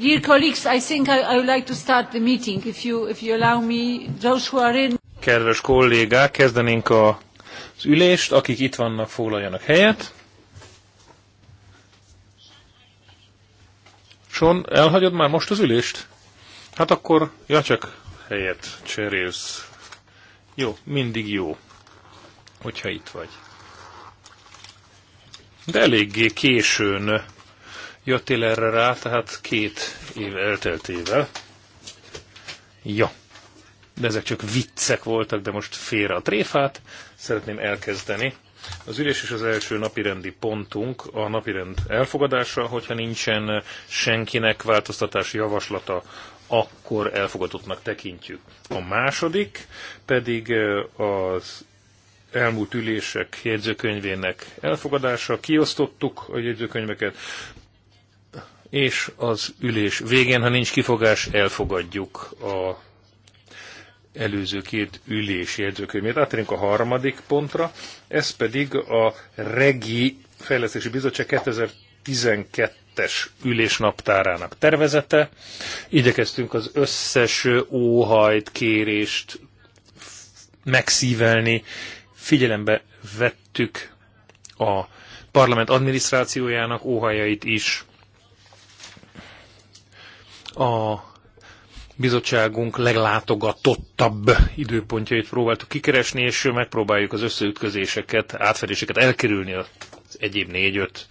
Dear colleagues, I think I, I would like to start the meeting, if you, if you allow me. Those who are in... Kedves kollégák, kezdenénk a, az ülést. Akik itt vannak, foglaljanak helyet. Son, elhagyod már most az ülést? Hát akkor, ja csak helyet cserélsz. Jó, mindig jó, hogyha itt vagy. De eléggé későn jöttél erre rá, tehát két év elteltével. Ja, de ezek csak viccek voltak, de most félre a tréfát. Szeretném elkezdeni. Az ülés és az első napirendi pontunk a napirend elfogadása, hogyha nincsen senkinek változtatási javaslata, akkor elfogadottnak tekintjük. A második pedig az elmúlt ülések jegyzőkönyvének elfogadása. Kiosztottuk a jegyzőkönyveket és az ülés végén, ha nincs kifogás, elfogadjuk a előző két ülés jegyzőkönyvét. Átérünk a harmadik pontra, ez pedig a Regi Fejlesztési Bizottság 2012-es ülésnaptárának tervezete. Igyekeztünk az összes óhajt, kérést megszívelni. Figyelembe vettük a parlament adminisztrációjának óhajait is, a bizottságunk leglátogatottabb időpontjait próbáltuk kikeresni, és megpróbáljuk az összeütközéseket, átfedéseket elkerülni az egyéb négy-öt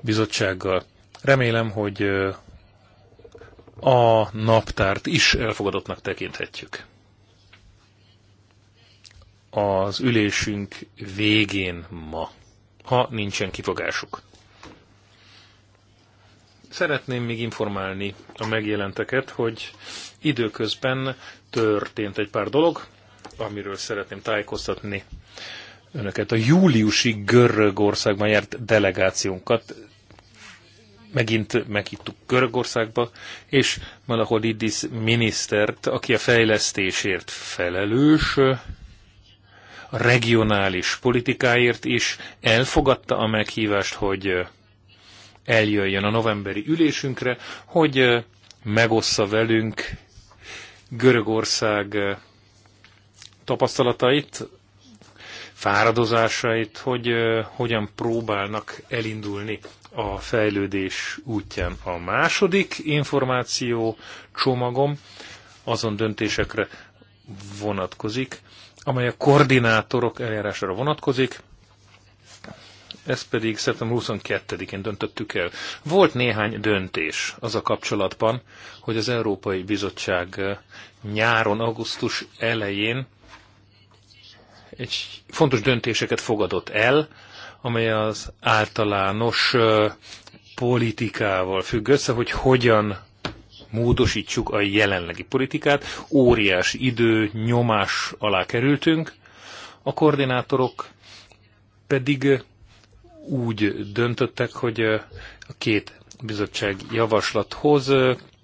bizottsággal. Remélem, hogy a naptárt is elfogadottnak tekinthetjük. Az ülésünk végén ma, ha nincsen kifogásuk. Szeretném még informálni a megjelenteket, hogy időközben történt egy pár dolog, amiről szeretném tájékoztatni önöket. A júliusi Görögországban járt delegációnkat megint meghittuk Görögországba, és Malahodidis minisztert, aki a fejlesztésért felelős, a regionális politikáért is elfogadta a meghívást, hogy eljöjjön a novemberi ülésünkre, hogy megossza velünk Görögország tapasztalatait, fáradozásait, hogy hogyan próbálnak elindulni a fejlődés útján. A második információ csomagom azon döntésekre vonatkozik, amely a koordinátorok eljárására vonatkozik ezt pedig szeptember 22-én döntöttük el. Volt néhány döntés az a kapcsolatban, hogy az Európai Bizottság eh, nyáron, augusztus elején egy fontos döntéseket fogadott el, amely az általános eh, politikával függ össze, hogy hogyan módosítsuk a jelenlegi politikát. Óriási idő, nyomás alá kerültünk, a koordinátorok pedig úgy döntöttek, hogy a két bizottság javaslathoz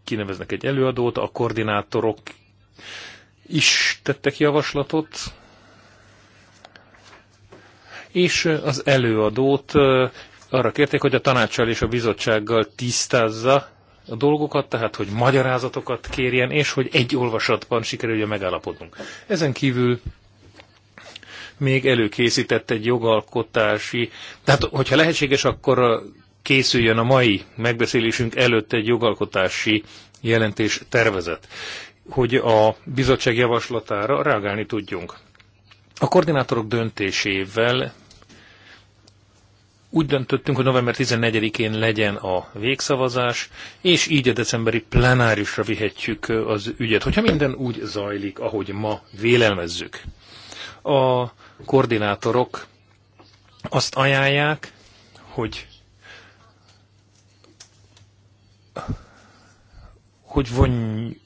kineveznek egy előadót, a koordinátorok is tettek javaslatot, és az előadót arra kérték, hogy a tanácssal és a bizottsággal tisztázza a dolgokat, tehát hogy magyarázatokat kérjen, és hogy egy olvasatban sikerüljön megállapodnunk. Ezen kívül még előkészített egy jogalkotási, tehát hogyha lehetséges, akkor készüljön a mai megbeszélésünk előtt egy jogalkotási jelentés tervezet, hogy a bizottság javaslatára reagálni tudjunk. A koordinátorok döntésével úgy döntöttünk, hogy november 14-én legyen a végszavazás, és így a decemberi plenárisra vihetjük az ügyet, hogyha minden úgy zajlik, ahogy ma vélelmezzük. A koordinátorok azt ajánlják, hogy hogy vonj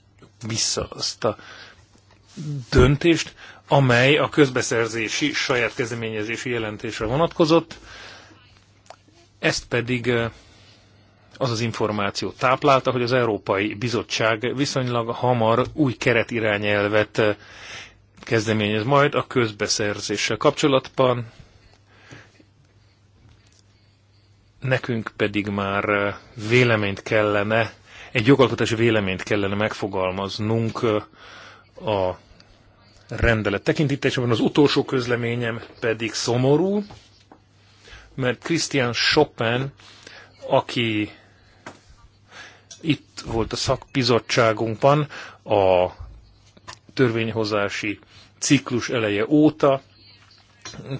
vissza azt a döntést, amely a közbeszerzési saját kezdeményezési jelentésre vonatkozott, ezt pedig az az információ táplálta, hogy az Európai Bizottság viszonylag hamar új keretirányelvet kezdeményez majd a közbeszerzéssel kapcsolatban. Nekünk pedig már eh, véleményt kellene, egy jogalkotási véleményt kellene megfogalmaznunk eh, a rendelet tekintetében. Az utolsó közleményem pedig szomorú, mert Christian Chopin, aki itt volt a szakbizottságunkban a törvényhozási ciklus eleje óta,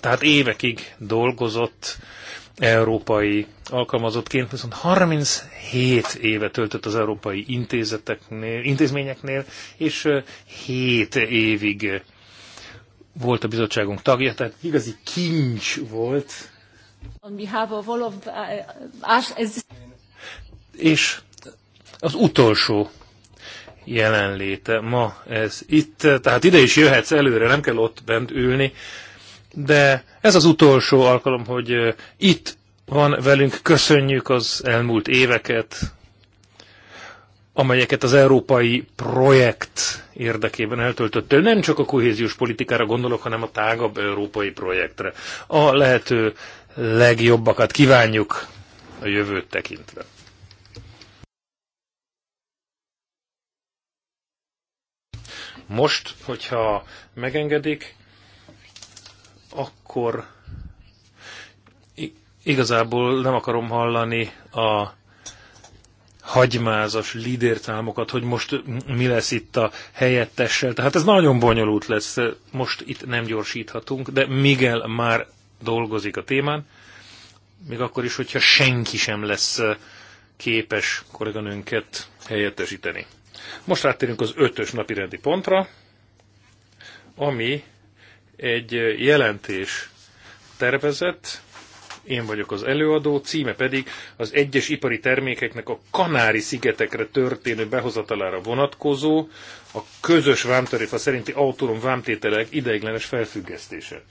tehát évekig dolgozott európai alkalmazottként, viszont 37 éve töltött az európai intézeteknél, intézményeknél, és 7 évig volt a bizottságunk tagja, tehát igazi kincs volt. On behalf of all of uh, us, és az utolsó jelenléte ma ez itt, tehát ide is jöhetsz előre, nem kell ott bent ülni, de ez az utolsó alkalom, hogy itt van velünk, köszönjük az elmúlt éveket, amelyeket az európai projekt érdekében eltöltöttél. Nem csak a kohéziós politikára gondolok, hanem a tágabb európai projektre. A lehető legjobbakat kívánjuk a jövőt tekintve. Most, hogyha megengedik, akkor igazából nem akarom hallani a hagymázas lidértámokat, hogy most mi lesz itt a helyettessel. Tehát ez nagyon bonyolult lesz, most itt nem gyorsíthatunk, de Miguel már dolgozik a témán, még akkor is, hogyha senki sem lesz képes kolléganőnket helyettesíteni. Most rátérünk az ötös napi rendi pontra, ami egy jelentés tervezett, én vagyok az előadó, címe pedig az egyes ipari termékeknek a Kanári-szigetekre történő behozatalára vonatkozó, a közös vámtarifa szerinti autónom vámtételek ideiglenes felfüggesztése.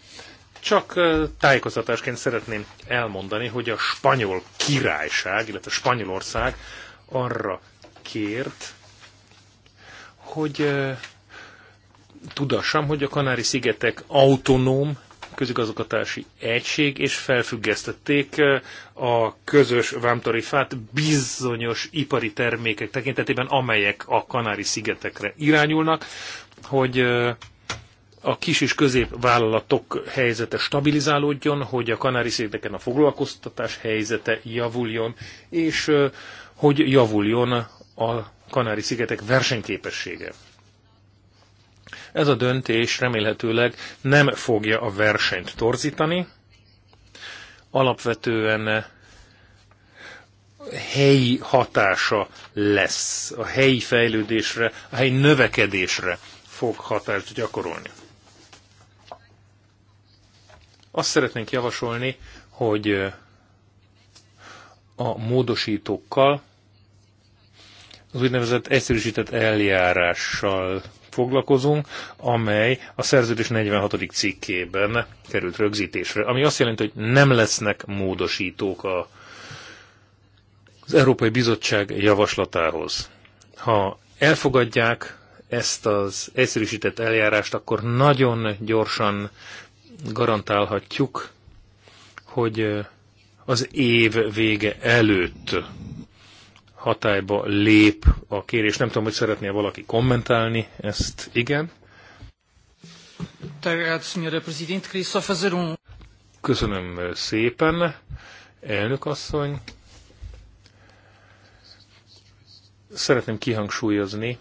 Csak tájékoztatásként szeretném elmondani, hogy a spanyol királyság, illetve Spanyolország arra kért, hogy tudassam, hogy a Kanári-szigetek autonóm közigazgatási egység, és felfüggesztették a közös vámtarifát bizonyos ipari termékek tekintetében, amelyek a Kanári-szigetekre irányulnak, hogy a kis és középvállalatok helyzete stabilizálódjon, hogy a Kanári-szigeteken a foglalkoztatás helyzete javuljon, és hogy javuljon a Kanári-szigetek versenyképessége. Ez a döntés remélhetőleg nem fogja a versenyt torzítani. Alapvetően helyi hatása lesz, a helyi fejlődésre, a helyi növekedésre fog hatást gyakorolni. Azt szeretnénk javasolni, hogy a módosítókkal az úgynevezett egyszerűsített eljárással foglalkozunk, amely a szerződés 46. cikkében került rögzítésre, ami azt jelenti, hogy nem lesznek módosítók a, az Európai Bizottság javaslatához. Ha elfogadják ezt az egyszerűsített eljárást, akkor nagyon gyorsan garantálhatjuk, hogy az év vége előtt hatályba lép a kérés. Nem tudom, hogy szeretné valaki kommentálni ezt. Igen. Um- Köszönöm szépen, elnök asszony. Szeretném kihangsúlyozni,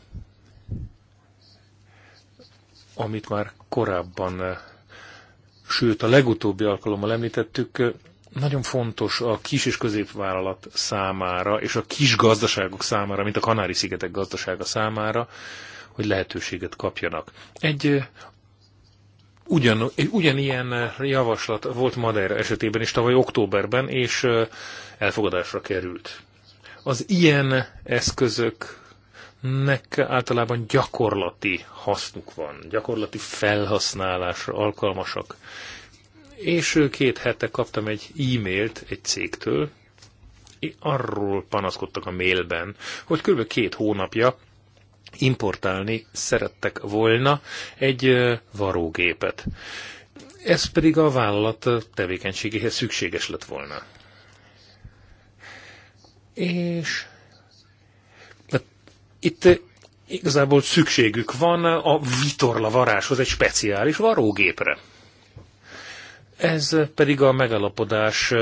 amit már korábban, sőt a legutóbbi alkalommal említettük, nagyon fontos a kis és középvállalat számára, és a kis gazdaságok számára, mint a Kanári-szigetek gazdasága számára, hogy lehetőséget kapjanak. Egy, ugyan, egy ugyanilyen javaslat volt Madeira esetében is tavaly októberben, és elfogadásra került. Az ilyen eszközöknek általában gyakorlati hasznuk van, gyakorlati felhasználásra alkalmasak, és két hete kaptam egy e-mailt egy cégtől, arról panaszkodtak a mailben, hogy kb. két hónapja importálni szerettek volna egy varógépet. Ez pedig a vállalat tevékenységéhez szükséges lett volna. És hát, itt igazából szükségük van a vitorlavaráshoz egy speciális varógépre. Ez pedig a megalapodás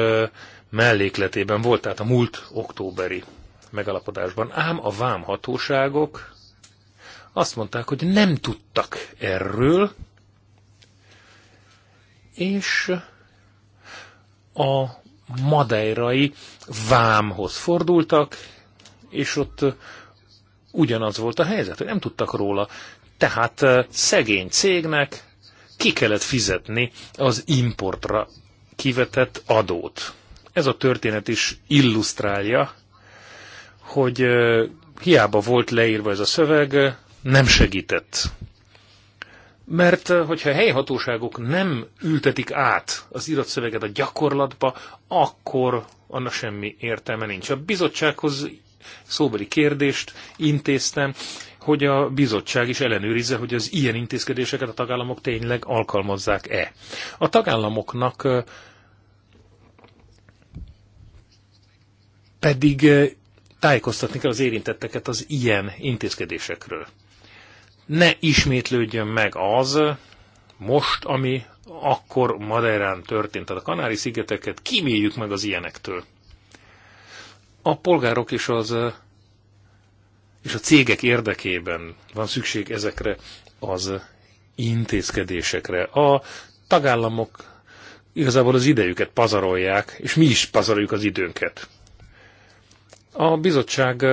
mellékletében volt, tehát a múlt októberi megalapodásban. Ám a vámhatóságok azt mondták, hogy nem tudtak erről, és a madeirai vámhoz fordultak, és ott ugyanaz volt a helyzet, hogy nem tudtak róla. Tehát szegény cégnek ki kellett fizetni az importra kivetett adót. Ez a történet is illusztrálja, hogy hiába volt leírva ez a szöveg, nem segített. Mert hogyha a helyi hatóságok nem ültetik át az iratszöveget a gyakorlatba, akkor annak semmi értelme nincs. A bizottsághoz szóbeli kérdést intéztem, hogy a bizottság is ellenőrizze, hogy az ilyen intézkedéseket a tagállamok tényleg alkalmazzák-e. A tagállamoknak pedig tájékoztatni kell az érintetteket az ilyen intézkedésekről. Ne ismétlődjön meg az, most, ami akkor Madeirán történt, tehát a Kanári-szigeteket kíméljük meg az ilyenektől. A polgárok és az és a cégek érdekében van szükség ezekre az intézkedésekre. A tagállamok igazából az idejüket pazarolják, és mi is pazaroljuk az időnket. A bizottság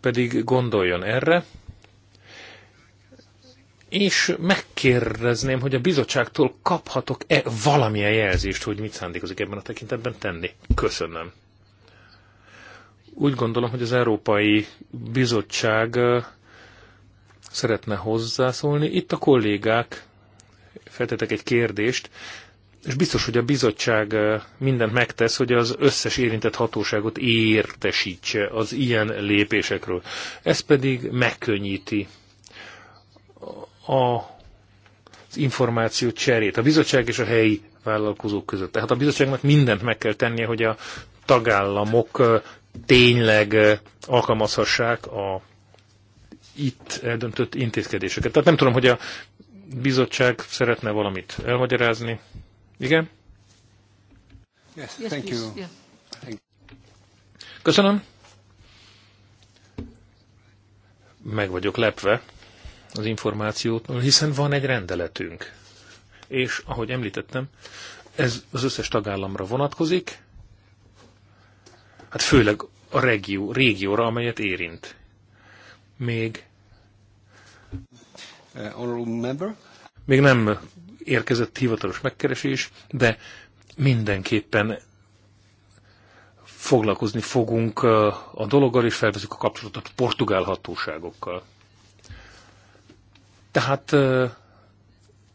pedig gondoljon erre, és megkérdezném, hogy a bizottságtól kaphatok-e valamilyen jelzést, hogy mit szándékozik ebben a tekintetben tenni. Köszönöm. Úgy gondolom, hogy az Európai Bizottság szeretne hozzászólni. Itt a kollégák feltettek egy kérdést, és biztos, hogy a bizottság mindent megtesz, hogy az összes érintett hatóságot értesítse az ilyen lépésekről. Ez pedig megkönnyíti a az információ cserét a bizottság és a helyi vállalkozók között. Tehát a bizottságnak mindent meg kell tennie, hogy a tagállamok tényleg alkalmazhassák a itt eldöntött intézkedéseket. Tehát nem tudom, hogy a bizottság szeretne valamit elmagyarázni. Igen? Yes, thank you. Köszönöm. Meg vagyok lepve az információtól, hiszen van egy rendeletünk. És ahogy említettem, ez az összes tagállamra vonatkozik, hát főleg a regió, régióra, amelyet érint. Még eh, még nem érkezett hivatalos megkeresés, de mindenképpen foglalkozni fogunk eh, a dologgal, és felveszünk a kapcsolatot portugál hatóságokkal. Tehát eh,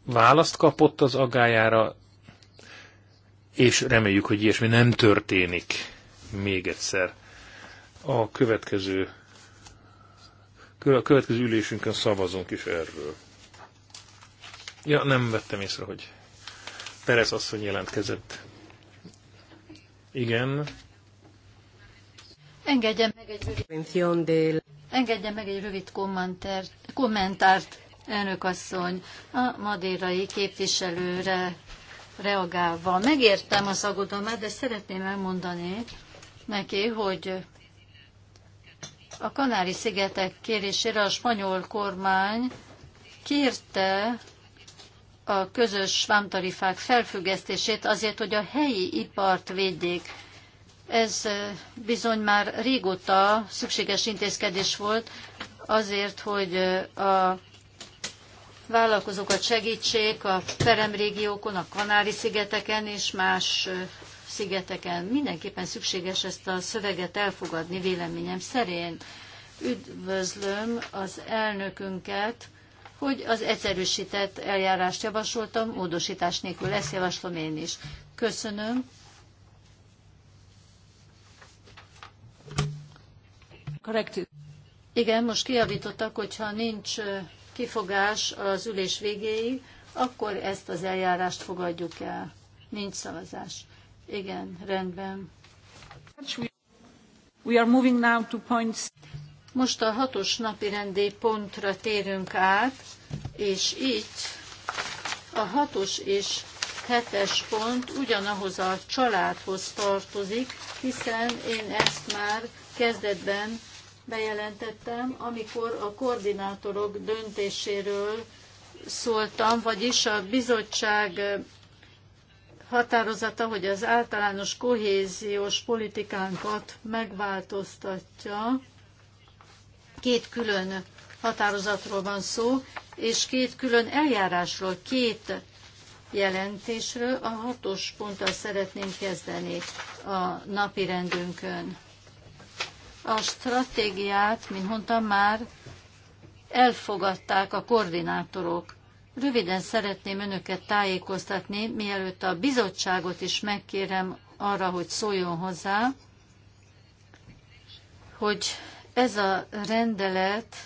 választ kapott az agájára, és reméljük, hogy ilyesmi nem történik még egyszer. A következő, a következő ülésünkön szavazunk is erről. Ja, nem vettem észre, hogy Perez asszony jelentkezett. Igen. Engedjen meg egy rövid, engedjen meg egy rövid kommentárt, elnök asszony, a madérai képviselőre reagálva. Megértem az aggodalmát, de szeretném elmondani, neki, hogy a Kanári-szigetek kérésére a spanyol kormány kérte a közös vámtarifák felfüggesztését azért, hogy a helyi ipart védjék. Ez eh, bizony már régóta szükséges intézkedés volt azért, hogy eh, a vállalkozókat segítsék a peremrégiókon, a Kanári-szigeteken és más eh, szigeteken. Mindenképpen szükséges ezt a szöveget elfogadni véleményem szerint. Üdvözlöm az elnökünket, hogy az egyszerűsített eljárást javasoltam, módosítás nélkül lesz javaslom én is. Köszönöm. Corrected. Igen, most kiavítottak, hogyha nincs kifogás az ülés végéig, akkor ezt az eljárást fogadjuk el. Nincs szavazás. Igen, rendben. We are moving now to points. Most a hatos napi rendi pontra térünk át, és így a hatos és hetes pont ugyanahoz a családhoz tartozik, hiszen én ezt már kezdetben bejelentettem, amikor a koordinátorok döntéséről szóltam, vagyis a bizottság határozata, hogy az általános kohéziós politikánkat megváltoztatja. Két külön határozatról van szó, és két külön eljárásról, két jelentésről. A hatos ponttal szeretném kezdeni a napi rendünkön. A stratégiát, mint mondtam már, elfogadták a koordinátorok Röviden szeretném önöket tájékoztatni, mielőtt a bizottságot is megkérem arra, hogy szóljon hozzá, hogy ez a rendelet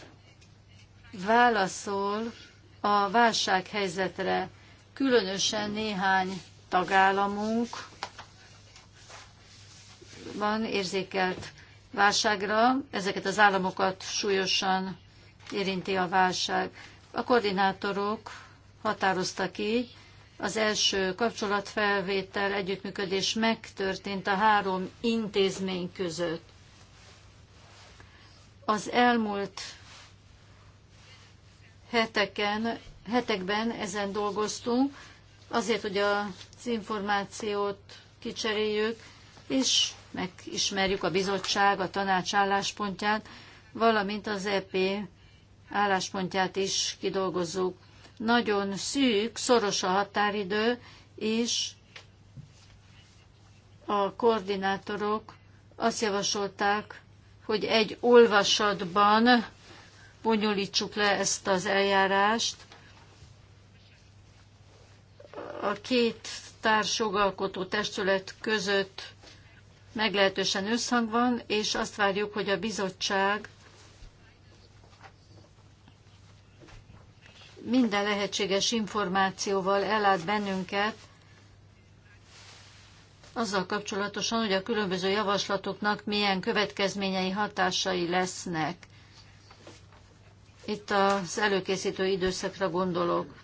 válaszol a válsághelyzetre, különösen néhány tagállamunk van érzékelt válságra, ezeket az államokat súlyosan érinti a válság. A koordinátorok határoztak így, az első kapcsolatfelvétel, együttműködés megtörtént a három intézmény között. Az elmúlt heteken, hetekben ezen dolgoztunk, azért, hogy az információt kicseréljük, és megismerjük a bizottság, a tanács álláspontját, valamint az EP álláspontját is kidolgozzuk. Nagyon szűk, szoros a határidő, és a koordinátorok azt javasolták, hogy egy olvasatban bonyolítsuk le ezt az eljárást. A két társjogalkotó testület között meglehetősen összhang van, és azt várjuk, hogy a bizottság minden lehetséges információval ellát bennünket, azzal kapcsolatosan, hogy a különböző javaslatoknak milyen következményei, hatásai lesznek. Itt az előkészítő időszakra gondolok.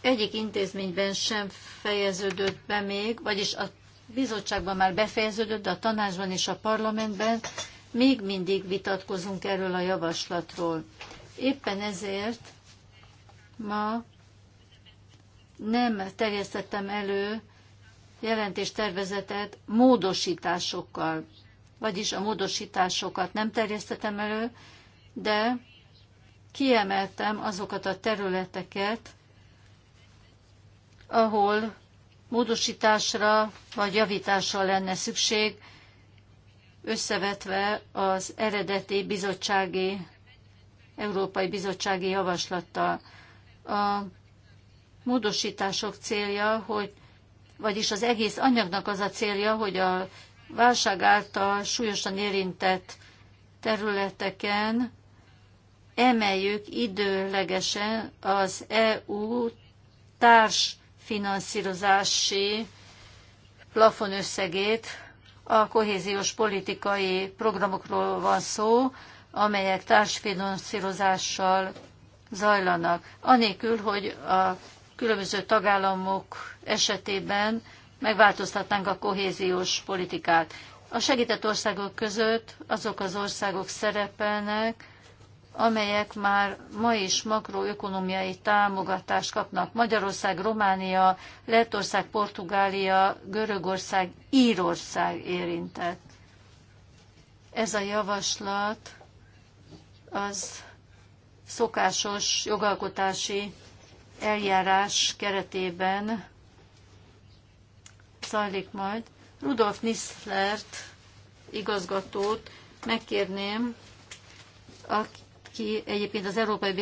Egyik intézményben sem fejeződött be még, vagyis a bizottságban már befejeződött, de a tanácsban és a parlamentben még mindig vitatkozunk erről a javaslatról. Éppen ezért ma nem terjesztettem elő jelentéstervezetet módosításokkal, vagyis a módosításokat nem terjesztettem elő, de kiemeltem azokat a területeket, ahol módosításra vagy javításra lenne szükség, összevetve az eredeti bizottsági, Európai Bizottsági Javaslattal. A módosítások célja, hogy, vagyis az egész anyagnak az a célja, hogy a válság által súlyosan érintett területeken emeljük időlegesen az EU társfinanszírozási összegét, A kohéziós politikai programokról van szó, amelyek társfinanszírozással zajlanak, anélkül, hogy a különböző tagállamok esetében megváltoztatnánk a kohéziós politikát. A segített országok között azok az országok szerepelnek, amelyek már ma is makroökonomiai támogatást kapnak. Magyarország, Románia, Lettország, Portugália, Görögország, Írország érintett. Ez a javaslat az szokásos jogalkotási eljárás keretében zajlik majd. Rudolf Nisslert igazgatót megkérném, aki egyébként az Európai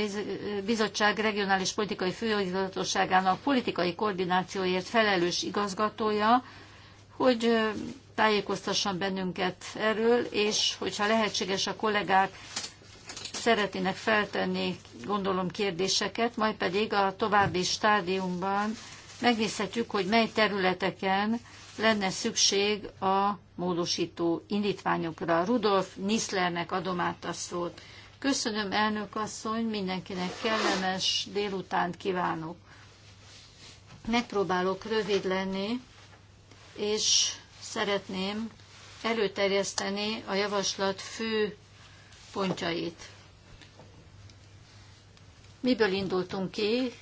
Bizottság regionális politikai főigazgatóságának politikai koordinációért felelős igazgatója, hogy tájékoztasson bennünket erről, és hogyha lehetséges a kollégák szeretnének feltenni, gondolom, kérdéseket, majd pedig a további stádiumban megnézhetjük, hogy mely területeken lenne szükség a módosító indítványokra. Rudolf Nislernek adom át a szót. Köszönöm, elnök asszony, mindenkinek kellemes délutánt kívánok. Megpróbálok rövid lenni, és szeretném előterjeszteni a javaslat fő pontjait. Miből indultunk ki?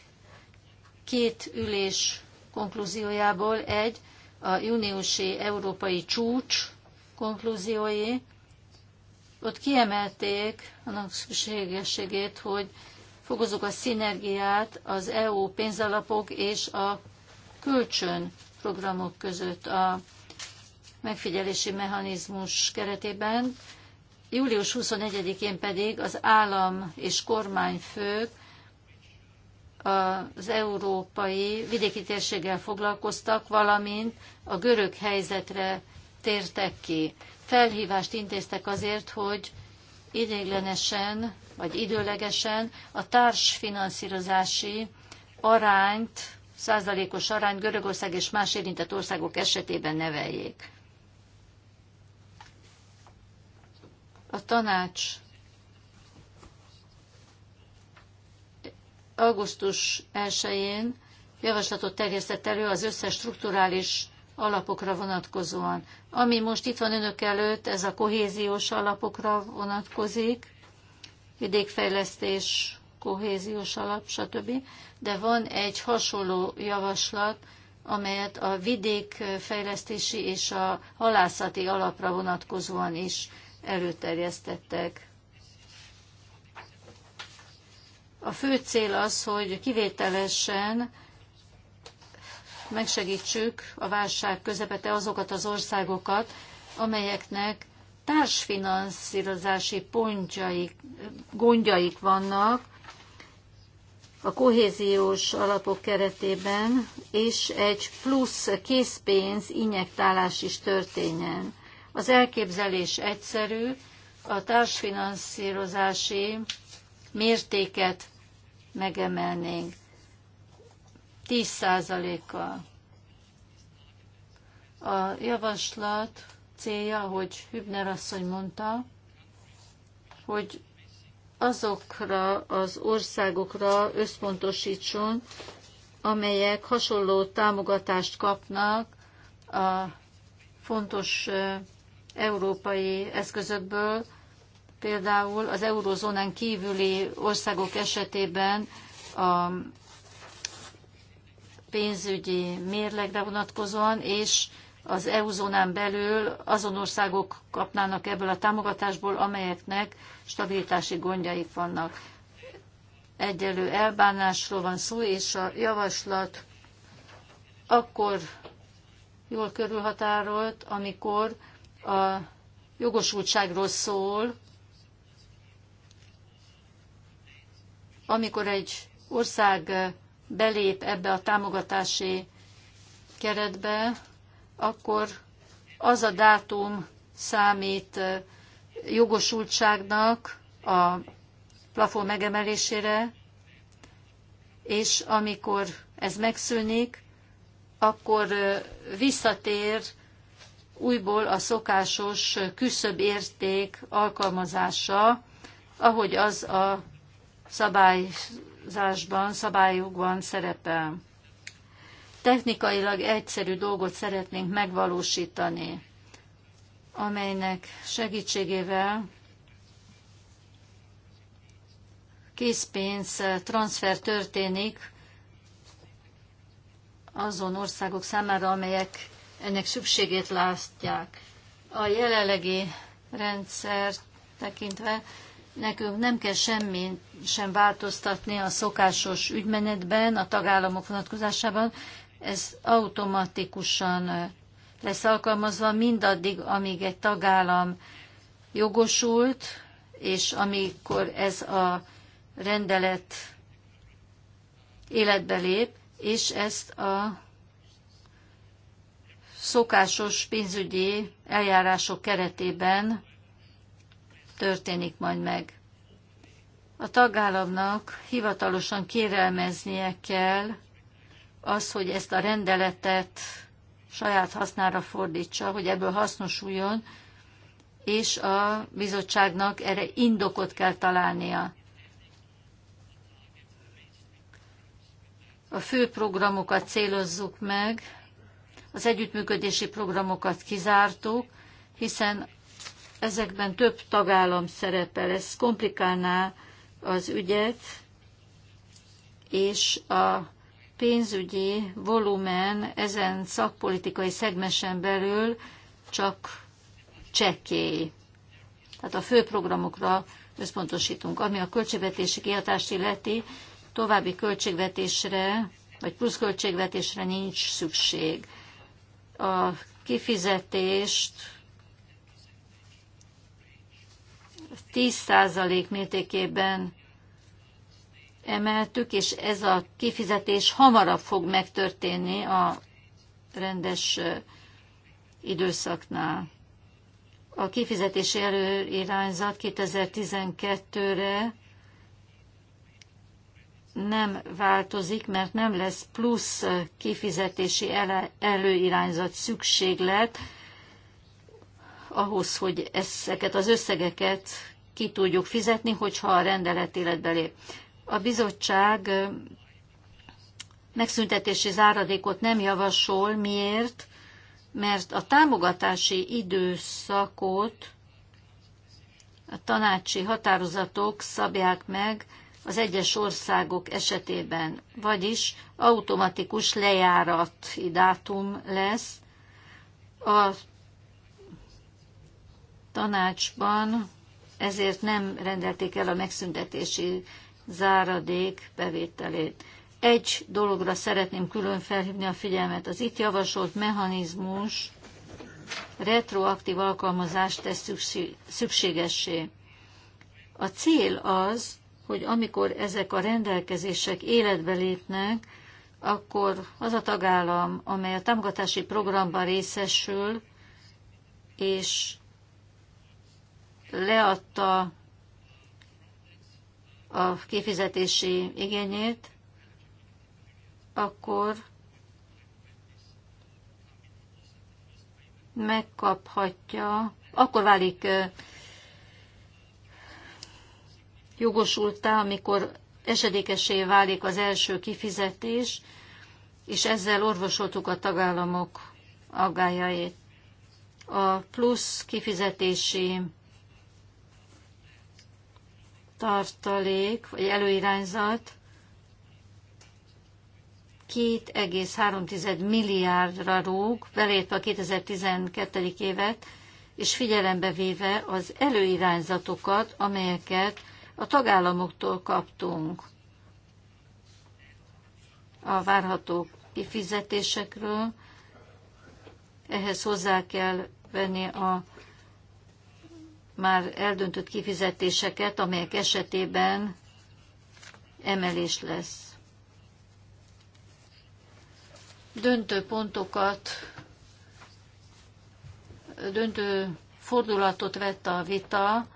Két ülés konklúziójából. Egy, a júniusi európai csúcs konklúziói. Ott kiemelték annak szükségességét, hogy fokozzuk a szinergiát az EU pénzalapok és a programok között a megfigyelési mechanizmus keretében. Július 21-én pedig az állam és kormányfők az európai vidéki térséggel foglalkoztak, valamint a görög helyzetre tértek ki. Felhívást intéztek azért, hogy idéglenesen vagy időlegesen a társfinanszírozási arányt, százalékos arányt Görögország és más érintett országok esetében neveljék. A tanács augusztus 1-én javaslatot terjesztett elő az összes strukturális alapokra vonatkozóan. Ami most itt van önök előtt, ez a kohéziós alapokra vonatkozik, vidékfejlesztés, kohéziós alap, stb. De van egy hasonló javaslat, amelyet a vidékfejlesztési és a halászati alapra vonatkozóan is előterjesztettek. A fő cél az, hogy kivételesen megsegítsük a válság közepete azokat az országokat, amelyeknek társfinanszírozási pontjaik, gondjaik vannak a kohéziós alapok keretében, és egy plusz készpénz injektálás is történjen. Az elképzelés egyszerű, a társfinanszírozási mértéket megemelnénk 10%-kal. A javaslat célja, hogy Hübner asszony mondta, hogy azokra az országokra összpontosítson, amelyek hasonló támogatást kapnak a fontos európai eszközökből, Például az eurozónán kívüli országok esetében a pénzügyi mérlegre vonatkozóan, és az EU-zónán belül azon országok kapnának ebből a támogatásból, amelyeknek stabilitási gondjaik vannak. Egyelő elbánásról van szó, és a javaslat akkor jól körülhatárolt, amikor a jogosultságról szól, amikor egy ország belép ebbe a támogatási keretbe, akkor az a dátum számít jogosultságnak a plafon megemelésére, és amikor ez megszűnik, akkor visszatér újból a szokásos küszöbérték alkalmazása, ahogy az a szabályzásban, szabályokban szerepel. Technikailag egyszerű dolgot szeretnénk megvalósítani, amelynek segítségével készpénz transfer történik azon országok számára, amelyek ennek szükségét látják. A jelenlegi rendszer tekintve Nekünk nem kell semmit sem változtatni a szokásos ügymenetben, a tagállamok vonatkozásában. Ez automatikusan lesz alkalmazva mindaddig, amíg egy tagállam jogosult, és amikor ez a rendelet életbe lép, és ezt a szokásos pénzügyi eljárások keretében történik majd meg. A tagállamnak hivatalosan kérelmeznie kell az, hogy ezt a rendeletet saját hasznára fordítsa, hogy ebből hasznosuljon, és a bizottságnak erre indokot kell találnia. A fő programokat célozzuk meg, az együttműködési programokat kizártuk, hiszen ezekben több tagállam szerepel, ez komplikálná az ügyet, és a pénzügyi volumen ezen szakpolitikai szegmesen belül csak csekély. Tehát a fő programokra összpontosítunk. Ami a költségvetési kihatást illeti, további költségvetésre vagy plusz költségvetésre nincs szükség. A kifizetést 10% mértékében emeltük, és ez a kifizetés hamarabb fog megtörténni a rendes időszaknál. A kifizetési előirányzat 2012-re nem változik, mert nem lesz plusz kifizetési előirányzat szükséglet ahhoz, hogy ezeket az összegeket ki tudjuk fizetni, hogyha a rendelet életbe lép. A bizottság megszüntetési záradékot nem javasol. Miért? Mert a támogatási időszakot a tanácsi határozatok szabják meg az egyes országok esetében, vagyis automatikus lejárati dátum lesz. A tanácsban ezért nem rendelték el a megszüntetési záradék bevételét. Egy dologra szeretném külön felhívni a figyelmet. Az itt javasolt mechanizmus retroaktív alkalmazást tesz szükségessé. A cél az, hogy amikor ezek a rendelkezések életbe lépnek, akkor az a tagállam, amely a támogatási programban részesül, és leadta a kifizetési igényét, akkor megkaphatja, akkor válik jogosultá, amikor esedékesé válik az első kifizetés, és ezzel orvosoltuk a tagállamok aggájait. A plusz kifizetési tartalék, vagy előirányzat 2,3 milliárdra rúg, belépve a 2012. évet, és figyelembe véve az előirányzatokat, amelyeket a tagállamoktól kaptunk a várható kifizetésekről. Ehhez hozzá kell venni a már eldöntött kifizetéseket, amelyek esetében emelés lesz. Döntő pontokat, döntő fordulatot vett a vita,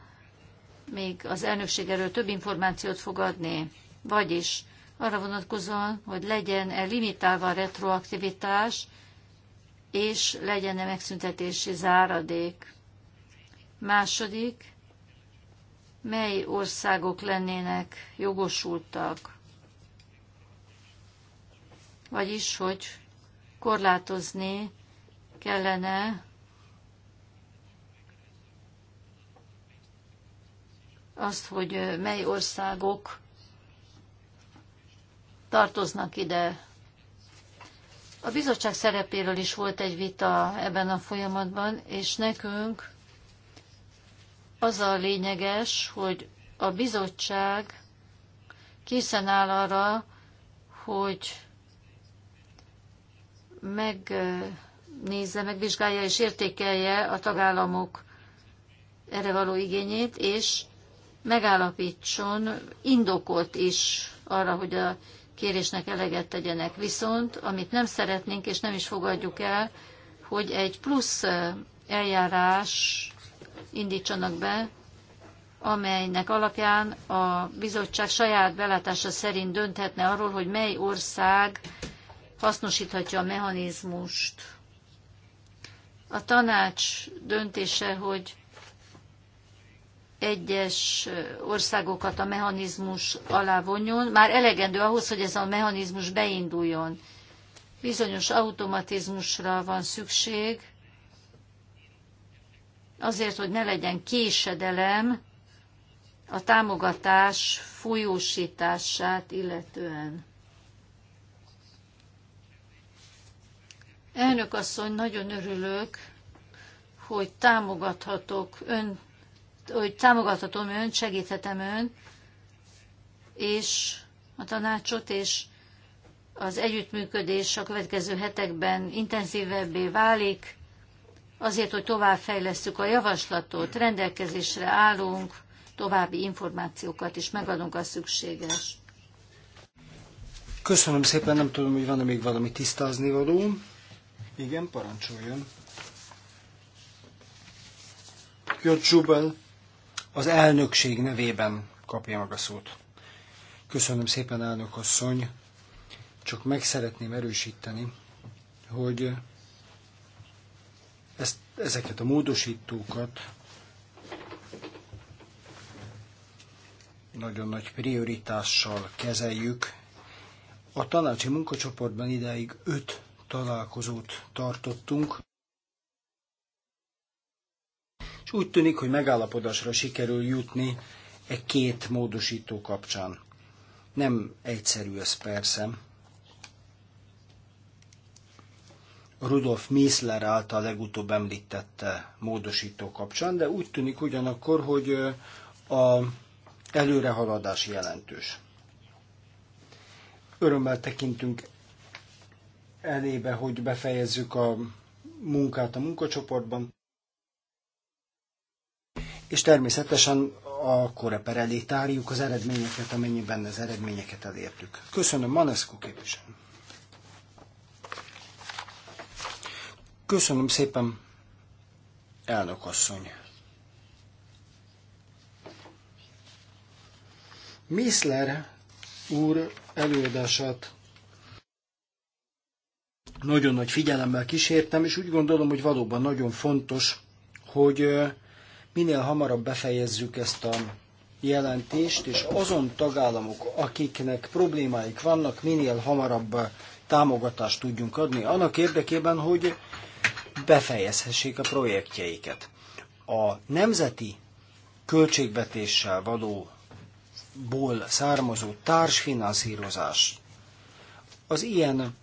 még az elnökség erről több információt fog adni. Vagyis arra vonatkozóan, hogy legyen-e limitálva a retroaktivitás, és legyen-e megszüntetési záradék. Második, mely országok lennének jogosultak, vagyis, hogy korlátozni kellene azt, hogy mely országok tartoznak ide. A bizottság szerepéről is volt egy vita ebben a folyamatban, és nekünk az a lényeges, hogy a bizottság készen áll arra, hogy megnézze, megvizsgálja és értékelje a tagállamok erre való igényét, és megállapítson indokot is arra, hogy a kérésnek eleget tegyenek. Viszont, amit nem szeretnénk és nem is fogadjuk el, hogy egy plusz eljárás indítsanak be, amelynek alapján a bizottság saját belátása szerint dönthetne arról, hogy mely ország hasznosíthatja a mechanizmust. A tanács döntése, hogy egyes országokat a mechanizmus alá vonjon, már elegendő ahhoz, hogy ez a mechanizmus beinduljon. Bizonyos automatizmusra van szükség, azért, hogy ne legyen késedelem a támogatás folyósítását illetően. Elnök asszony, nagyon örülök, hogy támogathatok ön, hogy támogathatom önt, segíthetem önt, és a tanácsot, és az együttműködés a következő hetekben intenzívebbé válik, azért, hogy továbbfejlesztjük a javaslatot, rendelkezésre állunk, további információkat is megadunk a szükséges. Köszönöm szépen, nem tudom, hogy van-e még valami tisztázni való. Igen, parancsoljon. Piotr Zsubel az elnökség nevében kapja meg a szót. Köszönöm szépen, elnök asszony. Csak meg szeretném erősíteni, hogy ezeket a módosítókat nagyon nagy prioritással kezeljük. A tanácsi munkacsoportban idáig öt találkozót tartottunk, és úgy tűnik, hogy megállapodásra sikerül jutni e két módosító kapcsán. Nem egyszerű ez persze, Rudolf Mészler által legutóbb említette, módosító kapcsán, de úgy tűnik ugyanakkor, hogy a előrehaladás jelentős. Örömmel tekintünk elébe, hogy befejezzük a munkát a munkacsoportban, és természetesen a koreper elé tárjuk az eredményeket, amennyiben az eredményeket elértük. Köszönöm, Manescu képviselő. Köszönöm szépen, elnök asszony. Mészler úr előadását nagyon nagy figyelemmel kísértem, és úgy gondolom, hogy valóban nagyon fontos, hogy minél hamarabb befejezzük ezt a jelentést, és azon tagállamok, akiknek problémáik vannak, minél hamarabb támogatást tudjunk adni, annak érdekében, hogy befejezhessék a projektjeiket. A nemzeti költségvetéssel való ból származó társfinanszírozás az ilyen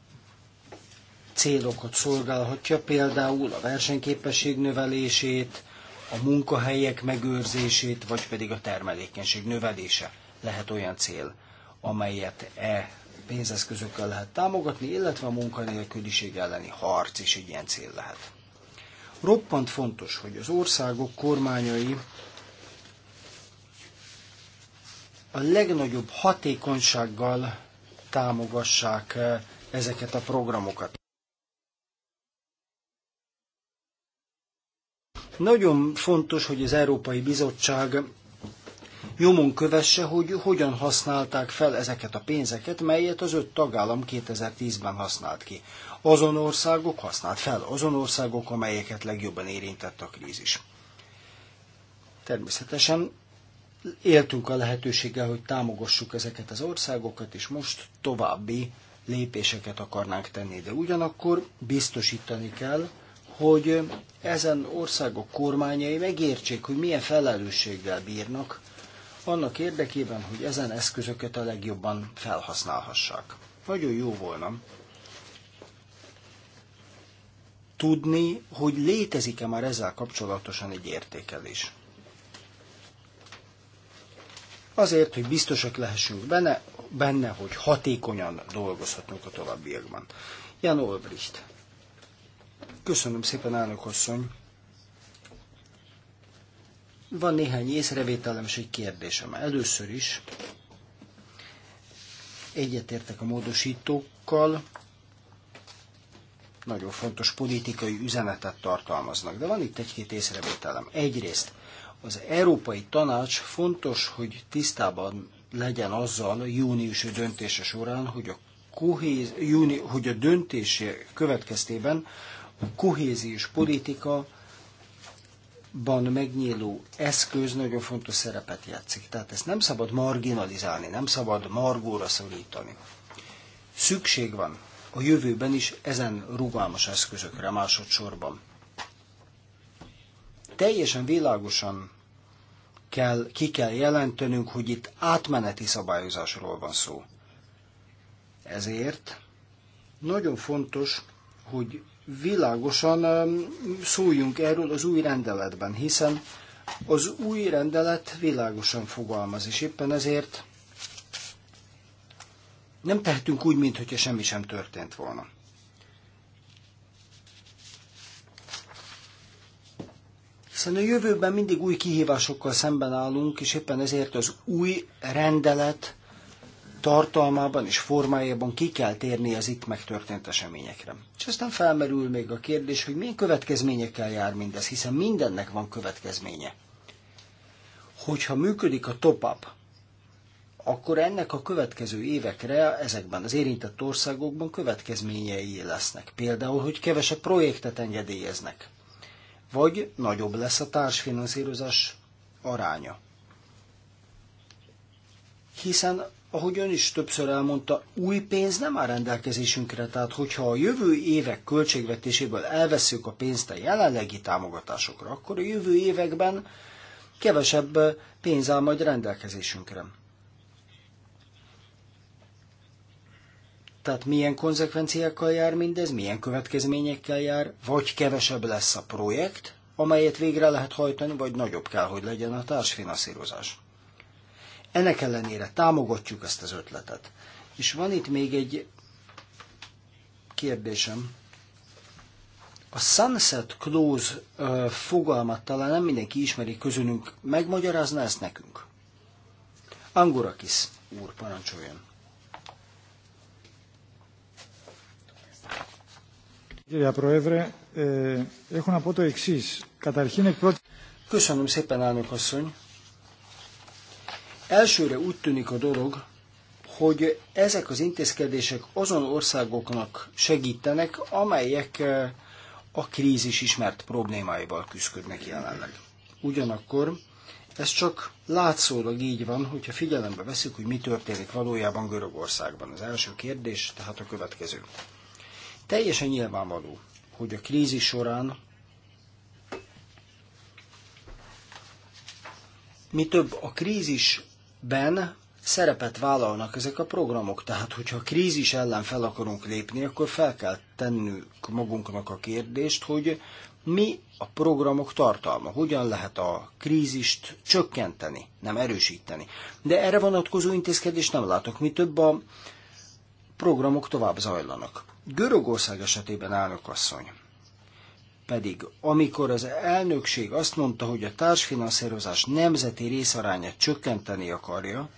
célokat szolgálhatja, például a versenyképesség növelését, a munkahelyek megőrzését, vagy pedig a termelékenység növelése lehet olyan cél, amelyet e pénzeszközökkel lehet támogatni, illetve a munkanélküliség elleni harc is egy ilyen cél lehet. Roppant fontos, hogy az országok kormányai a legnagyobb hatékonysággal támogassák eh, ezeket a programokat. Nagyon fontos, hogy az Európai Bizottság nyomon kövesse, hogy hogyan használták fel ezeket a pénzeket, melyet az öt tagállam 2010-ben használt ki. Azon országok használt fel, azon országok, amelyeket legjobban érintett a krízis. Természetesen éltünk a lehetőséggel, hogy támogassuk ezeket az országokat, és most további lépéseket akarnánk tenni, de ugyanakkor biztosítani kell, hogy ezen országok kormányai megértsék, hogy milyen felelősséggel bírnak, annak érdekében, hogy ezen eszközöket a legjobban felhasználhassák. Nagyon jó volna tudni, hogy létezik-e már ezzel kapcsolatosan egy értékelés. Azért, hogy biztosak lehessünk benne, benne hogy hatékonyan dolgozhatunk a továbbiakban. Jan Olbricht. Köszönöm szépen, elnök asszony. Van néhány észrevételem és egy kérdésem. Először is egyetértek a módosítókkal, nagyon fontos politikai üzenetet tartalmaznak, de van itt egy-két észrevételem. Egyrészt az Európai Tanács fontos, hogy tisztában legyen azzal a júniusi döntése során, hogy a, kohéz, júni, hogy a döntése következtében a kohéziós politika ban megnyíló eszköz nagyon fontos szerepet játszik. Tehát ezt nem szabad marginalizálni, nem szabad margóra szorítani. Szükség van a jövőben is ezen rugalmas eszközökre másodszorban. Teljesen világosan kell, ki kell jelentenünk, hogy itt átmeneti szabályozásról van szó. Ezért nagyon fontos, hogy világosan szóljunk erről az új rendeletben, hiszen az új rendelet világosan fogalmaz, és éppen ezért nem tehetünk úgy, mintha semmi sem történt volna. Hiszen a jövőben mindig új kihívásokkal szemben állunk, és éppen ezért az új rendelet tartalmában és formájában ki kell térni az itt megtörtént eseményekre. És aztán felmerül még a kérdés, hogy milyen következményekkel jár mindez, hiszen mindennek van következménye. Hogyha működik a top-up, akkor ennek a következő évekre ezekben az érintett országokban következményei lesznek. Például, hogy kevesebb projektet engedélyeznek, vagy nagyobb lesz a társfinanszírozás aránya. Hiszen ahogy ön is többször elmondta, új pénz nem áll rendelkezésünkre, tehát hogyha a jövő évek költségvetéséből elveszünk a pénzt a jelenlegi támogatásokra, akkor a jövő években kevesebb pénz áll majd rendelkezésünkre. Tehát milyen konzekvenciákkal jár mindez, milyen következményekkel jár, vagy kevesebb lesz a projekt, amelyet végre lehet hajtani, vagy nagyobb kell, hogy legyen a társfinanszírozás. Ennek ellenére támogatjuk ezt az ötletet. És van itt még egy kérdésem. A sunset clause ö, fogalmat talán nem mindenki ismeri közülünk. Megmagyarázna ezt nekünk? Angurakis úr, parancsoljon. Köszönöm szépen, elnök asszony. Elsőre úgy tűnik a dolog, hogy ezek az intézkedések azon országoknak segítenek, amelyek eh, a krízis ismert problémáival küzdködnek jelenleg. Ugyanakkor ez csak látszólag így van, hogyha figyelembe veszük, hogy mi történik valójában Görögországban. Az első kérdés tehát a következő. Teljesen nyilvánvaló, hogy a krízis során mi több a krízis ben szerepet vállalnak ezek a programok. Tehát, hogyha a krízis ellen fel akarunk lépni, akkor fel kell tennünk magunknak a kérdést, hogy mi a programok tartalma, hogyan lehet a krízist csökkenteni, nem erősíteni. De erre vonatkozó intézkedést nem látok, mi több a programok tovább zajlanak. Görögország esetében állnak asszony pedig amikor az elnökség azt mondta, hogy a társfinanszírozás nemzeti részarányát csökkenteni akarja,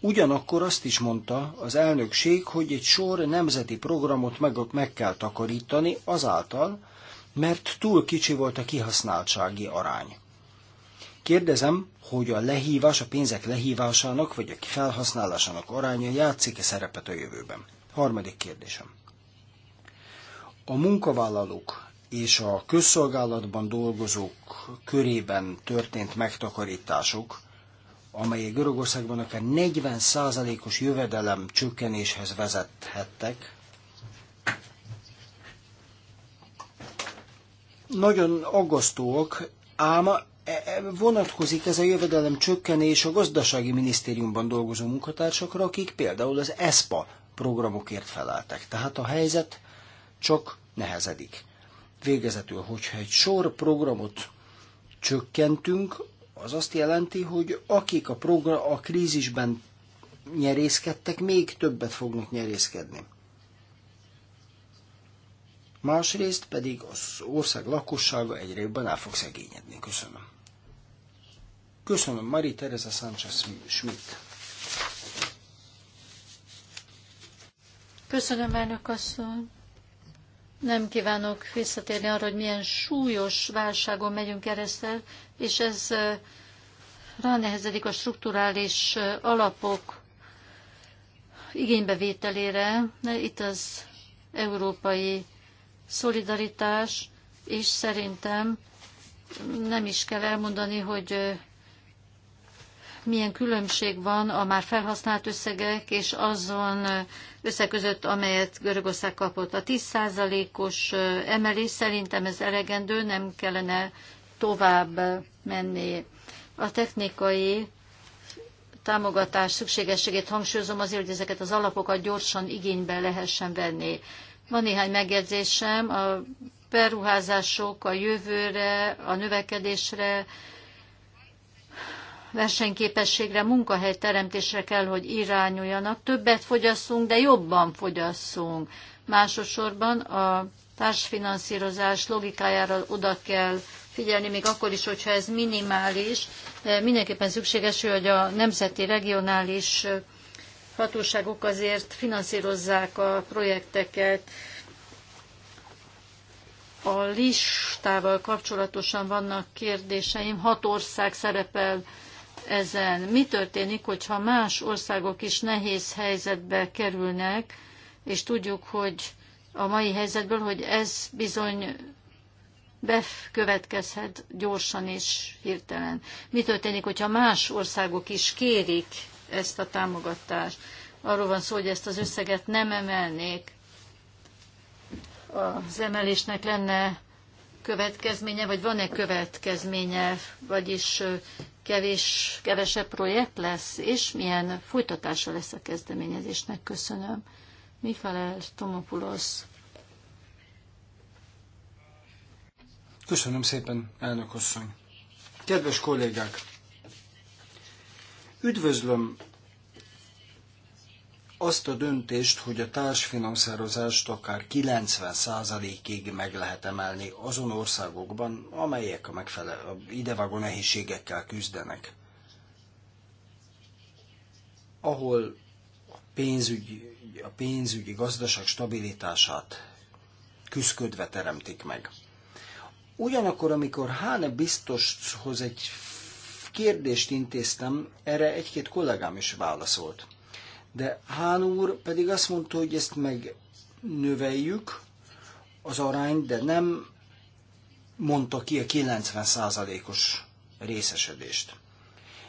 ugyanakkor azt is mondta az elnökség, hogy egy sor nemzeti programot meg, meg kell takarítani azáltal, mert túl kicsi volt a kihasználtsági arány. Kérdezem, hogy a lehívás, a pénzek lehívásának vagy a felhasználásának aránya játszik-e szerepet a jövőben? Harmadik kérdésem. A munkavállalók és a közszolgálatban dolgozók körében történt megtakarítások, amelyek Görögországban akár 40%-os jövedelem csökkenéshez vezethettek, nagyon aggasztóak, ám e, e, vonatkozik ez a jövedelem csökkenés a gazdasági minisztériumban dolgozó munkatársakra, akik például az ESPA programokért feleltek. Tehát a helyzet csak nehezedik. Végezetül, hogyha egy sor programot csökkentünk, az azt jelenti, hogy akik a, program, a krízisben nyerészkedtek, még többet fognak nyerészkedni. Másrészt pedig az ország lakossága egyre jobban el fog szegényedni. Köszönöm. Köszönöm, Mari Teresa Sánchez Schmidt. Köszönöm, elnök asszony. Nem kívánok visszatérni arra, hogy milyen súlyos válságon megyünk keresztül, és ez ránehezedik a strukturális alapok igénybevételére. Itt az európai szolidaritás, és szerintem nem is kell elmondani, hogy milyen különbség van a már felhasznált összegek és azon összeközött, amelyet Görögország kapott. A 10%-os emelés szerintem ez elegendő, nem kellene tovább menni. A technikai támogatás szükségességét hangsúlyozom azért, hogy ezeket az alapokat gyorsan igénybe lehessen venni. Van néhány megjegyzésem, a beruházások a jövőre, a növekedésre, versenyképességre, munkahelyteremtésre kell, hogy irányuljanak. Többet fogyasszunk, de jobban fogyasszunk. Másosorban a társfinanszírozás logikájára oda kell figyelni, még akkor is, hogyha ez minimális. Eh, mindenképpen szükséges, hogy a nemzeti, regionális eh, hatóságok azért finanszírozzák a projekteket. A listával kapcsolatosan vannak kérdéseim. Hat ország szerepel ezen. Mi történik, hogyha más országok is nehéz helyzetbe kerülnek, és tudjuk, hogy a mai helyzetből, hogy ez bizony bekövetkezhet gyorsan és hirtelen. Mi történik, hogyha más országok is kérik ezt a támogatást? Arról van szó, hogy ezt az összeget nem emelnék. Az emelésnek lenne következménye, vagy van-e következménye, vagyis kevés, kevesebb projekt lesz, és milyen folytatása lesz a kezdeményezésnek. Köszönöm. Mikhail Tomopulosz. Köszönöm szépen, elnök asszony. Kedves kollégák! Üdvözlöm azt a döntést, hogy a társfinanszírozást akár 90%-ig meg lehet emelni azon országokban, amelyek a megfelelő idevágó nehézségekkel küzdenek. Ahol a pénzügyi, a pénzügyi gazdaság stabilitását küzdködve teremtik meg. Ugyanakkor, amikor Háne biztoshoz egy kérdést intéztem, erre egy-két kollégám is válaszolt de Hán úr pedig azt mondta, hogy ezt megnöveljük az arányt, de nem mondta ki a 90%-os részesedést.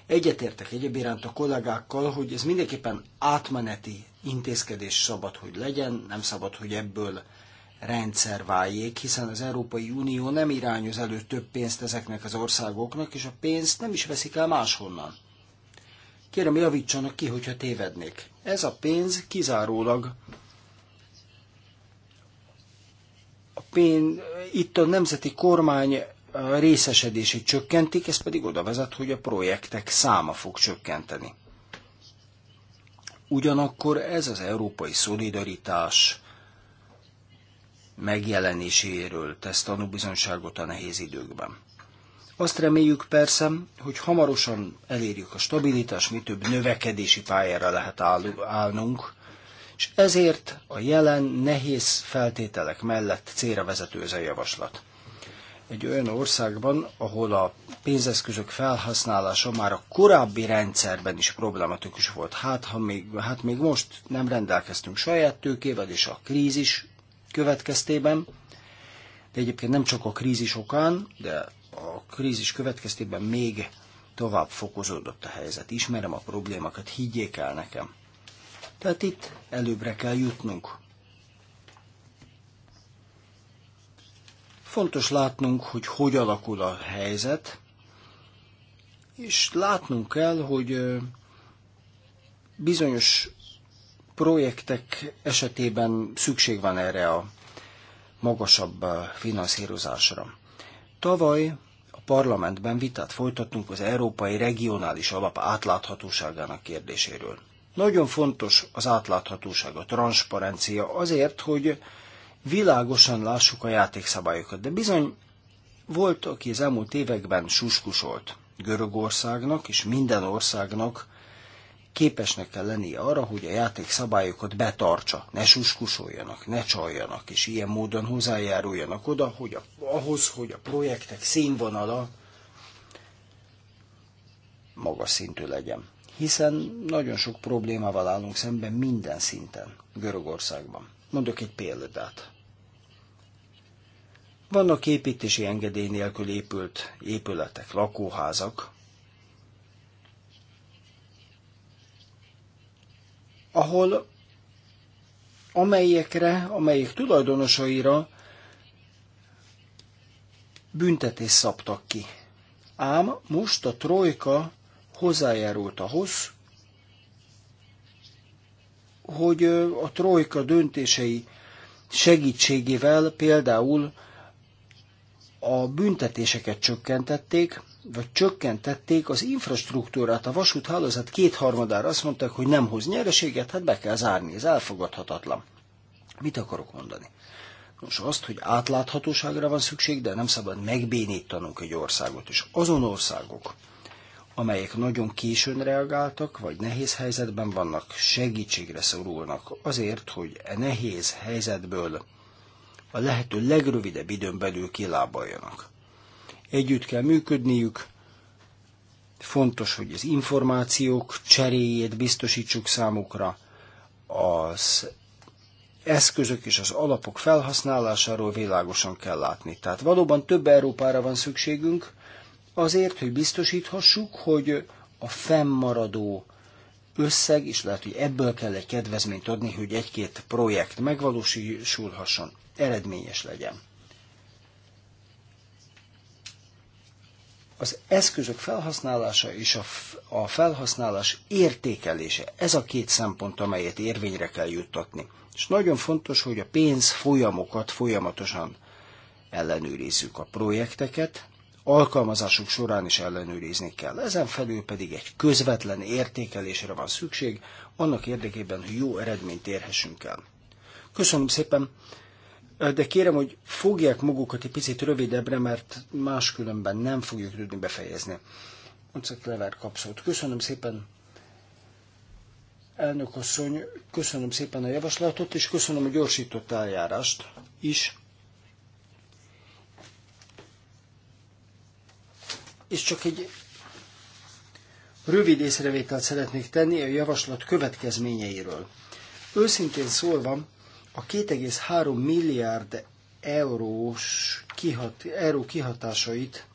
Egyetértek egyébként a kollégákkal, hogy ez mindenképpen átmeneti intézkedés szabad, hogy legyen, nem szabad, hogy ebből rendszer váljék, hiszen az Európai Unió nem irányoz elő több pénzt ezeknek az országoknak, és a pénzt nem is veszik el máshonnan. Kérem, javítsanak ki, hogyha tévednék. Ez a pénz kizárólag a pénz, itt a nemzeti kormány eh, részesedését csökkentik, ez pedig oda vezet, hogy a projektek száma fog csökkenteni. Ugyanakkor ez az európai szolidaritás megjelenéséről tesz tanúbizonságot a nehéz időkben. Azt reméljük persze, hogy hamarosan elérjük a stabilitás, mi több növekedési pályára lehet állnunk, és ezért a jelen nehéz feltételek mellett célra vezető ez a javaslat. Egy olyan országban, ahol a pénzeszközök felhasználása már a korábbi rendszerben is problematikus volt. Hát, ha még, hát még most nem rendelkeztünk saját tőkével, és a krízis következtében, de egyébként nem csak a krízis okán, de krízis következtében még tovább fokozódott a helyzet. Ismerem a problémákat, higgyék el nekem. Tehát itt előbbre kell jutnunk. Fontos látnunk, hogy hogy alakul a helyzet, és látnunk kell, hogy bizonyos projektek esetében szükség van erre a magasabb finanszírozásra. Tavaly parlamentben vitát folytattunk az Európai Regionális Alap átláthatóságának kérdéséről. Nagyon fontos az átláthatóság, a transzparencia azért, hogy világosan lássuk a játékszabályokat, de bizony volt, aki az elmúlt években suskusolt Görögországnak és minden országnak képesnek kell lenni arra, hogy a játék szabályokat betartsa, ne suskusoljanak, ne csaljanak, és ilyen módon hozzájáruljanak oda, hogy a, ahhoz, hogy a projektek színvonala magas szintű legyen. Hiszen nagyon sok problémával állunk szemben minden szinten Görögországban. Mondok egy példát. Vannak építési engedély nélkül épült épületek, lakóházak, ahol amelyekre, amelyik tulajdonosaira büntetés szabtak ki. Ám most a trojka hozzájárult ahhoz, hogy a trojka döntései segítségével például a büntetéseket csökkentették, vagy csökkentették az infrastruktúrát, a vasúthálózat kétharmadára azt mondták, hogy nem hoz nyereséget, hát be kell zárni, ez elfogadhatatlan. Mit akarok mondani? Nos, azt, hogy átláthatóságra van szükség, de nem szabad megbénítanunk egy országot, és azon országok, amelyek nagyon későn reagáltak, vagy nehéz helyzetben vannak, segítségre szorulnak azért, hogy e nehéz helyzetből a lehető legrövidebb időn belül kilábaljanak együtt kell működniük, fontos, hogy az információk cseréjét biztosítsuk számukra, az eszközök és az alapok felhasználásáról világosan kell látni. Tehát valóban több Európára van szükségünk, azért, hogy biztosíthassuk, hogy a fennmaradó összeg, és lehet, hogy ebből kell egy kedvezményt adni, hogy egy-két projekt megvalósulhasson, eredményes legyen. az eszközök felhasználása és a, a felhasználás értékelése. Ez a két szempont, amelyet érvényre kell juttatni. És nagyon fontos, hogy a pénz folyamokat folyamatosan ellenőrizzük a projekteket, alkalmazásuk során is ellenőrizni kell. Ezen felül pedig egy közvetlen értékelésre van szükség, annak érdekében, hogy jó eredményt érhessünk el. Köszönöm szépen! de kérem, hogy fogják magukat egy picit rövidebbre, mert máskülönben nem fogjuk tudni befejezni. Mondszak Lever kapszót. Köszönöm szépen, elnök asszony, köszönöm szépen a javaslatot, és köszönöm a gyorsított eljárást is. És csak egy rövid észrevételt szeretnék tenni a javaslat következményeiről. Őszintén szólva, a 2,3 milliárd eurós kihat, euró kihatásait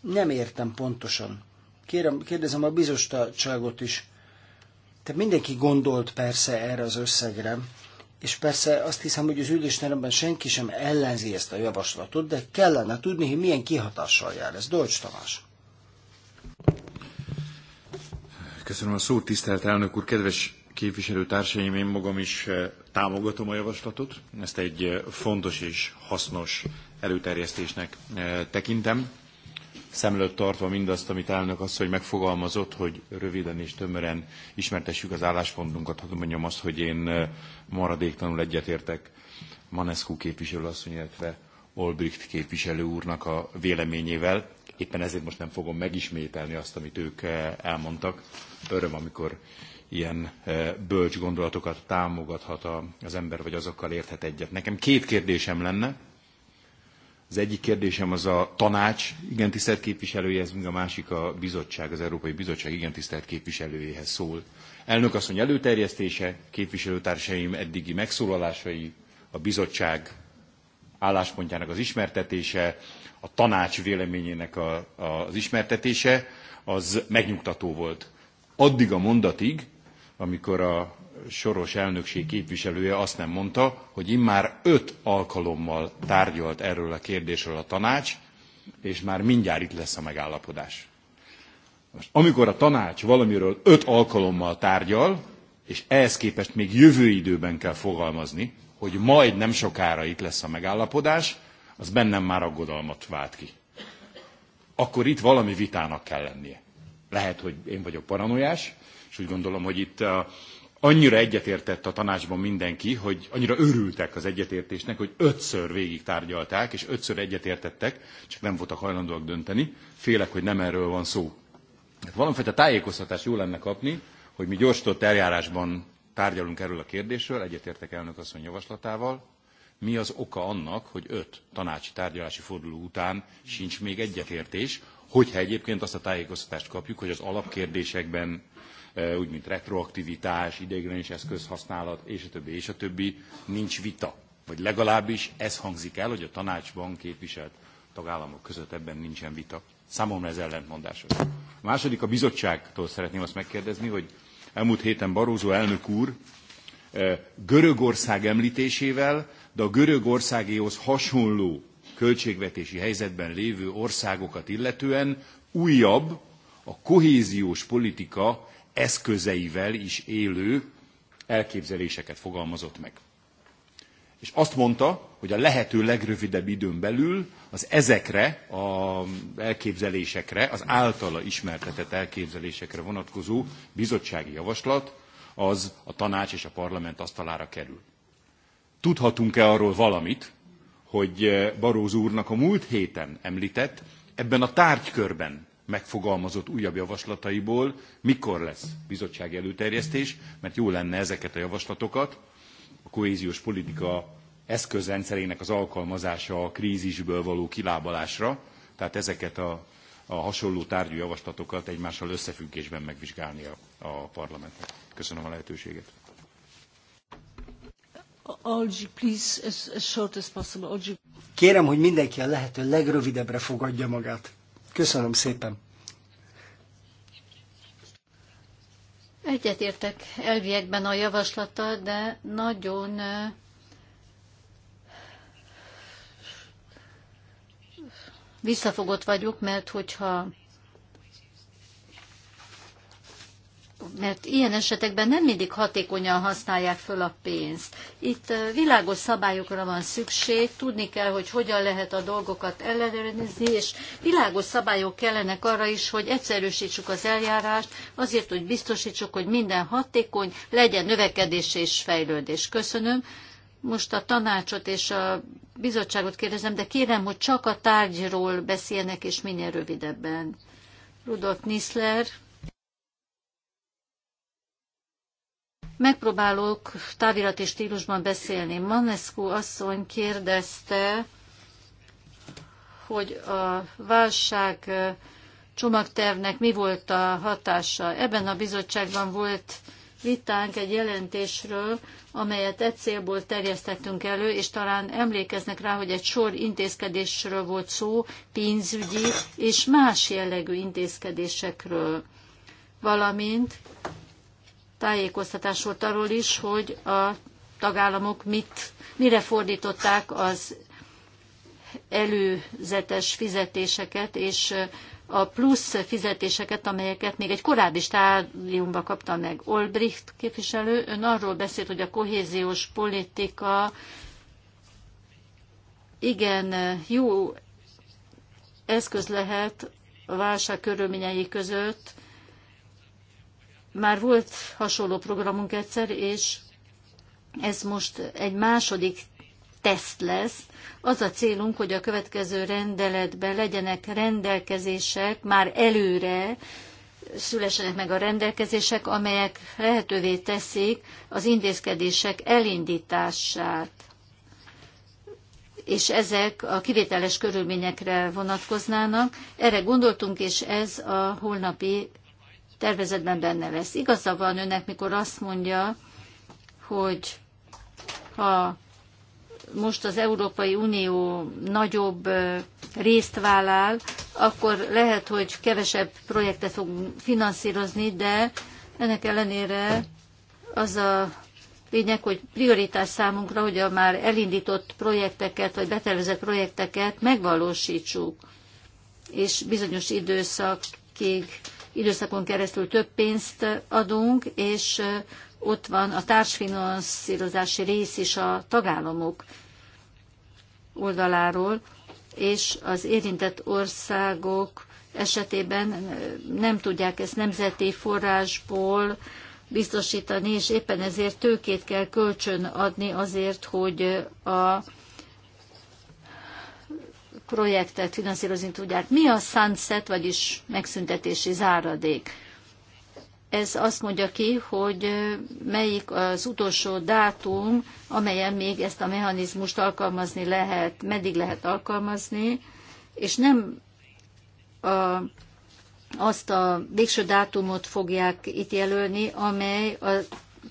nem értem pontosan. Kérem, kérdezem a bizottságot is. Te mindenki gondolt persze erre az összegre, és persze azt hiszem, hogy az ülésteremben senki sem ellenzi ezt a javaslatot, de kellene tudni, hogy milyen kihatással jár ez. Dolcs Tamás. Köszönöm a szót, tisztelt elnök úr, kedves képviselőtársaim, én magam is eh, támogatom a javaslatot. Ezt egy eh, fontos és hasznos előterjesztésnek eh, tekintem. Szem előtt tartva mindazt, amit elnök hogy megfogalmazott, hogy röviden és tömören ismertessük az álláspontunkat, hadd mondjam azt, hogy én maradéktanul egyetértek Manescu asszony, illetve Olbricht képviselő úrnak a véleményével. Éppen ezért most nem fogom megismételni azt, amit ők elmondtak. Öröm, amikor ilyen e, bölcs gondolatokat támogathat az ember, vagy azokkal érthet egyet. Nekem két kérdésem lenne. Az egyik kérdésem az a tanács igen tisztelt képviselőjehez, míg a másik a bizottság, az Európai Bizottság igen tisztelt képviselőjéhez szól. Elnök asszony előterjesztése, képviselőtársaim eddigi megszólalásai, a bizottság álláspontjának az ismertetése, a tanács véleményének a, a, az ismertetése, az megnyugtató volt. Addig a mondatig, amikor a soros elnökség képviselője azt nem mondta, hogy immár öt alkalommal tárgyalt erről a kérdésről a tanács, és már mindjárt itt lesz a megállapodás. Most, amikor a tanács valamiről öt alkalommal tárgyal, és ehhez képest még jövő időben kell fogalmazni, hogy majd nem sokára itt lesz a megállapodás, az bennem már aggodalmat vált ki. Akkor itt valami vitának kell lennie. Lehet, hogy én vagyok paranoiás, és úgy gondolom, hogy itt eh, annyira egyetértett a tanácsban mindenki, hogy annyira örültek az egyetértésnek, hogy ötször végig tárgyalták, és ötször egyetértettek, csak nem voltak hajlandóak dönteni. Félek, hogy nem erről van szó. Hát valamifajta tájékoztatást jó lenne kapni, hogy mi gyorsított eljárásban tárgyalunk erről a kérdésről, egyetértek elnök asszony javaslatával, mi az oka annak, hogy öt tanácsi tárgyalási forduló után sincs még egyetértés, hogyha egyébként azt a tájékoztatást kapjuk, hogy az alapkérdésekben úgy mint retroaktivitás, ideiglenes eszközhasználat, és a többi, és a többi, nincs vita. Vagy legalábbis ez hangzik el, hogy a tanácsban képviselt tagállamok között ebben nincsen vita. Számomra ez ellentmondásos. A második a bizottságtól szeretném azt megkérdezni, hogy elmúlt héten Barózó elnök úr Görögország említésével, de a Görögországéhoz hasonló költségvetési helyzetben lévő országokat illetően újabb a kohéziós politika eszközeivel is élő elképzeléseket fogalmazott meg. És azt mondta, hogy a lehető legrövidebb időn belül az ezekre az elképzelésekre, az általa ismertetett elképzelésekre vonatkozó bizottsági javaslat, az a tanács és a parlament asztalára kerül. Tudhatunk-e arról valamit, hogy Barózó úrnak a múlt héten említett, ebben a tárgykörben megfogalmazott újabb javaslataiból mikor lesz bizottság előterjesztés, mert jó lenne ezeket a javaslatokat a kohéziós politika eszközrendszerének az alkalmazása a krízisből való kilábalásra, tehát ezeket a, a hasonló tárgyú javaslatokat egymással összefüggésben megvizsgálni a, a parlamentnek. Köszönöm a lehetőséget. Kérem, hogy mindenki a lehető legrövidebbre fogadja magát. Köszönöm szépen. Egyetértek elviekben a javaslata, de nagyon visszafogott vagyok, mert hogyha mert ilyen esetekben nem mindig hatékonyan használják föl a pénzt. Itt világos szabályokra van szükség, tudni kell, hogy hogyan lehet a dolgokat ellenőrizni, és világos szabályok kellenek arra is, hogy egyszerűsítsük az eljárást, azért, hogy biztosítsuk, hogy minden hatékony, legyen növekedés és fejlődés. Köszönöm. Most a tanácsot és a bizottságot kérdezem, de kérem, hogy csak a tárgyról beszélnek, és minél rövidebben. Rudolf Nisler. Megpróbálok távirati stílusban beszélni. Manescu asszony kérdezte, hogy a válság csomagtervnek mi volt a hatása. Ebben a bizottságban volt vitánk egy jelentésről, amelyet egy célból terjesztettünk elő, és talán emlékeznek rá, hogy egy sor intézkedésről volt szó, pénzügyi és más jellegű intézkedésekről, valamint tájékoztatás volt arról is, hogy a tagállamok mit, mire fordították az előzetes fizetéseket, és a plusz fizetéseket, amelyeket még egy korábbi stádiumban kapta meg Olbricht képviselő. Ön arról beszélt, hogy a kohéziós politika igen jó eszköz lehet a válság körülményei között, már volt hasonló programunk egyszer, és ez most egy második teszt lesz. Az a célunk, hogy a következő rendeletben legyenek rendelkezések már előre, szülessenek meg a rendelkezések, amelyek lehetővé teszik az intézkedések elindítását. És ezek a kivételes körülményekre vonatkoznának. Erre gondoltunk, és ez a holnapi tervezetben benne lesz. Igaza van önnek, mikor azt mondja, hogy ha most az Európai Unió nagyobb részt vállal, akkor lehet, hogy kevesebb projektet fog finanszírozni, de ennek ellenére az a lényeg, hogy prioritás számunkra, hogy a már elindított projekteket, vagy betervezett projekteket megvalósítsuk, és bizonyos időszakig időszakon keresztül több pénzt adunk, és ott van a társfinanszírozási rész is a tagállamok oldaláról, és az érintett országok esetében nem tudják ezt nemzeti forrásból biztosítani, és éppen ezért tőkét kell kölcsön adni azért, hogy a projektet finanszírozni tudják. Mi a sunset, vagyis megszüntetési záradék? Ez azt mondja ki, hogy melyik az utolsó dátum, amelyen még ezt a mechanizmust alkalmazni lehet, meddig lehet alkalmazni, és nem a, azt a végső dátumot fogják itt jelölni, amely a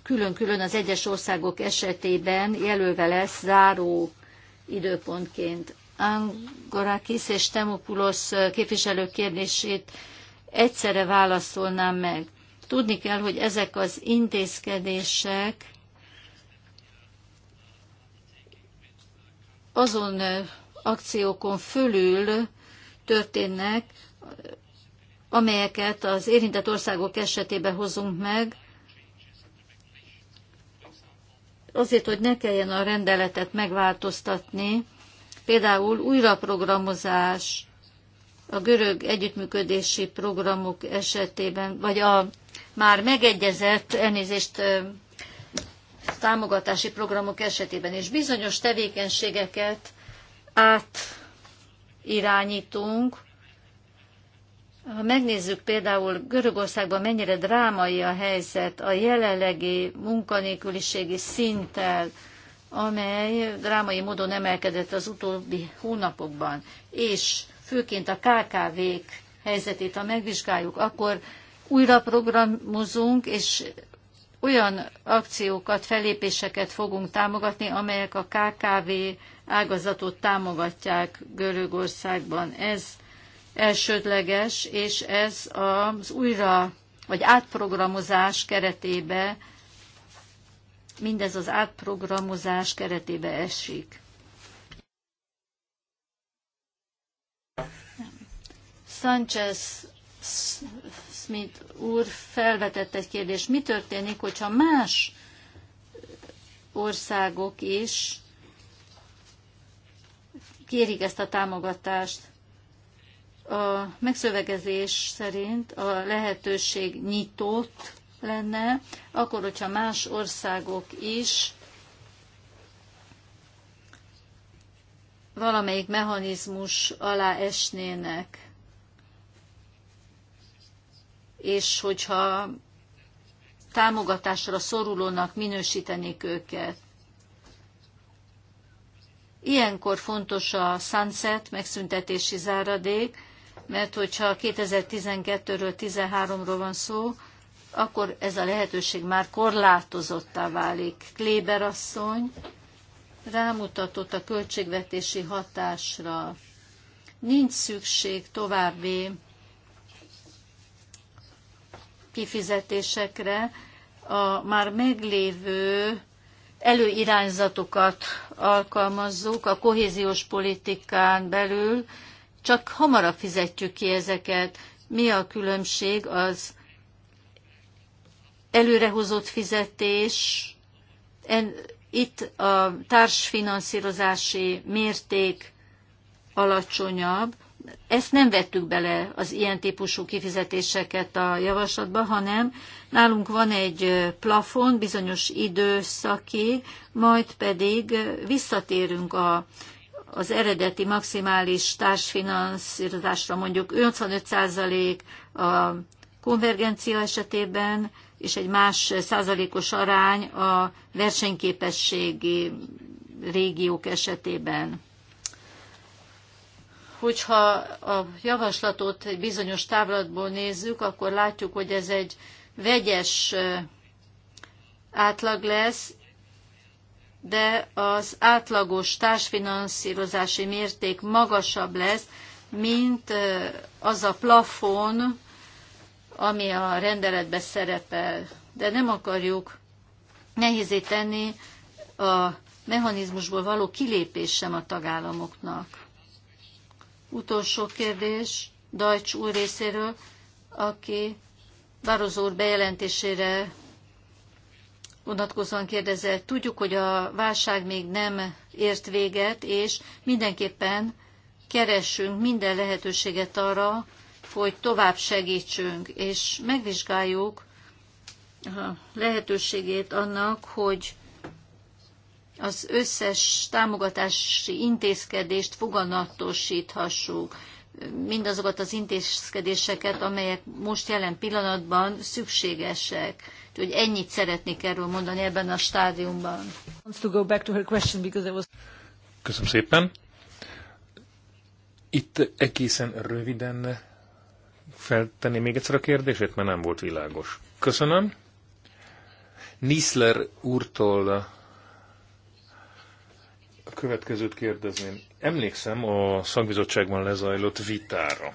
külön-külön az egyes országok esetében jelölve lesz záró időpontként. Angorakis és Temopulos képviselők kérdését egyszerre válaszolnám meg. Tudni kell, hogy ezek az intézkedések azon akciókon fölül történnek, amelyeket az érintett országok esetében hozunk meg, azért, hogy ne kelljen a rendeletet megváltoztatni, Például újraprogramozás a görög együttműködési programok esetében, vagy a már megegyezett elnézést támogatási programok esetében, és bizonyos tevékenységeket átirányítunk. Ha megnézzük például Görögországban mennyire drámai a helyzet a jelenlegi munkanélküliségi szinttel, amely drámai módon emelkedett az utóbbi hónapokban, és főként a KKV-k helyzetét, ha megvizsgáljuk, akkor újra programozunk, és olyan akciókat, felépéseket fogunk támogatni, amelyek a KKV ágazatot támogatják Görögországban. Ez elsődleges, és ez az újra vagy átprogramozás keretébe mindez az átprogramozás keretébe esik. Sanchez Smith úr felvetett egy kérdést. Mi történik, hogyha más országok is kérik ezt a támogatást? A megszövegezés szerint a lehetőség nyitott, lenne, akkor, hogyha más országok is valamelyik mechanizmus alá esnének, és hogyha támogatásra szorulónak minősítenék őket. Ilyenkor fontos a sunset, megszüntetési záradék, mert hogyha 2012-ről 13-ról van szó, akkor ez a lehetőség már korlátozottá válik. Kléber asszony rámutatott a költségvetési hatásra. Nincs szükség további kifizetésekre, a már meglévő előirányzatokat alkalmazzuk a kohéziós politikán belül, csak hamarabb fizetjük ki ezeket. Mi a különbség az előrehozott fizetés, en, itt a társfinanszírozási mérték alacsonyabb. Ezt nem vettük bele az ilyen típusú kifizetéseket a javaslatba, hanem nálunk van egy plafon bizonyos időszaki, majd pedig visszatérünk a, az eredeti maximális társfinanszírozásra mondjuk 85% a konvergencia esetében, és egy más százalékos arány a versenyképességi régiók esetében. Hogyha a javaslatot egy bizonyos távlatból nézzük, akkor látjuk, hogy ez egy vegyes átlag lesz, de az átlagos társfinanszírozási mérték magasabb lesz, mint az a plafon, ami a rendeletben szerepel, de nem akarjuk nehézé tenni a mechanizmusból való kilépés sem a tagállamoknak. Utolsó kérdés Dajcs úr részéről, aki Barozó úr bejelentésére vonatkozóan kérdezett. Tudjuk, hogy a válság még nem ért véget, és mindenképpen keressünk minden lehetőséget arra, hogy tovább segítsünk, és megvizsgáljuk a lehetőségét annak, hogy az összes támogatási intézkedést fogalmatosíthassuk, mindazokat az intézkedéseket, amelyek most jelen pillanatban szükségesek. Úgyhogy ennyit szeretnék erről mondani ebben a stádiumban. Köszönöm szépen. Itt egészen röviden feltenni még egyszer a kérdését, mert nem volt világos. Köszönöm. Nisler úrtól a következőt kérdezném. Emlékszem a szakbizottságban lezajlott vitára.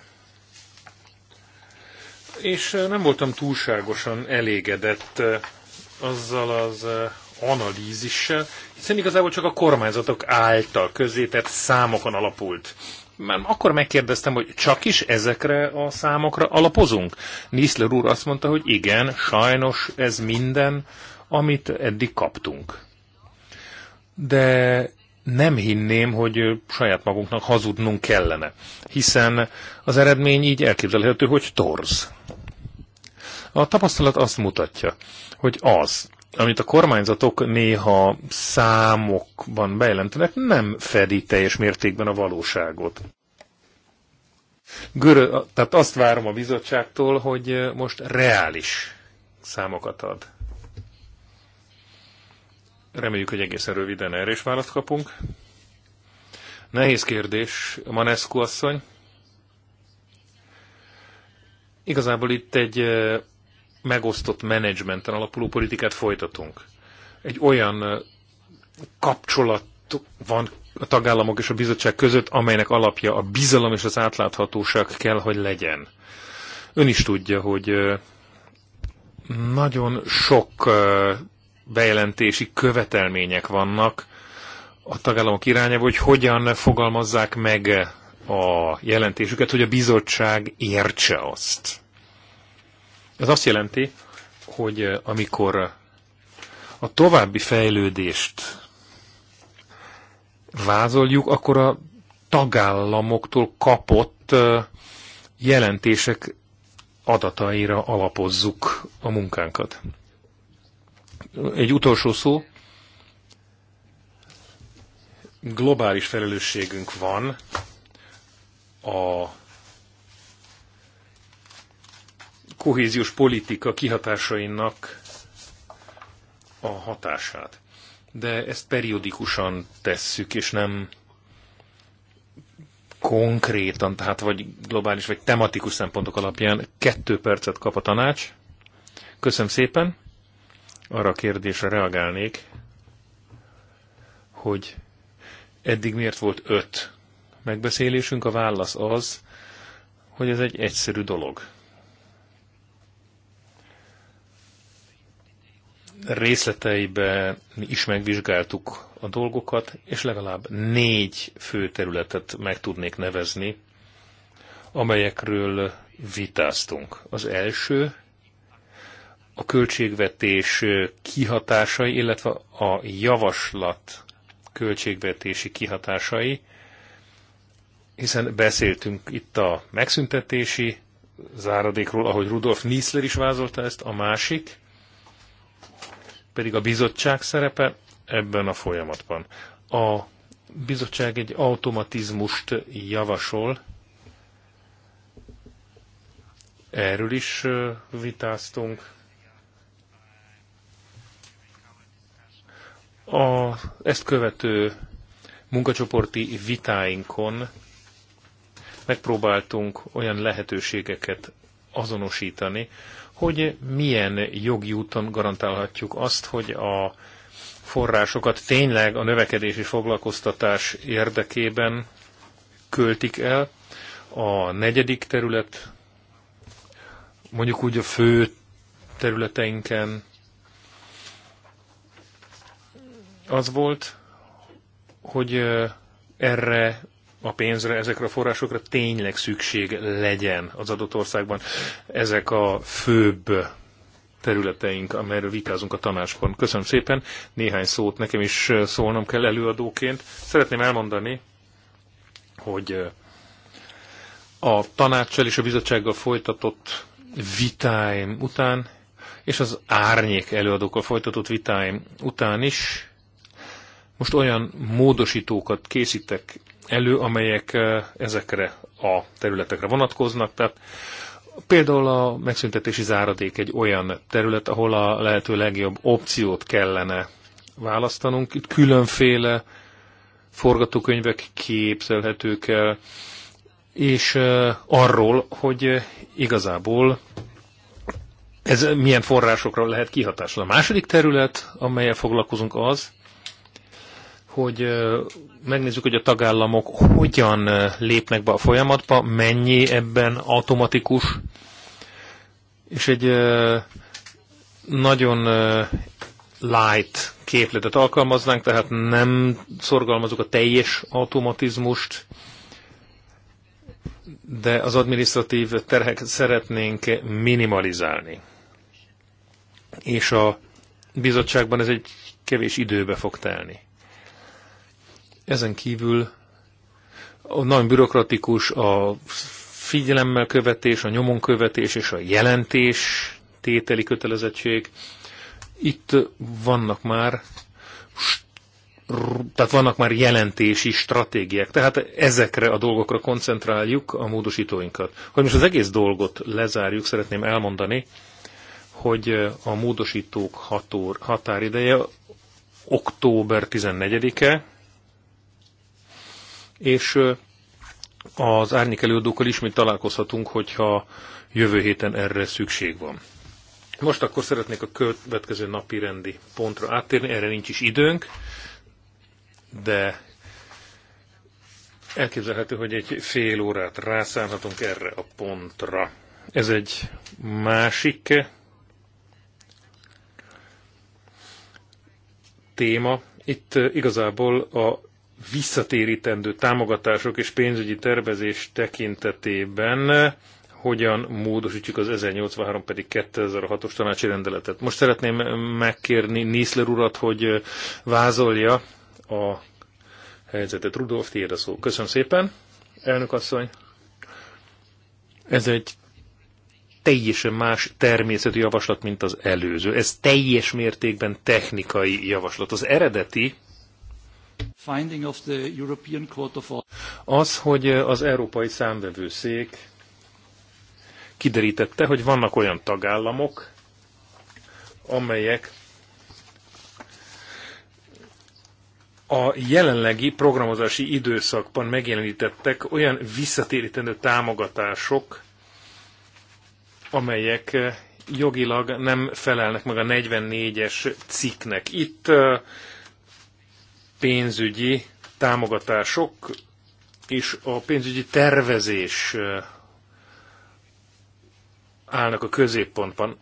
És eh, nem voltam túlságosan elégedett eh, azzal az eh, analízissel, hiszen igazából csak a kormányzatok által közétett számokon alapult már akkor megkérdeztem, hogy csak is ezekre a számokra alapozunk. Niszler úr azt mondta, hogy igen, sajnos ez minden, amit eddig kaptunk. De nem hinném, hogy saját magunknak hazudnunk kellene, hiszen az eredmény így elképzelhető, hogy torz. A tapasztalat azt mutatja, hogy az, amit a kormányzatok néha számokban bejelentenek, nem fedi teljes mértékben a valóságot. Görö, tehát azt várom a bizottságtól, hogy most reális számokat ad. Reméljük, hogy egészen röviden erre is választ kapunk. Nehéz kérdés, Manescu asszony. Igazából itt egy megosztott menedzsmenten alapuló politikát folytatunk. Egy olyan kapcsolat van a tagállamok és a bizottság között, amelynek alapja a bizalom és az átláthatóság kell, hogy legyen. Ön is tudja, hogy nagyon sok bejelentési követelmények vannak a tagállamok irányába, hogy hogyan fogalmazzák meg a jelentésüket, hogy a bizottság értse azt. Ez azt jelenti, hogy eh, amikor a további fejlődést vázoljuk, akkor a tagállamoktól kapott eh, jelentések adataira alapozzuk a munkánkat. Egy utolsó szó. Globális felelősségünk van a kohéziós politika kihatásainak a hatását. De ezt periodikusan tesszük, és nem konkrétan, tehát vagy globális, vagy tematikus szempontok alapján. Kettő percet kap a tanács. Köszönöm szépen. Arra a kérdésre reagálnék, hogy eddig miért volt öt megbeszélésünk. A válasz az, hogy ez egy egyszerű dolog. részleteibe mi is megvizsgáltuk a dolgokat, és legalább négy fő területet meg tudnék nevezni, amelyekről vitáztunk. Az első a költségvetés kihatásai, illetve a javaslat költségvetési kihatásai, hiszen beszéltünk itt a megszüntetési záradékról, ahogy Rudolf Niesler is vázolta ezt, a másik pedig a bizottság szerepe ebben a folyamatban. A bizottság egy automatizmust javasol, erről is vitáztunk. A ezt követő munkacsoporti vitáinkon megpróbáltunk olyan lehetőségeket azonosítani, hogy milyen jogi úton garantálhatjuk azt, hogy a forrásokat tényleg a növekedési foglalkoztatás érdekében költik el. A negyedik terület, mondjuk úgy a fő területeinken az volt, hogy erre a pénzre, ezekre a forrásokra tényleg szükség legyen az adott országban. Ezek a főbb területeink, amelyről vitázunk a tanácsban. Köszönöm szépen, néhány szót nekem is szólnom kell előadóként. Szeretném elmondani, hogy a tanácssal és a bizottsággal folytatott vitáim után, és az árnyék előadókkal folytatott vitáim után is most olyan módosítókat készítek elő, amelyek ezekre a területekre vonatkoznak. Tehát például a megszüntetési záradék egy olyan terület, ahol a lehető legjobb opciót kellene választanunk. Itt különféle forgatókönyvek képzelhetők el, és arról, hogy igazából ez milyen forrásokra lehet kihatásra. A második terület, amelyel foglalkozunk az, hogy megnézzük, hogy a tagállamok hogyan lépnek be a folyamatba, mennyi ebben automatikus, és egy nagyon light képletet alkalmaznánk, tehát nem szorgalmazunk a teljes automatizmust, de az administratív terhek szeretnénk minimalizálni. És a bizottságban ez egy kevés időbe fog telni. Ezen kívül a nagyon bürokratikus a figyelemmel követés, a nyomon követés és a jelentés tételi kötelezettség. Itt vannak már tehát vannak már jelentési stratégiák, tehát ezekre a dolgokra koncentráljuk a módosítóinkat. Hogy most az egész dolgot lezárjuk, szeretném elmondani, hogy a módosítók határ, határideje október 14-e, és az árnyék előadókkal ismét találkozhatunk, hogyha jövő héten erre szükség van. Most akkor szeretnék a következő napi rendi pontra áttérni, erre nincs is időnk, de elképzelhető, hogy egy fél órát rászállhatunk erre a pontra. Ez egy másik téma. Itt igazából a visszatérítendő támogatások és pénzügyi tervezés tekintetében hogyan módosítjuk az 1083 pedig 2006-os tanácsi rendeletet. Most szeretném megkérni Niszler urat, hogy vázolja a helyzetet. Rudolf, tiéd a szó. Köszönöm szépen, elnök asszony. Ez egy teljesen más természetű javaslat, mint az előző. Ez teljes mértékben technikai javaslat. Az eredeti az, hogy eh, az Európai Számvevőszék kiderítette, hogy vannak olyan tagállamok, amelyek a jelenlegi programozási időszakban megjelenítettek olyan visszatérítendő támogatások, amelyek eh, jogilag nem felelnek meg a 44-es cikknek. Itt eh, pénzügyi támogatások és a pénzügyi tervezés állnak a középpontban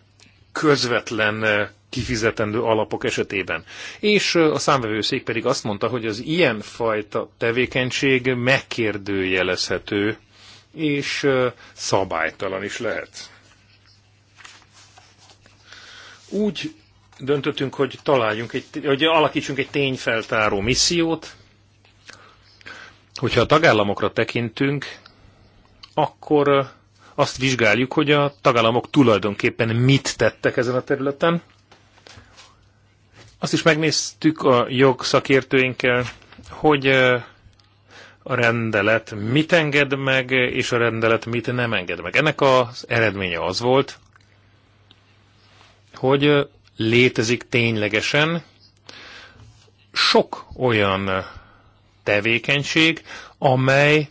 közvetlen kifizetendő alapok esetében. És a számvevőszék pedig azt mondta, hogy az ilyen fajta tevékenység megkérdőjelezhető és szabálytalan is lehet. Úgy döntöttünk, hogy találjunk, egy, hogy alakítsunk egy tényfeltáró missziót. Hogyha a tagállamokra tekintünk, akkor azt vizsgáljuk, hogy a tagállamok tulajdonképpen mit tettek ezen a területen. Azt is megnéztük a jogszakértőinkkel, hogy a rendelet mit enged meg, és a rendelet mit nem enged meg. Ennek az eredménye az volt, hogy létezik ténylegesen sok olyan tevékenység, amely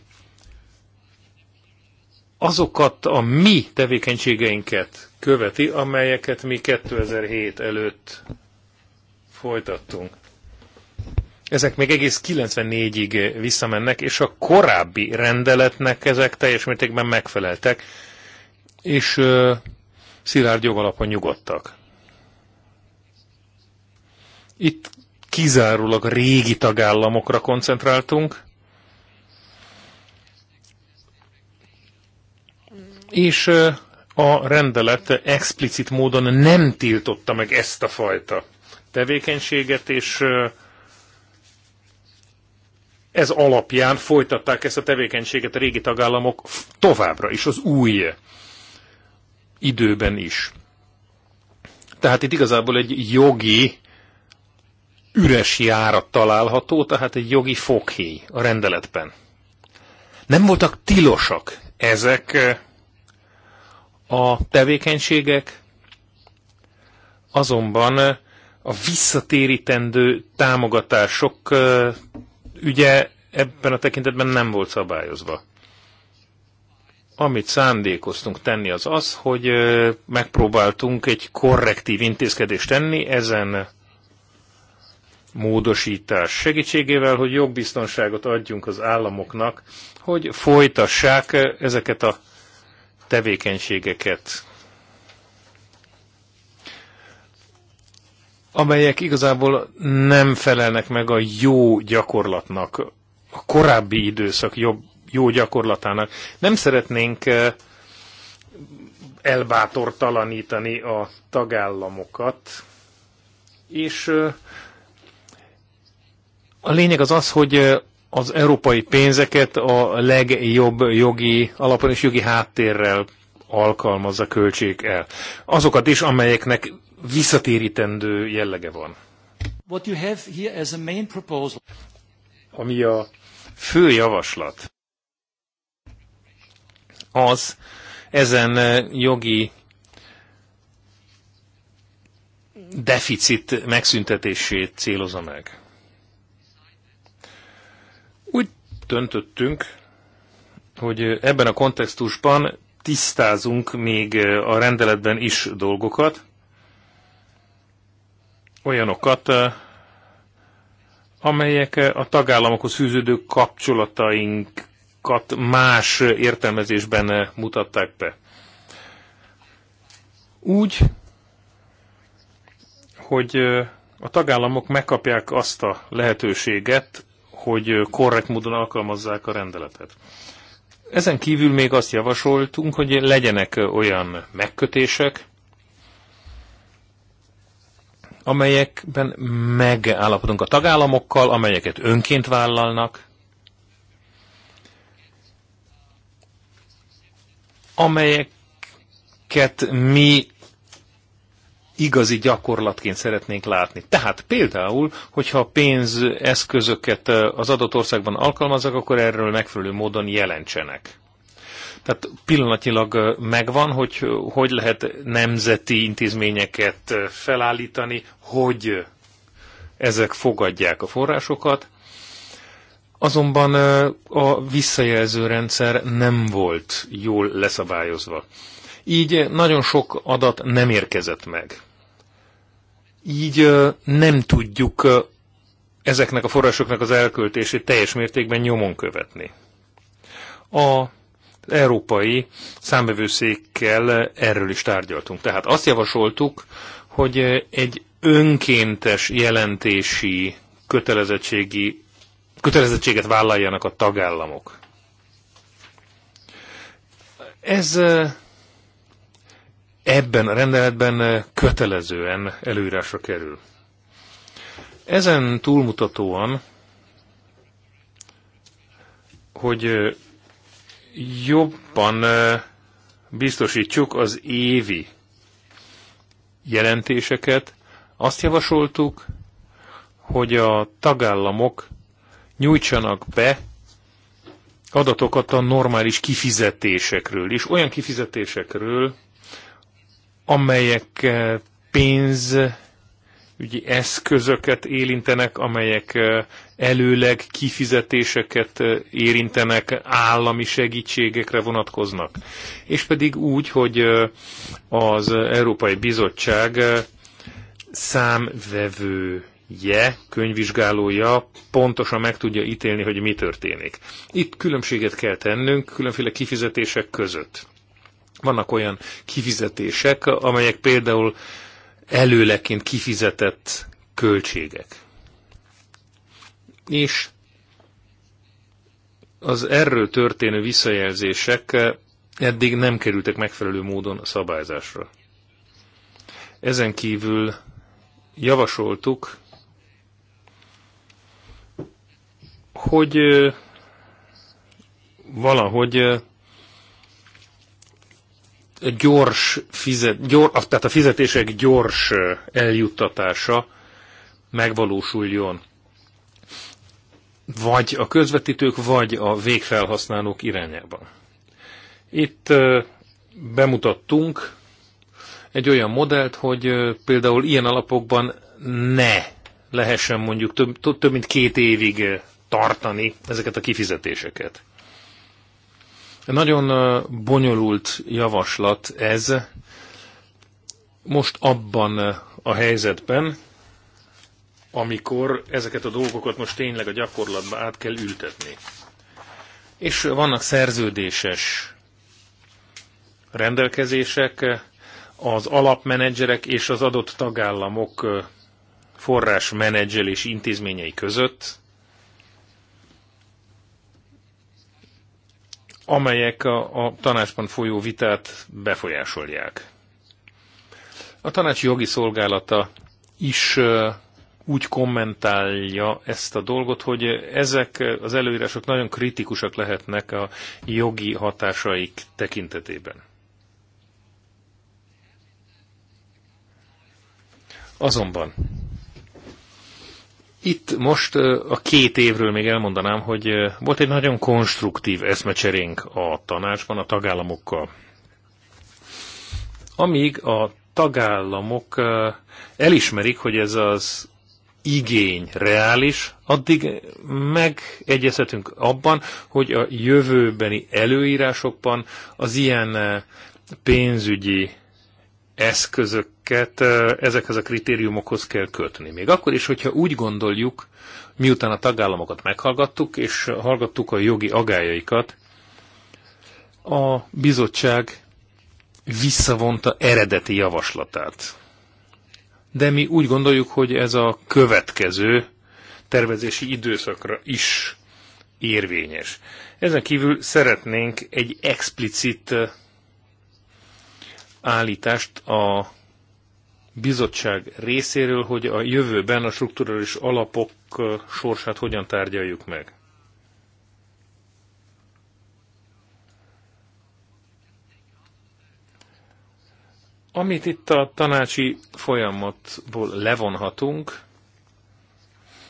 azokat a mi tevékenységeinket követi, amelyeket mi 2007 előtt folytattunk. Ezek még egész 94-ig visszamennek, és a korábbi rendeletnek ezek teljes mértékben megfeleltek, és uh, szilárd jogalapon nyugodtak. Itt kizárólag a régi tagállamokra koncentráltunk, és a rendelet explicit módon nem tiltotta meg ezt a fajta tevékenységet, és ez alapján folytatták ezt a tevékenységet a régi tagállamok továbbra is, az új időben is. Tehát itt igazából egy jogi üres járat található, tehát egy jogi fokhéj a rendeletben. Nem voltak tilosak ezek eh, a tevékenységek, azonban eh, a visszatérítendő támogatások ügye eh, ebben a tekintetben nem volt szabályozva. Amit szándékoztunk tenni az az, hogy megpróbáltunk egy korrektív intézkedést tenni ezen módosítás segítségével, hogy jogbiztonságot adjunk az államoknak, hogy folytassák ezeket a tevékenységeket, amelyek igazából nem felelnek meg a jó gyakorlatnak, a korábbi időszak jobb, jó gyakorlatának. Nem szeretnénk eh, elbátortalanítani a tagállamokat, és eh, a lényeg az az, hogy az európai pénzeket a legjobb jogi alapon és jogi háttérrel alkalmazza, költség el. Azokat is, amelyeknek visszatérítendő jellege van. What you have here as a main proposal. Ami a fő javaslat, az ezen jogi deficit megszüntetését célozza meg. döntöttünk, hogy ebben a kontextusban tisztázunk még a rendeletben is dolgokat, olyanokat, amelyek a tagállamokhoz fűződő kapcsolatainkat más értelmezésben mutatták be. Úgy, hogy a tagállamok megkapják azt a lehetőséget, hogy korrekt módon alkalmazzák a rendeletet. Ezen kívül még azt javasoltunk, hogy legyenek olyan megkötések, amelyekben megállapodunk a tagállamokkal, amelyeket önként vállalnak, amelyeket mi igazi gyakorlatként szeretnénk látni. Tehát például, hogyha pénzeszközöket eh, az adott országban alkalmazzak, akkor erről megfelelő módon jelentsenek. Tehát pillanatnyilag eh, megvan, hogy eh, hogy lehet nemzeti intézményeket felállítani, hogy ezek fogadják a forrásokat, Azonban a visszajelző rendszer nem volt jól leszabályozva. Így nagyon sok adat nem érkezett meg így nem tudjuk ezeknek a forrásoknak az elköltését teljes mértékben nyomon követni. A európai számbevőszékkel erről is tárgyaltunk. Tehát azt javasoltuk, hogy egy önkéntes jelentési kötelezettségi, kötelezettséget vállaljanak a tagállamok. Ez ebben a rendeletben eh, kötelezően előírásra kerül. Ezen túlmutatóan, hogy eh, jobban eh, biztosítsuk az évi jelentéseket, azt javasoltuk, hogy a tagállamok nyújtsanak be adatokat a normális kifizetésekről is, olyan kifizetésekről, amelyek eh, pénz, ügyi eszközöket érintenek, amelyek eh, előleg kifizetéseket eh, érintenek, állami segítségekre vonatkoznak. És pedig úgy, hogy az Európai Bizottság számvevője, könyvvizsgálója pontosan meg tudja ítélni, hogy mi történik. Itt különbséget kell tennünk különféle kifizetések között. Vannak olyan kifizetések, amelyek például előleként kifizetett költségek. És az erről történő visszajelzések eddig nem kerültek megfelelő módon a szabályzásra. Ezen kívül javasoltuk, hogy valahogy gyors fizet, gyor, tehát a fizetések gyors eljuttatása megvalósuljon. Vagy a közvetítők, vagy a végfelhasználók irányában. Itt bemutattunk egy olyan modellt, hogy például ilyen alapokban ne lehessen mondjuk több, több mint két évig tartani ezeket a kifizetéseket. Nagyon bonyolult javaslat ez most abban a helyzetben, amikor ezeket a dolgokat most tényleg a gyakorlatba át kell ültetni. És vannak szerződéses rendelkezések, az alapmenedzserek és az adott tagállamok forrásmenedzselési intézményei között, amelyek a, a tanácsban folyó vitát befolyásolják. A tanács jogi szolgálata is úgy kommentálja ezt a dolgot, hogy ezek az előírások nagyon kritikusak lehetnek a jogi hatásaik tekintetében. Azonban itt most a két évről még elmondanám, hogy volt egy nagyon konstruktív eszmecserénk a tanácsban, a tagállamokkal. Amíg a tagállamok elismerik, hogy ez az igény reális, addig megegyezhetünk abban, hogy a jövőbeni előírásokban az ilyen pénzügyi eszközöket ezekhez a kritériumokhoz kell kötni. Még akkor is, hogyha úgy gondoljuk, miután a tagállamokat meghallgattuk, és hallgattuk a jogi agályaikat, a bizottság visszavonta eredeti javaslatát. De mi úgy gondoljuk, hogy ez a következő tervezési időszakra is érvényes. Ezen kívül szeretnénk egy explicit állítást a bizottság részéről, hogy a jövőben a strukturális alapok sorsát hogyan tárgyaljuk meg. Amit itt a tanácsi folyamatból levonhatunk,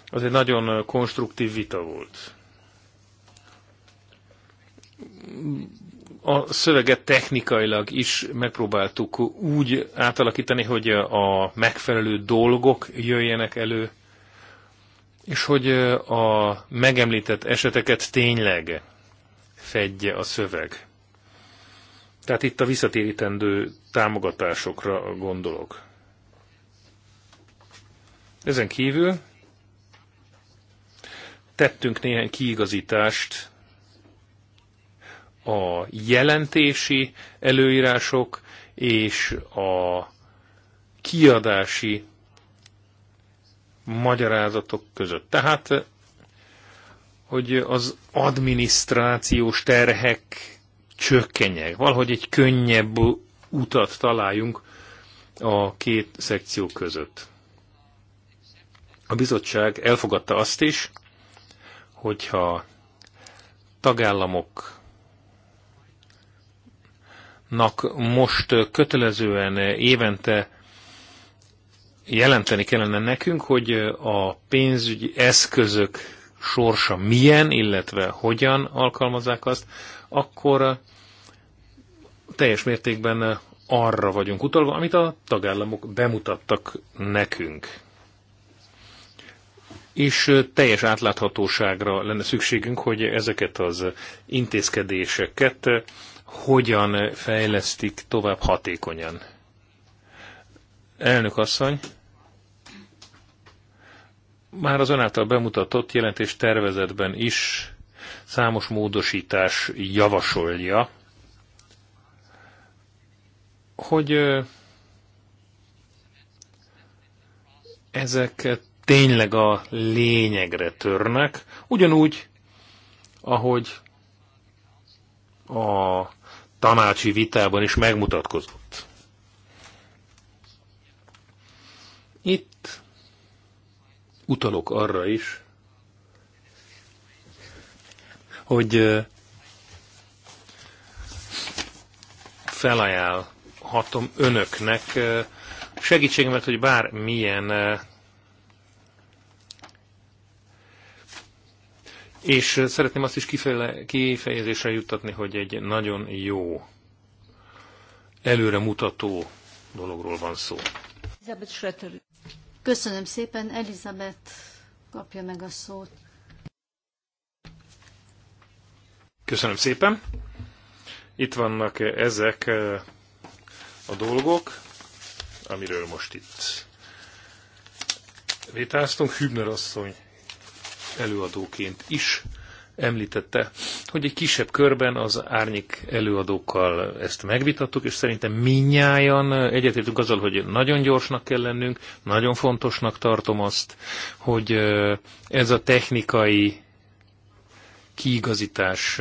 az egy nagyon konstruktív vita volt a szöveget technikailag is megpróbáltuk úgy átalakítani, hogy a megfelelő dolgok jöjjenek elő, és hogy a megemlített eseteket tényleg fedje a szöveg. Tehát itt a visszatérítendő támogatásokra gondolok. Ezen kívül tettünk néhány kiigazítást a jelentési előírások és a kiadási magyarázatok között. Tehát, hogy az adminisztrációs terhek csökkenjek, valahogy egy könnyebb utat találjunk a két szekció között. A bizottság elfogadta azt is, hogyha tagállamok nak most kötelezően évente jelenteni kellene nekünk, hogy a pénzügyi eszközök sorsa milyen, illetve hogyan alkalmazzák azt, akkor teljes mértékben arra vagyunk utalva, amit a tagállamok bemutattak nekünk. És teljes átláthatóságra lenne szükségünk, hogy ezeket az intézkedéseket hogyan fejlesztik tovább hatékonyan. Elnök asszony, már az önáltal bemutatott jelentés tervezetben is számos módosítás javasolja, hogy ezek tényleg a lényegre törnek, ugyanúgy, ahogy a tanácsi vitában is megmutatkozott. Itt utalok arra is, hogy felajánlhatom önöknek segítségemet, hogy bármilyen És szeretném azt is kifeje, kifejezésre juttatni, hogy egy nagyon jó, előremutató dologról van szó. Elizabeth Schröter. Köszönöm szépen, Elizabeth kapja meg a szót. Köszönöm szépen. Itt vannak ezek eh, a dolgok, amiről most itt vétáztunk. Hübner asszony előadóként is említette, hogy egy kisebb körben az árnyék előadókkal ezt megvitattuk, és szerintem minnyáján egyetértünk azzal, hogy nagyon gyorsnak kell lennünk, nagyon fontosnak tartom azt, hogy ez a technikai kiigazítás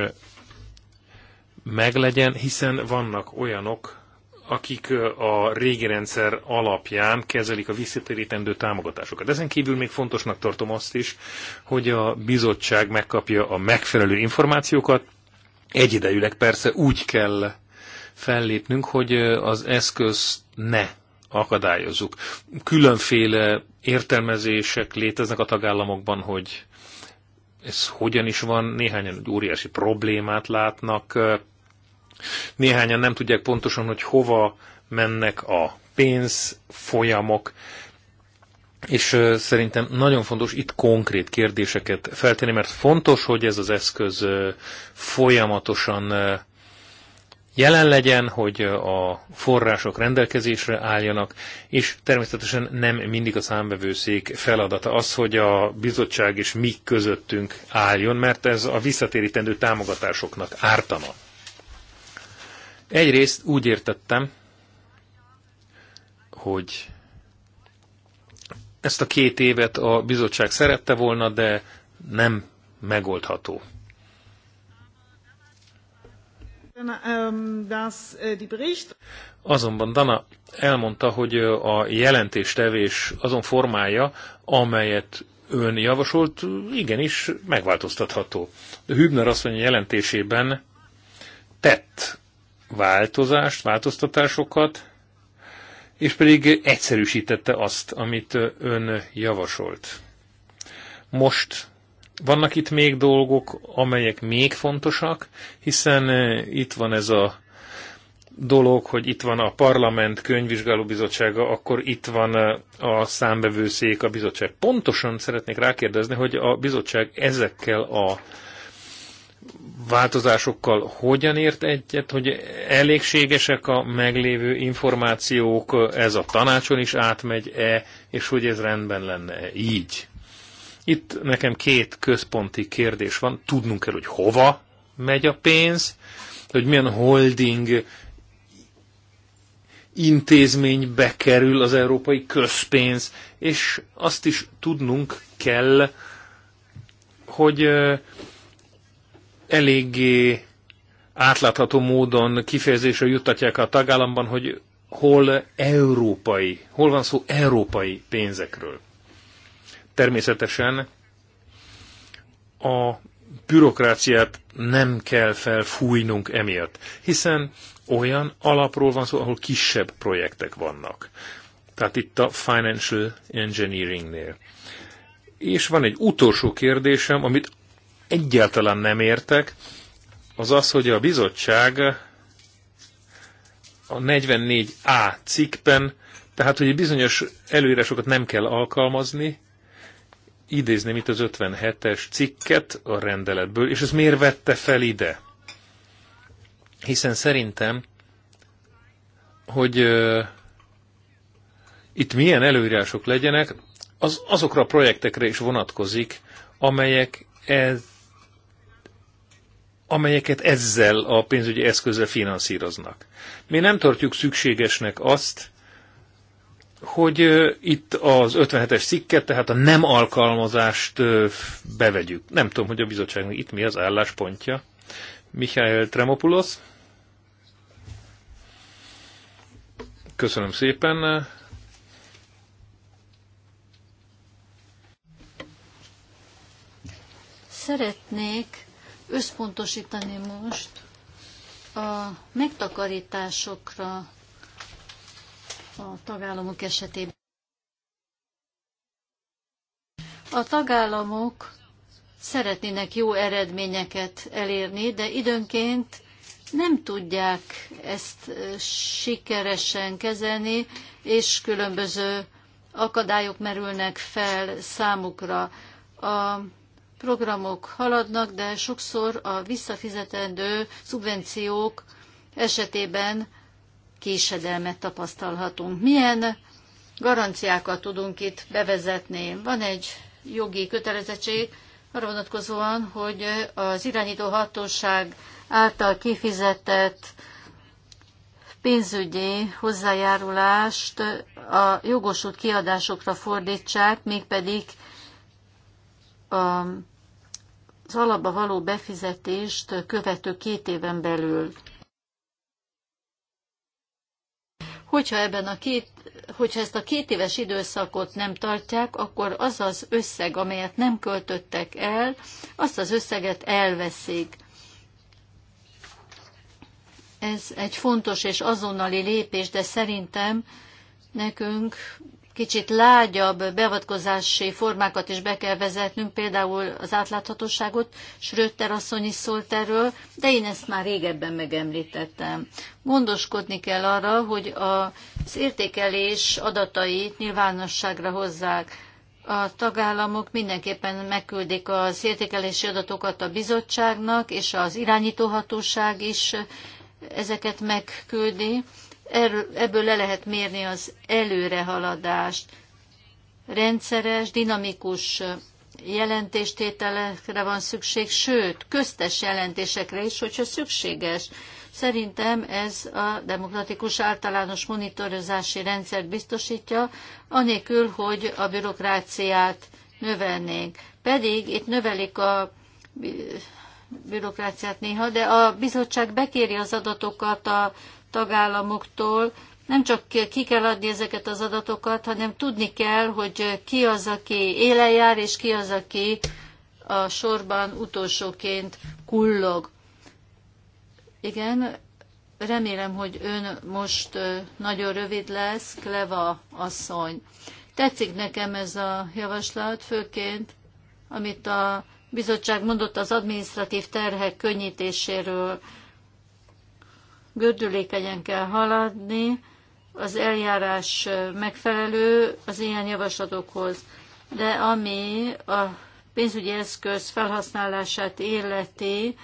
meglegyen, hiszen vannak olyanok, akik a régi rendszer alapján kezelik a visszatérítendő támogatásokat. Ezen kívül még fontosnak tartom azt is, hogy a bizottság megkapja a megfelelő információkat, egyidejűleg persze úgy kell fellépnünk, hogy az eszköz ne akadályozzuk. Különféle értelmezések léteznek a tagállamokban, hogy ez hogyan is van, néhányan óriási problémát látnak Néhányan nem tudják pontosan, hogy hova mennek a pénz folyamok, és szerintem nagyon fontos itt konkrét kérdéseket feltenni, mert fontos, hogy ez az eszköz folyamatosan jelen legyen, hogy a források rendelkezésre álljanak, és természetesen nem mindig a számbevőszék feladata az, hogy a bizottság és mi közöttünk álljon, mert ez a visszatérítendő támogatásoknak ártana. Egyrészt úgy értettem, hogy ezt a két évet a bizottság szerette volna, de nem megoldható. Ähm, äh, Azonban Dana elmondta, hogy a jelentéstevés azon formája, amelyet ön javasolt, igenis megváltoztatható. Hübner mondja jelentésében tett változást, változtatásokat, és pedig egyszerűsítette azt, amit ön javasolt. Most vannak itt még dolgok, amelyek még fontosak, hiszen eh, itt van ez a dolog, hogy itt van a parlament könyvvizsgálóbizottsága, akkor itt van eh, a számbevőszék, a bizottság. Pontosan szeretnék rákérdezni, hogy a bizottság ezekkel a változásokkal hogyan ért egyet, hogy elégségesek a meglévő információk, ez a tanácson is átmegy-e, és hogy ez rendben lenne így. Itt nekem két központi kérdés van. Tudnunk kell, hogy hova megy a pénz, hogy milyen holding intézménybe kerül az európai közpénz, és azt is tudnunk kell, hogy eléggé átlátható módon kifejezésre juttatják a tagállamban, hogy hol európai, hol van szó európai pénzekről. Természetesen a bürokráciát nem kell felfújnunk emiatt, hiszen olyan alapról van szó, ahol kisebb projektek vannak. Tehát itt a financial engineeringnél. És van egy utolsó kérdésem, amit egyáltalán nem értek, az az, hogy a bizottság a 44A cikkben, tehát hogy bizonyos előírásokat nem kell alkalmazni, idézni itt az 57-es cikket a rendeletből, és ez miért vette fel ide? Hiszen szerintem, hogy uh, itt milyen előírások legyenek, az azokra a projektekre is vonatkozik, amelyek ez amelyeket ezzel a pénzügyi eszközzel finanszíroznak. Mi nem tartjuk szükségesnek azt, hogy itt az 57-es cikket, tehát a nem alkalmazást bevegyük. Nem tudom, hogy a bizottságnak itt mi az álláspontja. Mihály Tremopulos. Köszönöm szépen. Szeretnék összpontosítani most a megtakarításokra a tagállamok esetében. A tagállamok szeretnének jó eredményeket elérni, de időnként nem tudják ezt sikeresen kezelni, és különböző akadályok merülnek fel számukra. A programok haladnak, de sokszor a visszafizetendő szubvenciók esetében késedelmet tapasztalhatunk. Milyen garanciákat tudunk itt bevezetni? Van egy jogi kötelezettség arra vonatkozóan, hogy az irányító hatóság által kifizetett pénzügyi hozzájárulást a jogosult kiadásokra fordítsák, mégpedig a az alapba való befizetést követő két éven belül. Hogyha, ebben a két, hogyha ezt a két éves időszakot nem tartják, akkor az az összeg, amelyet nem költöttek el, azt az összeget elveszik. Ez egy fontos és azonnali lépés, de szerintem nekünk kicsit lágyabb beavatkozási formákat is be kell vezetnünk, például az átláthatóságot, Schröter asszony is szólt erről, de én ezt már régebben megemlítettem. Gondoskodni kell arra, hogy az értékelés adatait nyilvánosságra hozzák. A tagállamok mindenképpen megküldik az értékelési adatokat a bizottságnak, és az irányítóhatóság is ezeket megküldi ebből le lehet mérni az előrehaladást. Rendszeres, dinamikus jelentéstételekre van szükség, sőt, köztes jelentésekre is, hogyha szükséges. Szerintem ez a demokratikus általános monitorozási rendszer biztosítja, anélkül, hogy a bürokráciát növelnénk. Pedig itt növelik a bürokráciát néha, de a bizottság bekéri az adatokat a tagállamoktól nem csak ki kell adni ezeket az adatokat, hanem tudni kell, hogy ki az, aki élen jár, és ki az, aki a sorban utolsóként kullog. Igen, remélem, hogy ön most nagyon rövid lesz, Kleva asszony. Tetszik nekem ez a javaslat, főként, amit a bizottság mondott az administratív terhek könnyítéséről, gördülékenyen kell haladni, az eljárás megfelelő az ilyen javaslatokhoz. De ami a pénzügyi eszköz felhasználását illeti,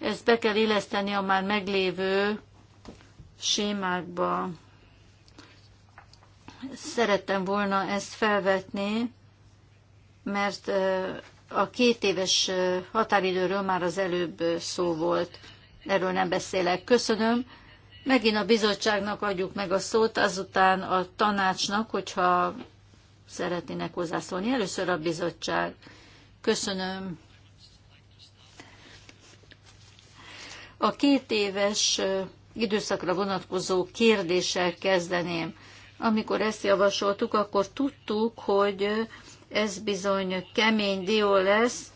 ezt be kell illeszteni a már meglévő sémákba. Szerettem volna ezt felvetni, mert a két éves határidőről már az előbb szó volt erről nem beszélek. Köszönöm. Megint a bizottságnak adjuk meg a szót, azután a tanácsnak, hogyha szeretnének hozzászólni. Először a bizottság. Köszönöm. A két éves időszakra vonatkozó kérdéssel kezdeném. Amikor ezt javasoltuk, akkor tudtuk, hogy ez bizony kemény dió lesz,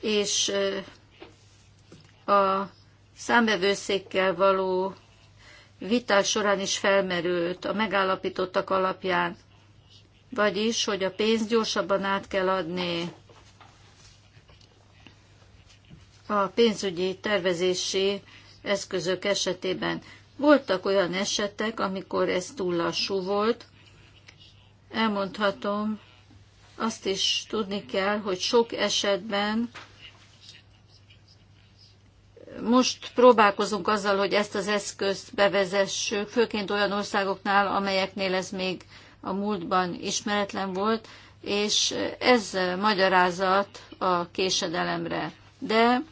és a számbevőszékkel való vitás során is felmerült a megállapítottak alapján, vagyis, hogy a pénzt gyorsabban át kell adni a pénzügyi tervezési eszközök esetében. Voltak olyan esetek, amikor ez túl lassú volt. Elmondhatom, azt is tudni kell, hogy sok esetben most próbálkozunk azzal, hogy ezt az eszközt bevezessük, főként olyan országoknál, amelyeknél ez még a múltban ismeretlen volt, és ez magyarázat a késedelemre. De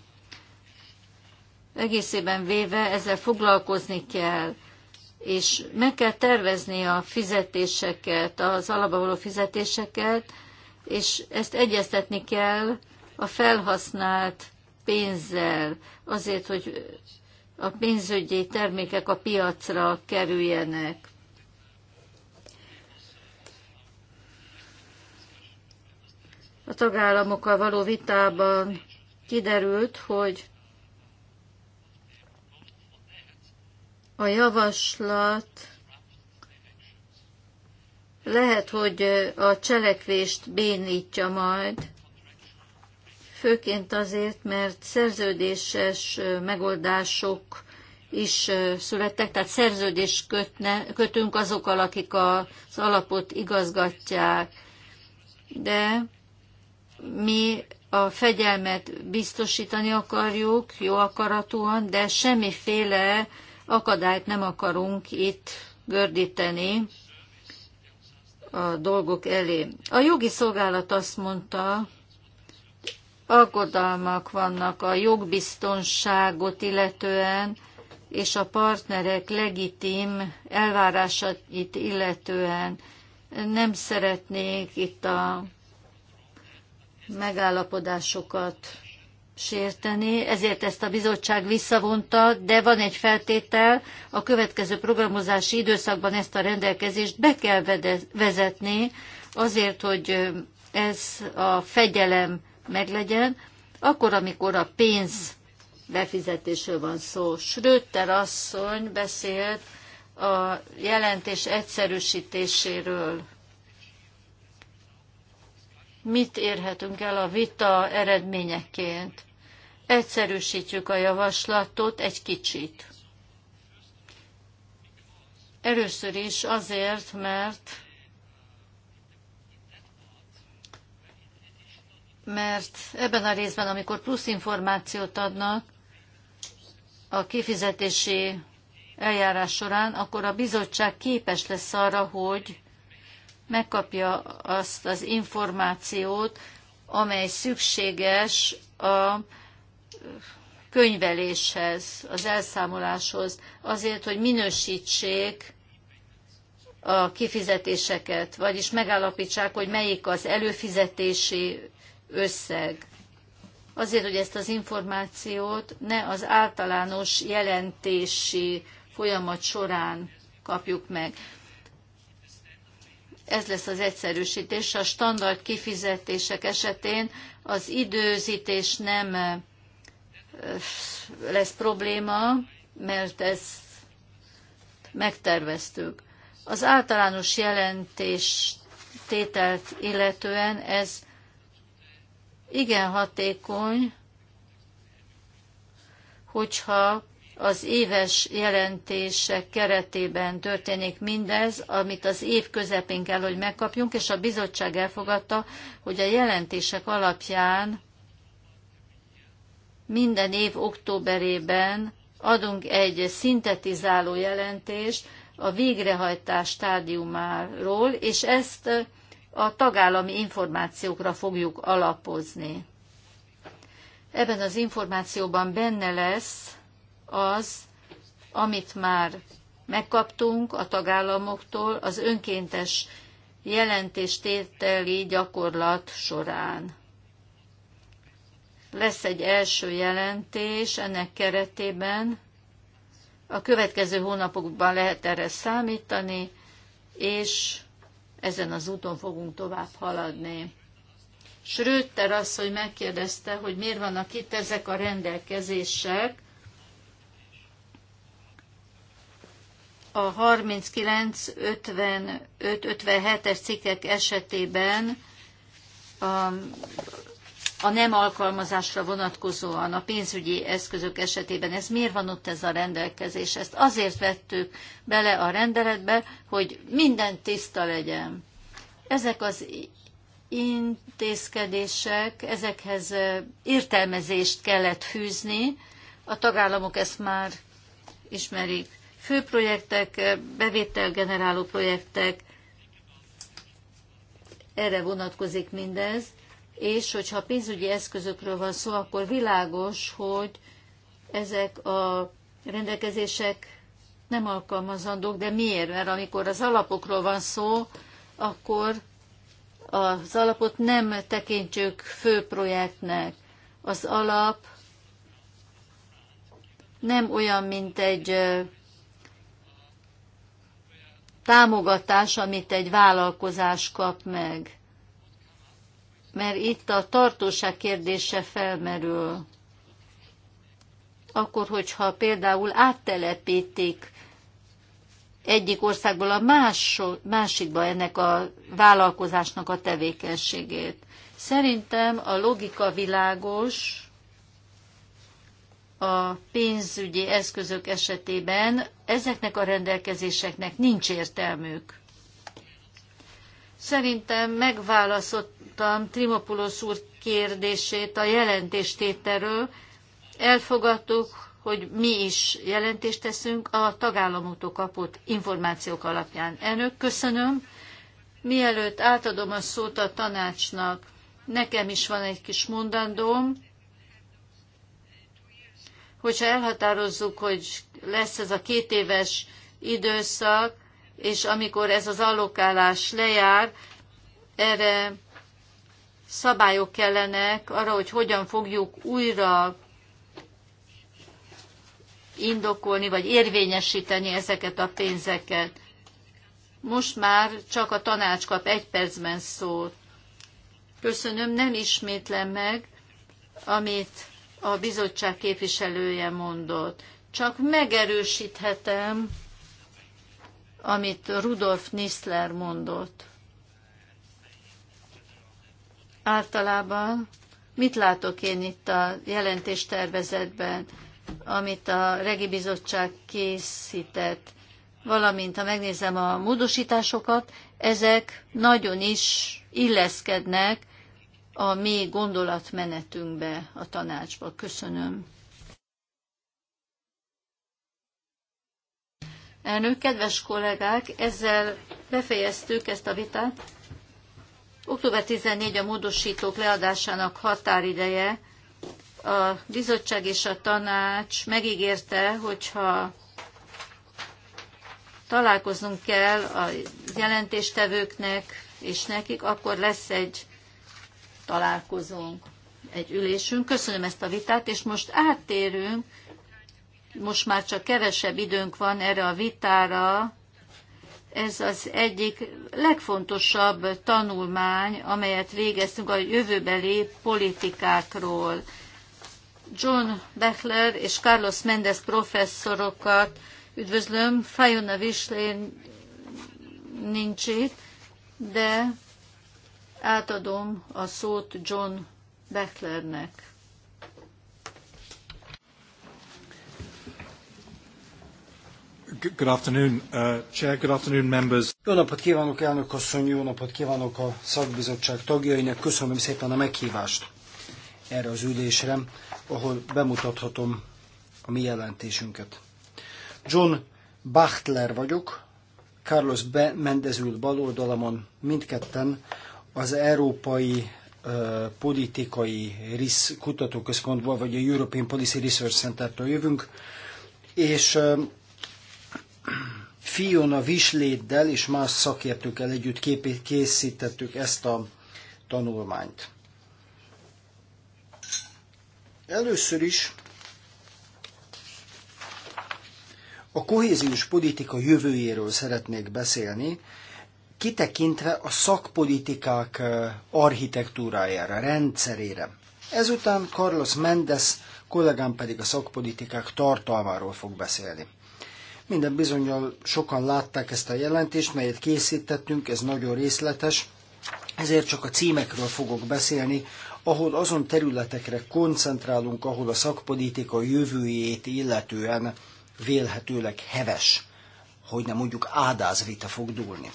egészében véve ezzel foglalkozni kell, és meg kell tervezni a fizetéseket, az alapba való fizetéseket, és ezt egyeztetni kell a felhasznált pénzzel, azért, hogy a pénzügyi termékek a piacra kerüljenek. A tagállamokkal való vitában kiderült, hogy a javaslat lehet, hogy a cselekvést bénítja majd, főként azért, mert szerződéses megoldások is születtek, tehát szerződést kötne, kötünk azokkal, akik az alapot igazgatják. De mi a fegyelmet biztosítani akarjuk jó akaratúan, de semmiféle akadályt nem akarunk itt gördíteni a dolgok elé. A jogi szolgálat azt mondta, aggodalmak vannak a jogbiztonságot illetően, és a partnerek legitim elvárásait illetően. Nem szeretnék itt a megállapodásokat sérteni, ezért ezt a bizottság visszavonta, de van egy feltétel, a következő programozási időszakban ezt a rendelkezést be kell vezetni, azért, hogy ez a fegyelem meglegyen, akkor, amikor a pénz befizetésről van szó. Schröter asszony beszélt a jelentés egyszerűsítéséről. Mit érhetünk el a vita eredményeként? Egyszerűsítjük a javaslatot egy kicsit. Először is azért, mert mert ebben a részben, amikor plusz információt adnak a kifizetési eljárás során, akkor a bizottság képes lesz arra, hogy megkapja azt az információt, amely szükséges a könyveléshez, az elszámoláshoz, azért, hogy minősítsék a kifizetéseket, vagyis megállapítsák, hogy melyik az előfizetési összeg. Azért, hogy ezt az információt ne az általános jelentési folyamat során kapjuk meg. Ez lesz az egyszerűsítés. A standard kifizetések esetén az időzítés nem lesz probléma, mert ezt megterveztük. Az általános jelentés tételt illetően ez igen hatékony, hogyha az éves jelentések keretében történik mindez, amit az év közepén kell, hogy megkapjunk, és a bizottság elfogadta, hogy a jelentések alapján minden év októberében adunk egy szintetizáló jelentést a végrehajtás stádiumáról, és ezt a tagállami információkra fogjuk alapozni. Ebben az információban benne lesz az, amit már megkaptunk a tagállamoktól az önkéntes jelentéstételi gyakorlat során. Lesz egy első jelentés ennek keretében, a következő hónapokban lehet erre számítani, és ezen az úton fogunk tovább haladni. Schröter hogy megkérdezte, hogy miért vannak itt ezek a rendelkezések, a 39, 57-es cikkek esetében a a nem alkalmazásra vonatkozóan a pénzügyi eszközök esetében. Ez miért van ott ez a rendelkezés? Ezt azért vettük bele a rendeletbe, hogy minden tiszta legyen. Ezek az intézkedések, ezekhez értelmezést kellett fűzni, a tagállamok ezt már ismerik. Főprojektek, bevételgeneráló projektek, erre vonatkozik mindez, és hogyha pénzügyi eszközökről van szó, akkor világos, hogy ezek a rendelkezések nem alkalmazandók, de miért? Mert amikor az alapokról van szó, akkor az alapot nem tekintjük fő projektnek. Az alap nem olyan, mint egy támogatás, amit egy vállalkozás kap meg mert itt a tartóság kérdése felmerül. Akkor, hogyha például áttelepítik egyik országból a másso, másikba ennek a vállalkozásnak a tevékenységét. Szerintem a logika világos, a pénzügyi eszközök esetében ezeknek a rendelkezéseknek nincs értelmük. Szerintem megválaszolt, hallottam Trimopulos úr kérdését a jelentéstételről. Elfogadtuk, hogy mi is jelentést teszünk a tagállamoktól kapott információk alapján. Elnök, köszönöm. Mielőtt átadom a szót a tanácsnak, nekem is van egy kis mondandóm, hogyha elhatározzuk, hogy lesz ez a két éves időszak, és amikor ez az allokálás lejár, erre szabályok kellenek arra, hogy hogyan fogjuk újra indokolni vagy érvényesíteni ezeket a pénzeket. Most már csak a tanács kap egy percben szót. Köszönöm, nem ismétlem meg, amit a bizottság képviselője mondott. Csak megerősíthetem, amit Rudolf Nisler mondott általában mit látok én itt a jelentéstervezetben, amit a Regi Bizottság készített, valamint ha megnézem a módosításokat, ezek nagyon is illeszkednek a mi gondolatmenetünkbe a tanácsba. Köszönöm. Elnök, kedves kollégák, ezzel befejeztük ezt a vitát. Október 14 a módosítók leadásának határideje. A bizottság és a tanács megígérte, hogyha találkoznunk kell a jelentéstevőknek és nekik, akkor lesz egy találkozónk, egy ülésünk. Köszönöm ezt a vitát, és most áttérünk, most már csak kevesebb időnk van erre a vitára, ez az egyik legfontosabb tanulmány, amelyet végeztünk a jövőbeli politikákról. John Bechler és Carlos Mendez professzorokat üdvözlöm. Fajona Vislén nincs itt, de átadom a szót John Bechlernek. Good afternoon, uh, Chair. Good afternoon, members. Jó napot kívánok, elnök asszony, jó napot kívánok a szakbizottság tagjainak. Köszönöm szépen a meghívást erre az ülésre, ahol bemutathatom a mi jelentésünket. John Bachtler vagyok, Carlos B. Mendezül baloldalamon mindketten az Európai uh, Politikai Risz Kutatóközpontból, vagy a European Policy Research Center-től jövünk, és uh, Fiona Visléddel és más szakértőkkel együtt készítettük ezt a tanulmányt. Először is a kohéziós politika jövőjéről szeretnék beszélni, kitekintve a szakpolitikák architektúrájára, rendszerére. Ezután Carlos Mendes kollégám pedig a szakpolitikák tartalmáról fog beszélni. Minden bizonyal sokan látták ezt a jelentést, melyet készítettünk, ez nagyon részletes, ezért csak a címekről fogok beszélni, ahol azon területekre koncentrálunk, ahol a szakpolitika jövőjét illetően vélhetőleg heves, hogy nem mondjuk ádázvita fog dúlni.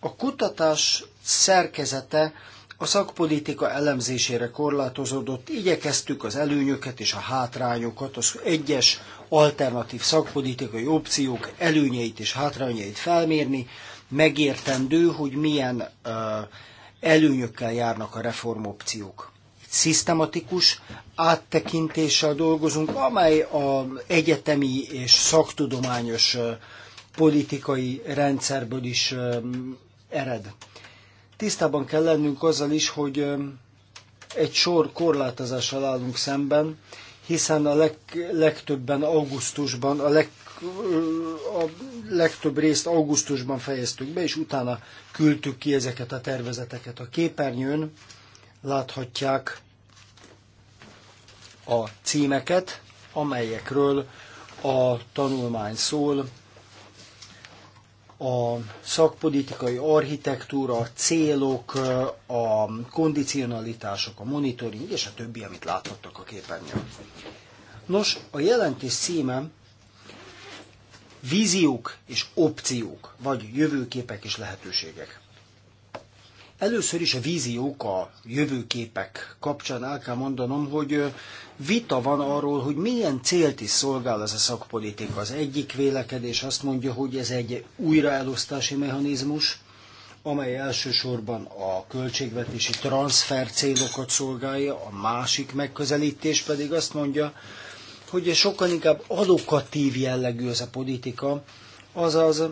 A kutatás szerkezete a szakpolitika elemzésére korlátozódott, igyekeztük az előnyöket és a hátrányokat, az egyes alternatív szakpolitikai opciók előnyeit és hátrányait felmérni, megértendő, hogy milyen uh, előnyökkel járnak a reformopciók. Szisztematikus áttekintéssel dolgozunk, amely az egyetemi és szaktudományos uh, politikai rendszerből is ö, ered. Tisztában kell lennünk azzal is, hogy egy sor korlátozással állunk szemben, hiszen a leg, legtöbben augusztusban, a, leg, a legtöbb részt augusztusban fejeztük be, és utána küldtük ki ezeket a tervezeteket. A képernyőn láthatják a címeket, amelyekről a tanulmány szól, a szakpolitikai architektúra, a célok, a kondicionalitások, a monitoring és a többi, amit láthattak a képernyőn. Nos, a jelentés címe: víziók és opciók, vagy jövőképek és lehetőségek. Először is a víziók, a jövőképek kapcsán el kell mondanom, hogy vita van arról, hogy milyen célt is szolgál ez a szakpolitika. Az egyik vélekedés azt mondja, hogy ez egy újraelosztási mechanizmus, amely elsősorban a költségvetési transfer célokat szolgálja, a másik megközelítés pedig azt mondja, hogy sokkal inkább adokatív jellegű ez a politika, azaz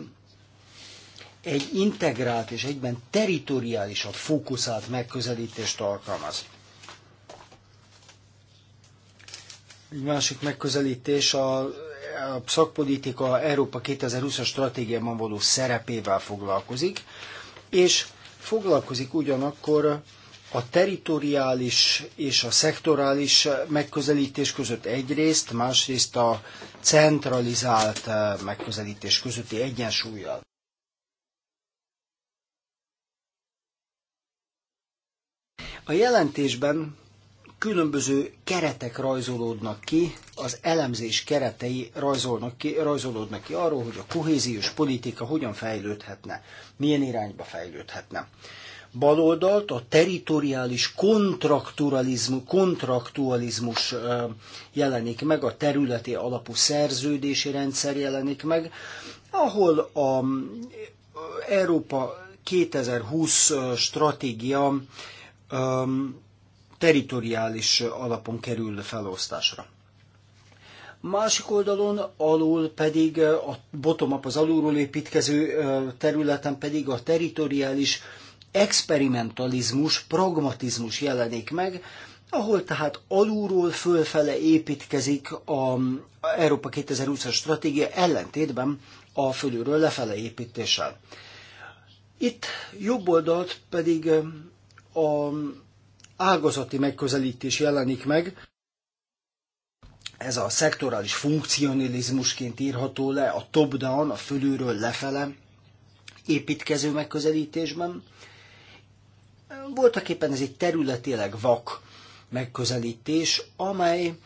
egy integrált és egyben teritoriálisan fókuszált megközelítést alkalmaz. Egy másik megközelítés a a szakpolitika Európa 2020-as stratégiában való szerepével foglalkozik, és foglalkozik ugyanakkor a teritoriális és a szektorális megközelítés között egyrészt, másrészt a centralizált megközelítés közötti egyensúlyjal. A jelentésben különböző keretek rajzolódnak ki, az elemzés keretei rajzolnak ki, rajzolódnak ki arról, hogy a kohéziós politika hogyan fejlődhetne, milyen irányba fejlődhetne. Baloldalt a teritoriális kontraktualizmus, kontraktualizmus jelenik meg, a területi alapú szerződési rendszer jelenik meg, ahol a Európa 2020 stratégia um, teritoriális alapon kerül felosztásra. Másik oldalon alul pedig a bottom-up, az alulról építkező területen pedig a teritoriális experimentalizmus, pragmatizmus jelenik meg, ahol tehát alulról fölfele építkezik a Európa 2020-as stratégia ellentétben a fölülről lefele építéssel. Itt jobb oldalt pedig a ágazati megközelítés jelenik meg, ez a szektorális funkcionalizmusként írható le a top-down, a fölülről lefele építkező megközelítésben. Voltak éppen ez egy területileg vak megközelítés, amely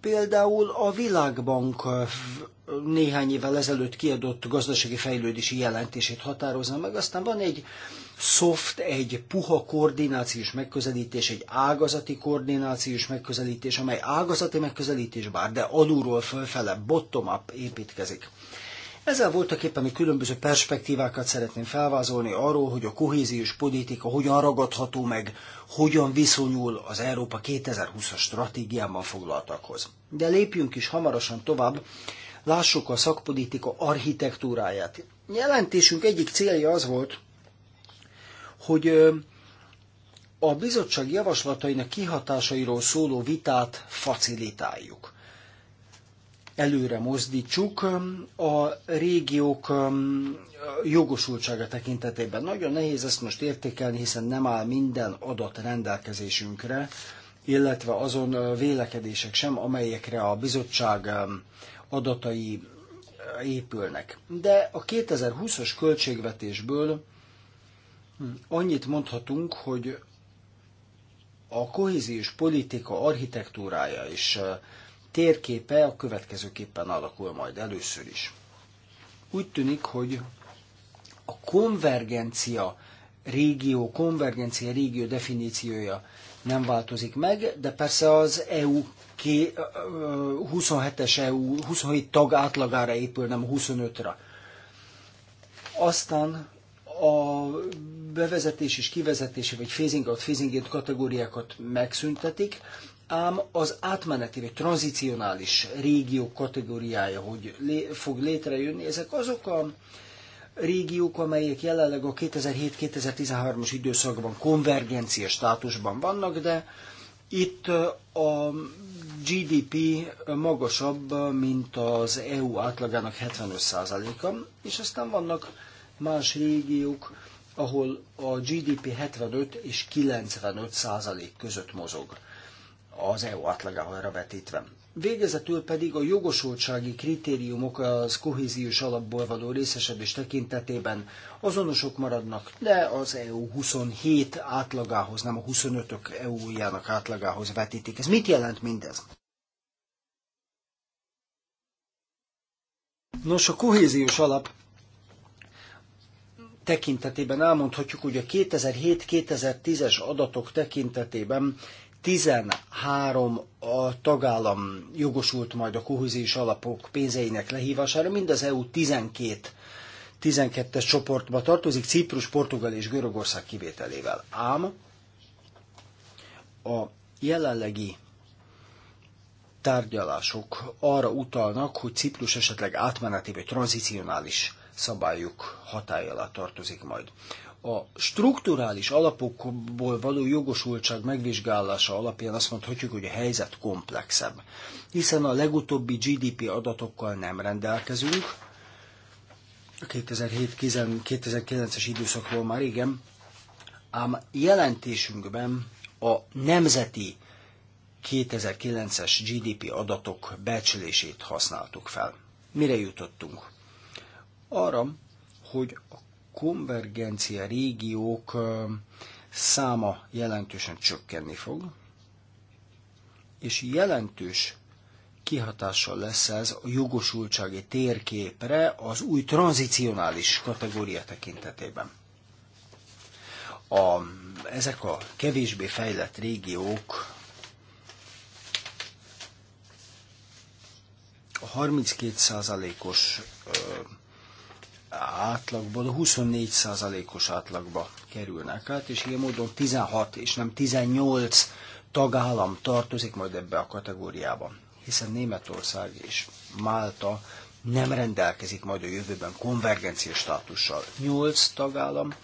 például a Világbank néhány évvel ezelőtt kiadott gazdasági fejlődési jelentését határozza meg, aztán van egy soft, egy puha koordinációs megközelítés, egy ágazati koordinációs megközelítés, amely ágazati megközelítés bár, de alulról fölfele, bottom-up építkezik. Ezzel voltak éppen a különböző perspektívákat szeretném felvázolni arról, hogy a kohéziós politika hogyan ragadható meg, hogyan viszonyul az Európa 2020-as stratégiában foglaltakhoz. De lépjünk is hamarosan tovább, lássuk a szakpolitika architektúráját. Jelentésünk egyik célja az volt, hogy a bizottság javaslatainak kihatásairól szóló vitát facilitáljuk. Előre mozdítsuk a régiók jogosultsága tekintetében. Nagyon nehéz ezt most értékelni, hiszen nem áll minden adat rendelkezésünkre, illetve azon vélekedések sem, amelyekre a bizottság adatai épülnek. De a 2020-as költségvetésből Annyit mondhatunk, hogy a kohéziós politika architektúrája és térképe a következőképpen alakul majd először is. Úgy tűnik, hogy a konvergencia régió, konvergencia régió definíciója nem változik meg, de persze az EU 27-es EU, 27 tag átlagára épül, nem 25-ra. Aztán a bevezetés és kivezetési, vagy phasing out, phasing in kategóriákat megszüntetik, ám az átmeneti vagy tranzicionális régió kategóriája hogy lé, fog létrejönni. Ezek azok a régiók, amelyek jelenleg a 2007-2013-as időszakban konvergencia státusban vannak, de itt a GDP magasabb, mint az EU átlagának 75%-a, és aztán vannak más régiók, ahol a GDP 75 és 95 százalék között mozog az EU átlagára vetítve. Végezetül pedig a jogosultsági kritériumok az kohéziós alapból való részesedés tekintetében azonosok maradnak, de az EU 27 átlagához, nem a 25-ök EU-jának átlagához vetítik. Ez mit jelent mindez? Nos, a kohéziós alap tekintetében elmondhatjuk, hogy a 2007-2010-es adatok tekintetében 13 a tagállam jogosult majd a kohéziós alapok pénzeinek lehívására, mind az EU 12 12-es csoportba tartozik, Ciprus, Portugál és Görögország kivételével. Ám a jelenlegi tárgyalások arra utalnak, hogy Ciprus esetleg átmeneti vagy tranzicionális szabályok hatály alá tartozik majd. A strukturális alapokból való jogosultság megvizsgálása alapján azt mondhatjuk, hogy a helyzet komplexebb, hiszen a legutóbbi GDP adatokkal nem rendelkezünk, a 2007-2009-es időszakról már igen, ám jelentésünkben a nemzeti 2009-es GDP adatok becslését használtuk fel. Mire jutottunk? arra, hogy a konvergencia régiók száma jelentősen csökkenni fog, és jelentős kihatással lesz ez a jogosultsági térképre az új tranzicionális kategória tekintetében. A, ezek a kevésbé fejlett régiók a 32%-os átlagban, 24%-os átlagba kerülnek át, és ilyen módon 16 és nem 18 tagállam tartozik majd ebbe a kategóriába, hiszen Németország és Málta nem rendelkezik majd a jövőben konvergencia státussal. 8 tagállam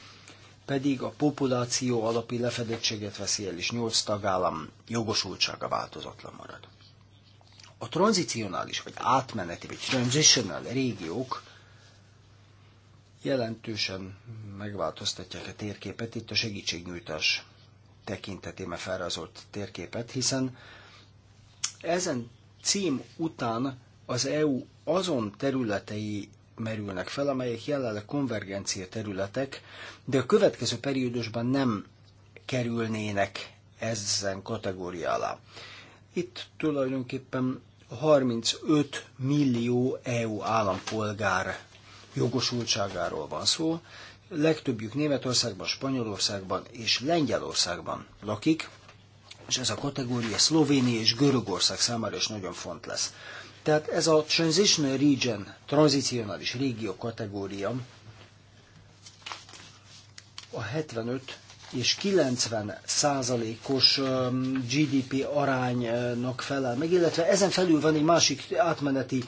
pedig a populáció alapi lefedettséget veszi el, és 8 tagállam jogosultsága változatlan marad. A tranzicionális, vagy átmeneti, vagy transitional régiók jelentősen megváltoztatják a térképet, itt a segítségnyújtás tekintetében felrajzolt térképet, hiszen ezen cím után az EU azon területei merülnek fel, amelyek jelenleg konvergencia területek, de a következő periódusban nem kerülnének ezen kategória alá. Itt tulajdonképpen 35 millió EU állampolgár jogosultságáról van szó. Legtöbbjük Németországban, Spanyolországban és Lengyelországban lakik, és ez a kategória Szlovénia és Görögország számára is nagyon font lesz. Tehát ez a Transitional Region, tranzicionális régió kategória a 75 és 90 százalékos GDP aránynak felel meg, illetve ezen felül van egy másik átmeneti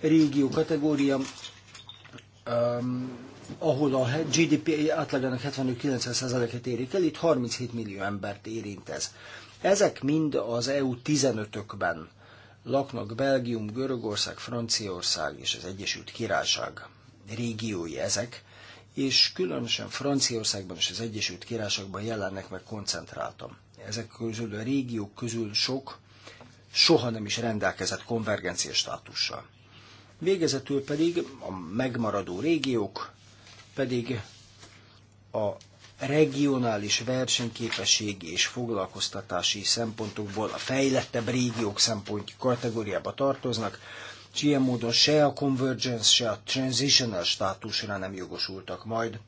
régió kategória, um, ahol a GDP átlagának 75-90%-et érik el, itt 37 millió embert érint ez. Ezek mind az EU 15-ökben laknak Belgium, Görögország, Franciaország és az Egyesült Királyság régiói ezek, és különösen Franciaországban és az Egyesült Királyságban jelennek meg koncentráltan. Ezek közül a régiók közül sok soha nem is rendelkezett konvergencia státussal. Végezetül pedig a megmaradó régiók pedig a regionális versenyképesség és foglalkoztatási szempontokból a fejlettebb régiók szempontjú kategóriába tartoznak, és ilyen módon se a convergence, se a transitional státusra nem jogosultak majd.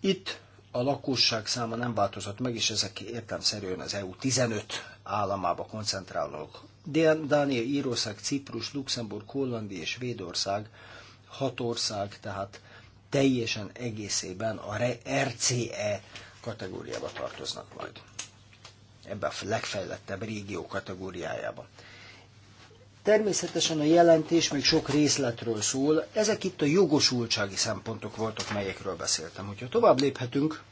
Itt a lakosság száma nem változott meg, és ezek értelmszerűen az EU 15 államába koncentrálnak. Dánia, Írország, Ciprus, Luxemburg, Hollandia és Védország hat ország, tehát teljesen egészében a RCE e kategóriába tartoznak majd. Ebbe a legfejlettebb régió kategóriájába. Természetesen a jelentés még sok részletről szól, ezek itt a jogosultsági szempontok voltak, melyekről beszéltem. Hogyha tovább léphetünk,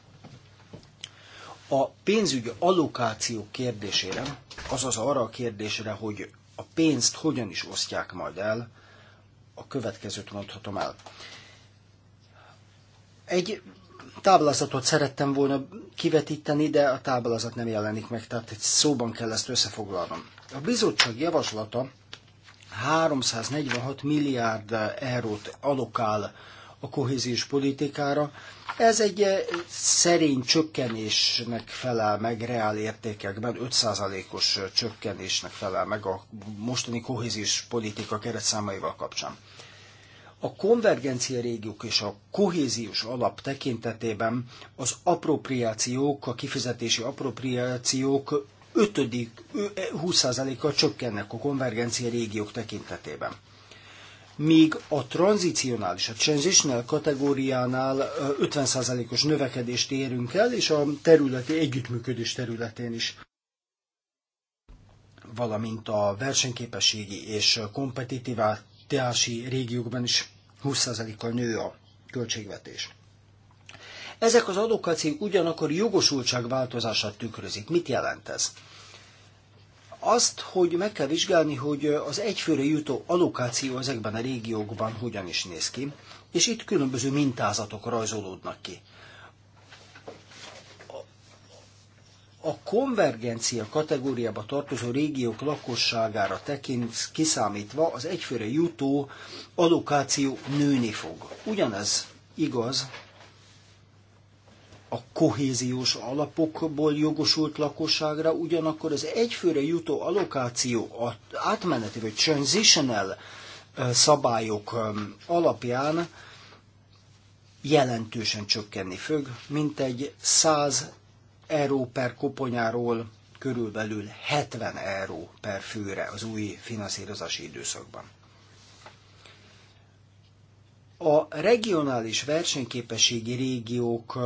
a pénzügyi allokáció kérdésére, azaz arra a kérdésre, hogy a pénzt hogyan is osztják majd el, a következőt mondhatom el. Egy táblázatot szerettem volna kivetíteni, de a táblázat nem jelenik meg, tehát egy szóban kell ezt összefoglalnom. A bizottság javaslata 346 milliárd eurót alokál a kohéziós politikára. Ez egy eh, szerény csökkenésnek felel meg reál értékekben, 5%-os eh, csökkenésnek felel meg a mostani kohéziós politika számaival kapcsán. A konvergencia régiók és a kohéziós alap tekintetében az apropriációk, a kifizetési apropriációk 5. 20%-kal eh, csökkennek a konvergencia régiók tekintetében míg a tranzicionális, a transitional kategóriánál 50%-os növekedést érünk el, és a területi együttműködés területén is valamint a versenyképességi és kompetitiváltási régiókban is 20%-kal nő a költségvetés. Ezek az adókacink ugyanakkor jogosultság változását tükrözik. Mit jelent ez? azt, hogy meg kell vizsgálni, hogy az egyfőre jutó allokáció ezekben a régiókban hogyan is néz ki, és itt különböző mintázatok rajzolódnak ki. A konvergencia kategóriába tartozó régiók lakosságára tekint kiszámítva az egyfőre jutó allokáció nőni fog. Ugyanez igaz a kohéziós alapokból jogosult lakosságra, ugyanakkor az egyfőre jutó allokáció a átmeneti vagy transitional szabályok alapján jelentősen csökkenni fog, mint egy 100 euró per koponyáról körülbelül 70 euró per főre az új finanszírozási időszakban. A regionális versenyképességi régiók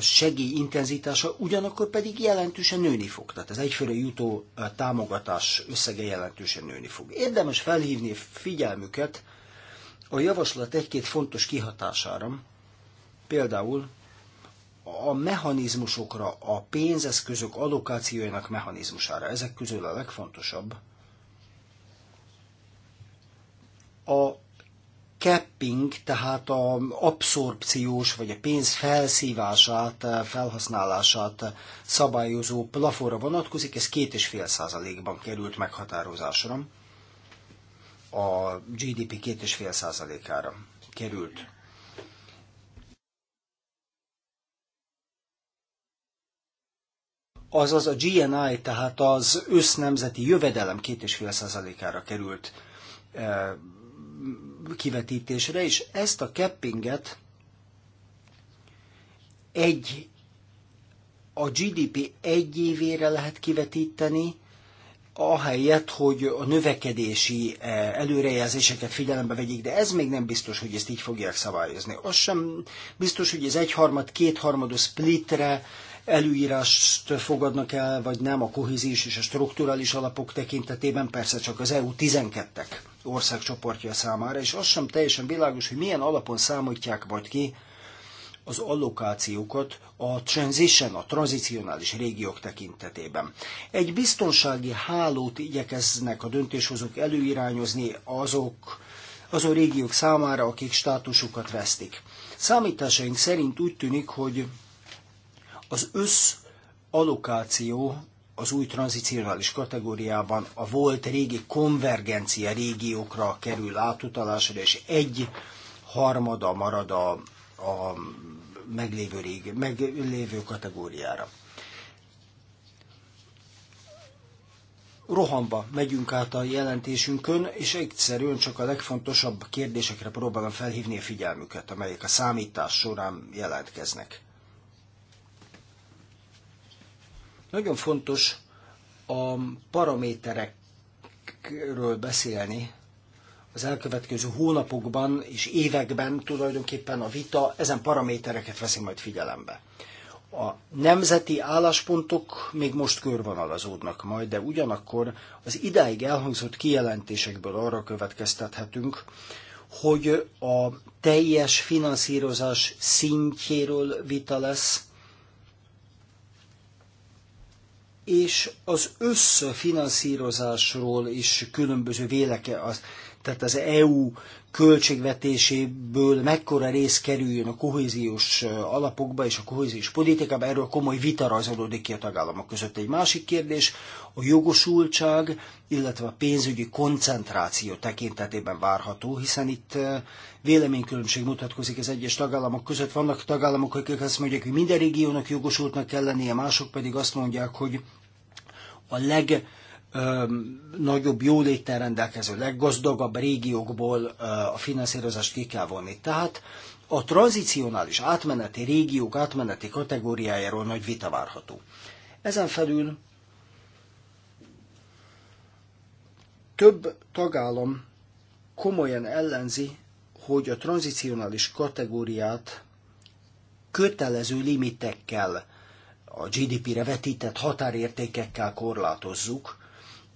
segély intenzitása ugyanakkor pedig jelentősen nőni fog. Tehát az egyfőre jutó támogatás összege jelentősen nőni fog. Érdemes felhívni figyelmüket a javaslat egy-két fontos kihatására, például a mechanizmusokra, a pénzeszközök allokációjának mechanizmusára. Ezek közül a legfontosabb a capping, tehát a abszorpciós vagy a pénz felszívását, felhasználását szabályozó plafonra vonatkozik, ez 2,5%-ban került meghatározásra. A GDP 2,5%-ára került. Azaz a GNI, tehát az össznemzeti jövedelem 2,5%-ára került eh, kivetítésre, és ezt a cappinget egy a GDP egy évére lehet kivetíteni, ahelyett, hogy a növekedési eh, előrejelzéseket figyelembe vegyék, de ez még nem biztos, hogy ezt így fogják szabályozni. Az sem biztos, hogy ez egyharmad, kétharmados splitre előírást fogadnak el, vagy nem a kohéziós és a strukturális alapok tekintetében, persze csak az EU 12-ek országcsoportja számára, és az sem teljesen világos, hogy milyen alapon számítják majd ki az allokációkat a transition, a tranzicionális régiók tekintetében. Egy biztonsági hálót igyekeznek a döntéshozók előirányozni azok, azon régiók számára, akik státusukat vesztik. Számításaink szerint úgy tűnik, hogy az össz allokáció az új tranzicionális kategóriában a volt régi konvergencia régiókra kerül átutalásra, és egy harmada marad a, a meglévő, régi, meglévő kategóriára. rohamba megyünk át a jelentésünkön, és egyszerűen csak a legfontosabb kérdésekre próbálom felhívni a figyelmüket, amelyek a számítás során jelentkeznek. Nagyon fontos a paraméterekről beszélni, az elkövetkező hónapokban és években tulajdonképpen a vita ezen paramétereket veszi majd figyelembe. A nemzeti álláspontok még most körvonalazódnak majd, de ugyanakkor az idáig elhangzott kijelentésekből arra következtethetünk, hogy a teljes finanszírozás szintjéről vita lesz, és az összfinanszírozásról is különböző véleke, az tehát az EU költségvetéséből mekkora rész kerüljön a kohéziós alapokba és a kohéziós politikába, erről komoly vita rajzolódik ki a tagállamok között. Egy másik kérdés a jogosultság, illetve a pénzügyi koncentráció tekintetében várható, hiszen itt véleménykülönbség mutatkozik az egyes tagállamok között. Vannak tagállamok, akik azt mondják, hogy minden régiónak jogosultnak kell lennie, mások pedig azt mondják, hogy a leg nagyobb jóléttel rendelkező, leggazdagabb régiókból a finanszírozást ki kell vonni. Tehát a tranzicionális átmeneti régiók átmeneti kategóriájáról nagy vita várható. Ezen felül több tagállam komolyan ellenzi, hogy a tranzicionális kategóriát kötelező limitekkel, a GDP-re vetített határértékekkel korlátozzuk,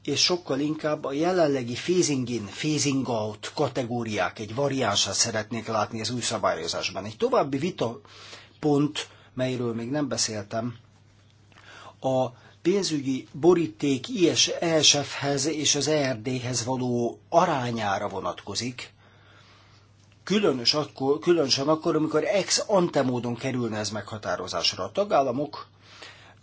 és sokkal inkább a jelenlegi phasing in, phasing out kategóriák egy variánsát szeretnék látni az új szabályozásban. Egy további vita pont, melyről még nem beszéltem, a pénzügyi boríték isf e hez és az ERD-hez való arányára vonatkozik, különös akkor, különösen akkor, amikor ex ante módon kerülne ez meghatározásra. A tagállamok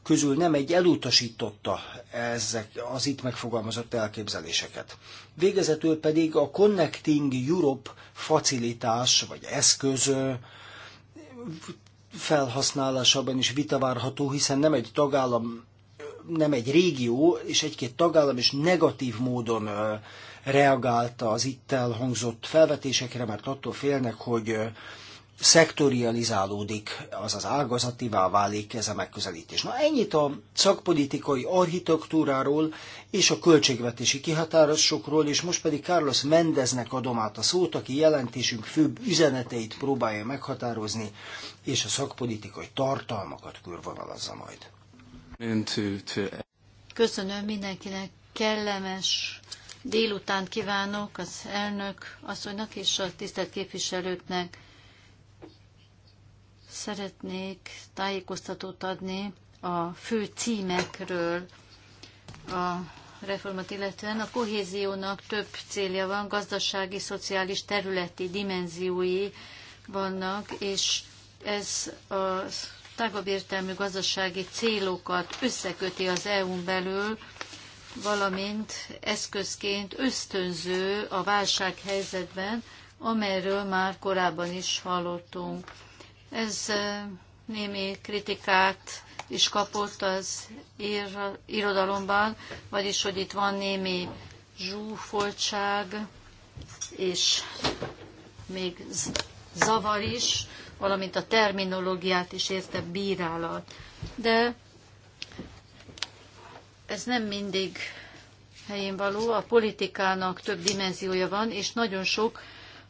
közül nem egy elutasította ezek az itt megfogalmazott elképzeléseket. Végezetül pedig a Connecting Europe facilitás vagy eszköz felhasználásában is vita várható, hiszen nem egy tagállam, nem egy régió, és egy-két tagállam is negatív módon reagálta az itt elhangzott felvetésekre, mert attól félnek, hogy szektorializálódik, azaz ágazativá válik ez a megközelítés. Na ennyit a szakpolitikai architektúráról és a költségvetési kihatározásokról, és most pedig Carlos Mendeznek adom át a szót, aki jelentésünk főbb üzeneteit próbálja meghatározni, és a szakpolitikai tartalmakat körvonalazza majd. Köszönöm mindenkinek, kellemes délutánt kívánok az elnök asszonynak és a tisztelt képviselőknek. Szeretnék tájékoztatót adni a fő címekről a reformat illetően. A kohéziónak több célja van, gazdasági, szociális, területi dimenziói vannak, és ez a tágabb értelmű gazdasági célokat összeköti az EU-n belül, valamint eszközként ösztönző a válsághelyzetben, amelyről már korábban is hallottunk. Ez némi kritikát is kapott az ír, irodalomban, vagyis, hogy itt van némi zsúfoltság, és még zavar is, valamint a terminológiát is érte bírálat. De ez nem mindig helyén való, a politikának több dimenziója van, és nagyon sok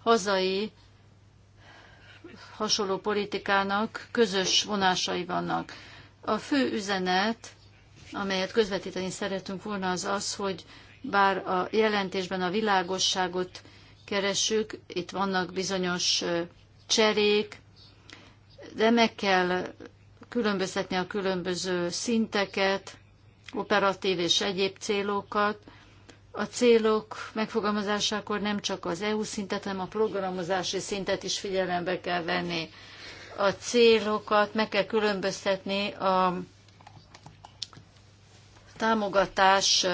hazai hasonló politikának közös vonásai vannak. A fő üzenet, amelyet közvetíteni szeretünk volna, az az, hogy bár a jelentésben a világosságot keresünk, itt vannak bizonyos cserék, de meg kell különböztetni a különböző szinteket, operatív és egyéb célokat, a célok megfogalmazásakor nem csak az EU szintet, hanem a programozási szintet is figyelembe kell venni. A célokat meg kell különböztetni a támogatás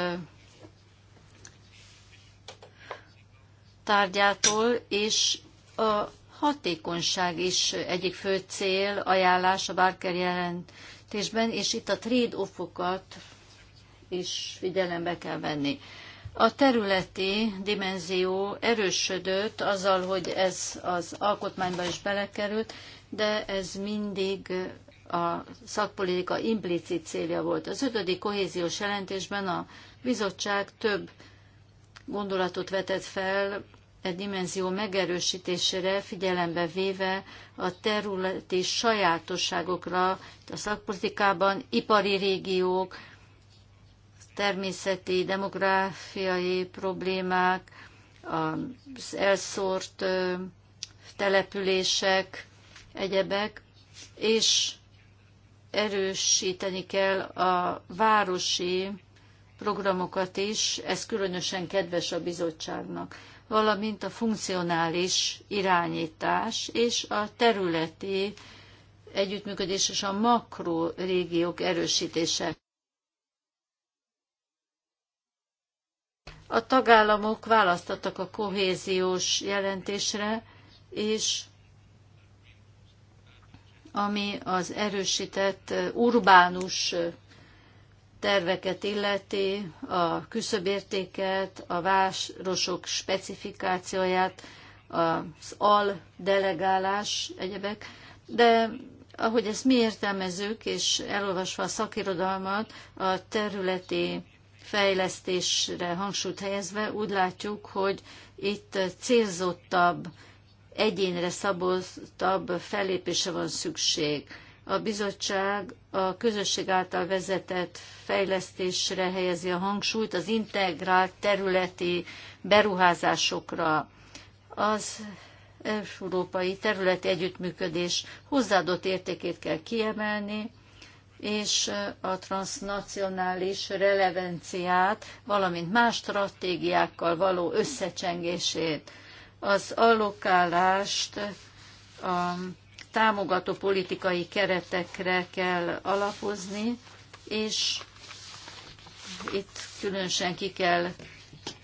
tárgyától, és a hatékonyság is egyik fő cél, ajánlás a Barker jelentésben, és itt a trade-offokat is figyelembe kell venni. A területi dimenzió erősödött azzal, hogy ez az alkotmányba is belekerült, de ez mindig a szakpolitika implicit célja volt. Az ötödik kohéziós jelentésben a bizottság több gondolatot vetett fel a e dimenzió megerősítésére, figyelembe véve a területi sajátosságokra a szakpolitikában, ipari régiók, természeti, demográfiai problémák, az elszórt települések, egyebek, és erősíteni kell a városi programokat is, ez különösen kedves a bizottságnak, valamint a funkcionális irányítás és a területi együttműködés és a makrorégiók erősítése. A tagállamok választottak a kohéziós jelentésre, és ami az erősített uh, urbánus uh, terveket illeti, a küszöbértéket, a városok specifikációját, az al delegálás egyebek, de ahogy ezt mi értelmezzük, és elolvasva a szakirodalmat, a területi fejlesztésre hangsúlyt helyezve úgy látjuk, hogy itt célzottabb, egyénre szabottabb fellépése van szükség. A bizottság a közösség által vezetett fejlesztésre helyezi a hangsúlyt, az integrált területi beruházásokra. Az európai területi együttműködés hozzáadott értékét kell kiemelni, és a transnacionális relevanciát, valamint más stratégiákkal való összecsengését, az allokálást a támogató politikai keretekre kell alapozni, és itt különösen ki kell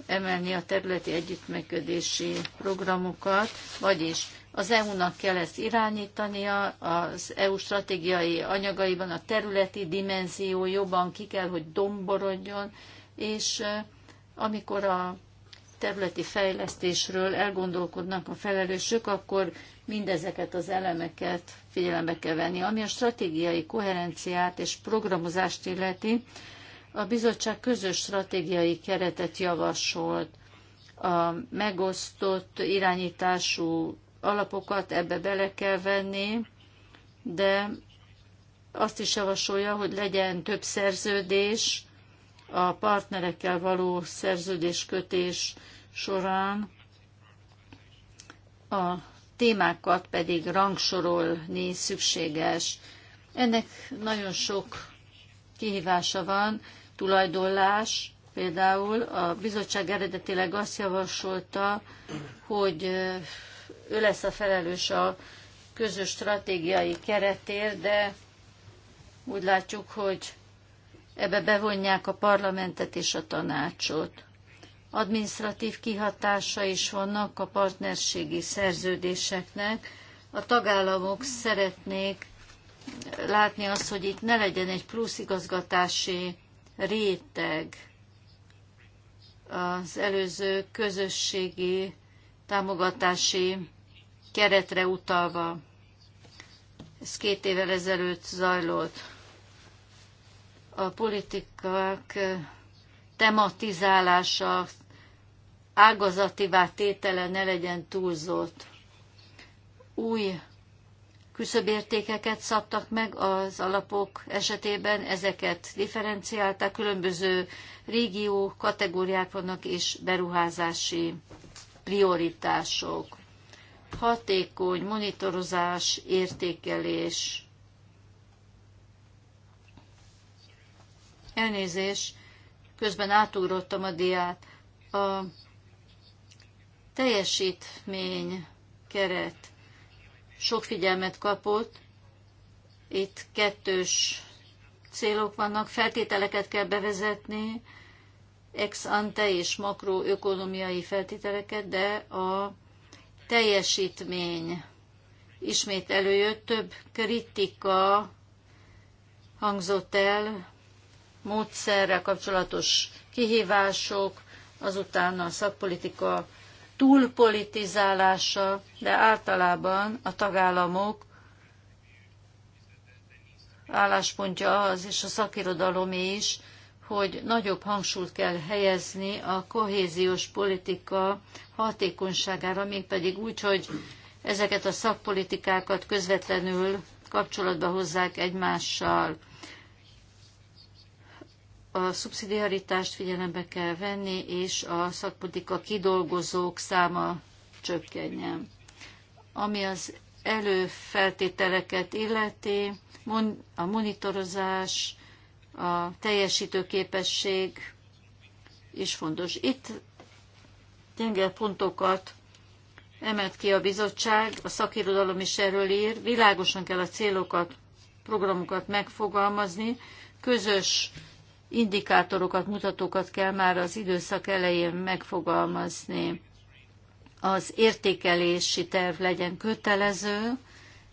emelni a területi együttműködési programokat, vagyis az EU-nak kell ezt irányítania, az EU stratégiai anyagaiban a területi dimenzió jobban ki kell, hogy domborodjon, és amikor a területi fejlesztésről elgondolkodnak a felelősök, akkor mindezeket az elemeket figyelembe kell venni. Ami a stratégiai koherenciát és programozást illeti, a bizottság közös stratégiai keretet javasolt. A megosztott irányítású alapokat ebbe bele kell venni, de azt is javasolja, hogy legyen több szerződés a partnerekkel való szerződéskötés során, a témákat pedig rangsorolni szükséges. Ennek nagyon sok kihívása van, tulajdonlás, például a bizottság eredetileg azt javasolta, hogy ő lesz a felelős a közös stratégiai keretért, de úgy látjuk, hogy ebbe bevonják a parlamentet és a tanácsot. Administratív kihatása is vannak a partnerségi szerződéseknek. A tagállamok szeretnék látni azt, hogy itt ne legyen egy plusz igazgatási réteg az előző közösségi támogatási keretre utalva. Ez két évvel ezelőtt zajlott. A politikák tematizálása, ágazativá tétele ne legyen túlzott. Új küszöbértékeket szabtak meg az alapok esetében, ezeket differenciálták, különböző régió kategóriák vannak és beruházási prioritások, hatékony monitorozás, értékelés. Elnézés, közben átugrottam a diát. A teljesítmény keret sok figyelmet kapott. Itt kettős célok vannak, feltételeket kell bevezetni, ex ante és makroökonomiai feltételeket, de a teljesítmény ismét előjött, több kritika hangzott el, módszerrel kapcsolatos kihívások, azután a szakpolitika túlpolitizálása, de általában a tagállamok álláspontja az, és a szakirodalom is, hogy nagyobb hangsúlyt kell helyezni a kohéziós politika hatékonyságára, mégpedig úgy, hogy ezeket a szakpolitikákat közvetlenül kapcsolatba hozzák egymással. A szubszidiaritást figyelembe kell venni, és a szakpolitika kidolgozók száma csökkenjen. Ami az előfeltételeket illeti, a monitorozás, a teljesítőképesség is fontos. Itt gyenge pontokat emelt ki a bizottság, a szakirodalom is erről ír, világosan kell a célokat, programokat megfogalmazni, közös indikátorokat, mutatókat kell már az időszak elején megfogalmazni. Az értékelési terv legyen kötelező,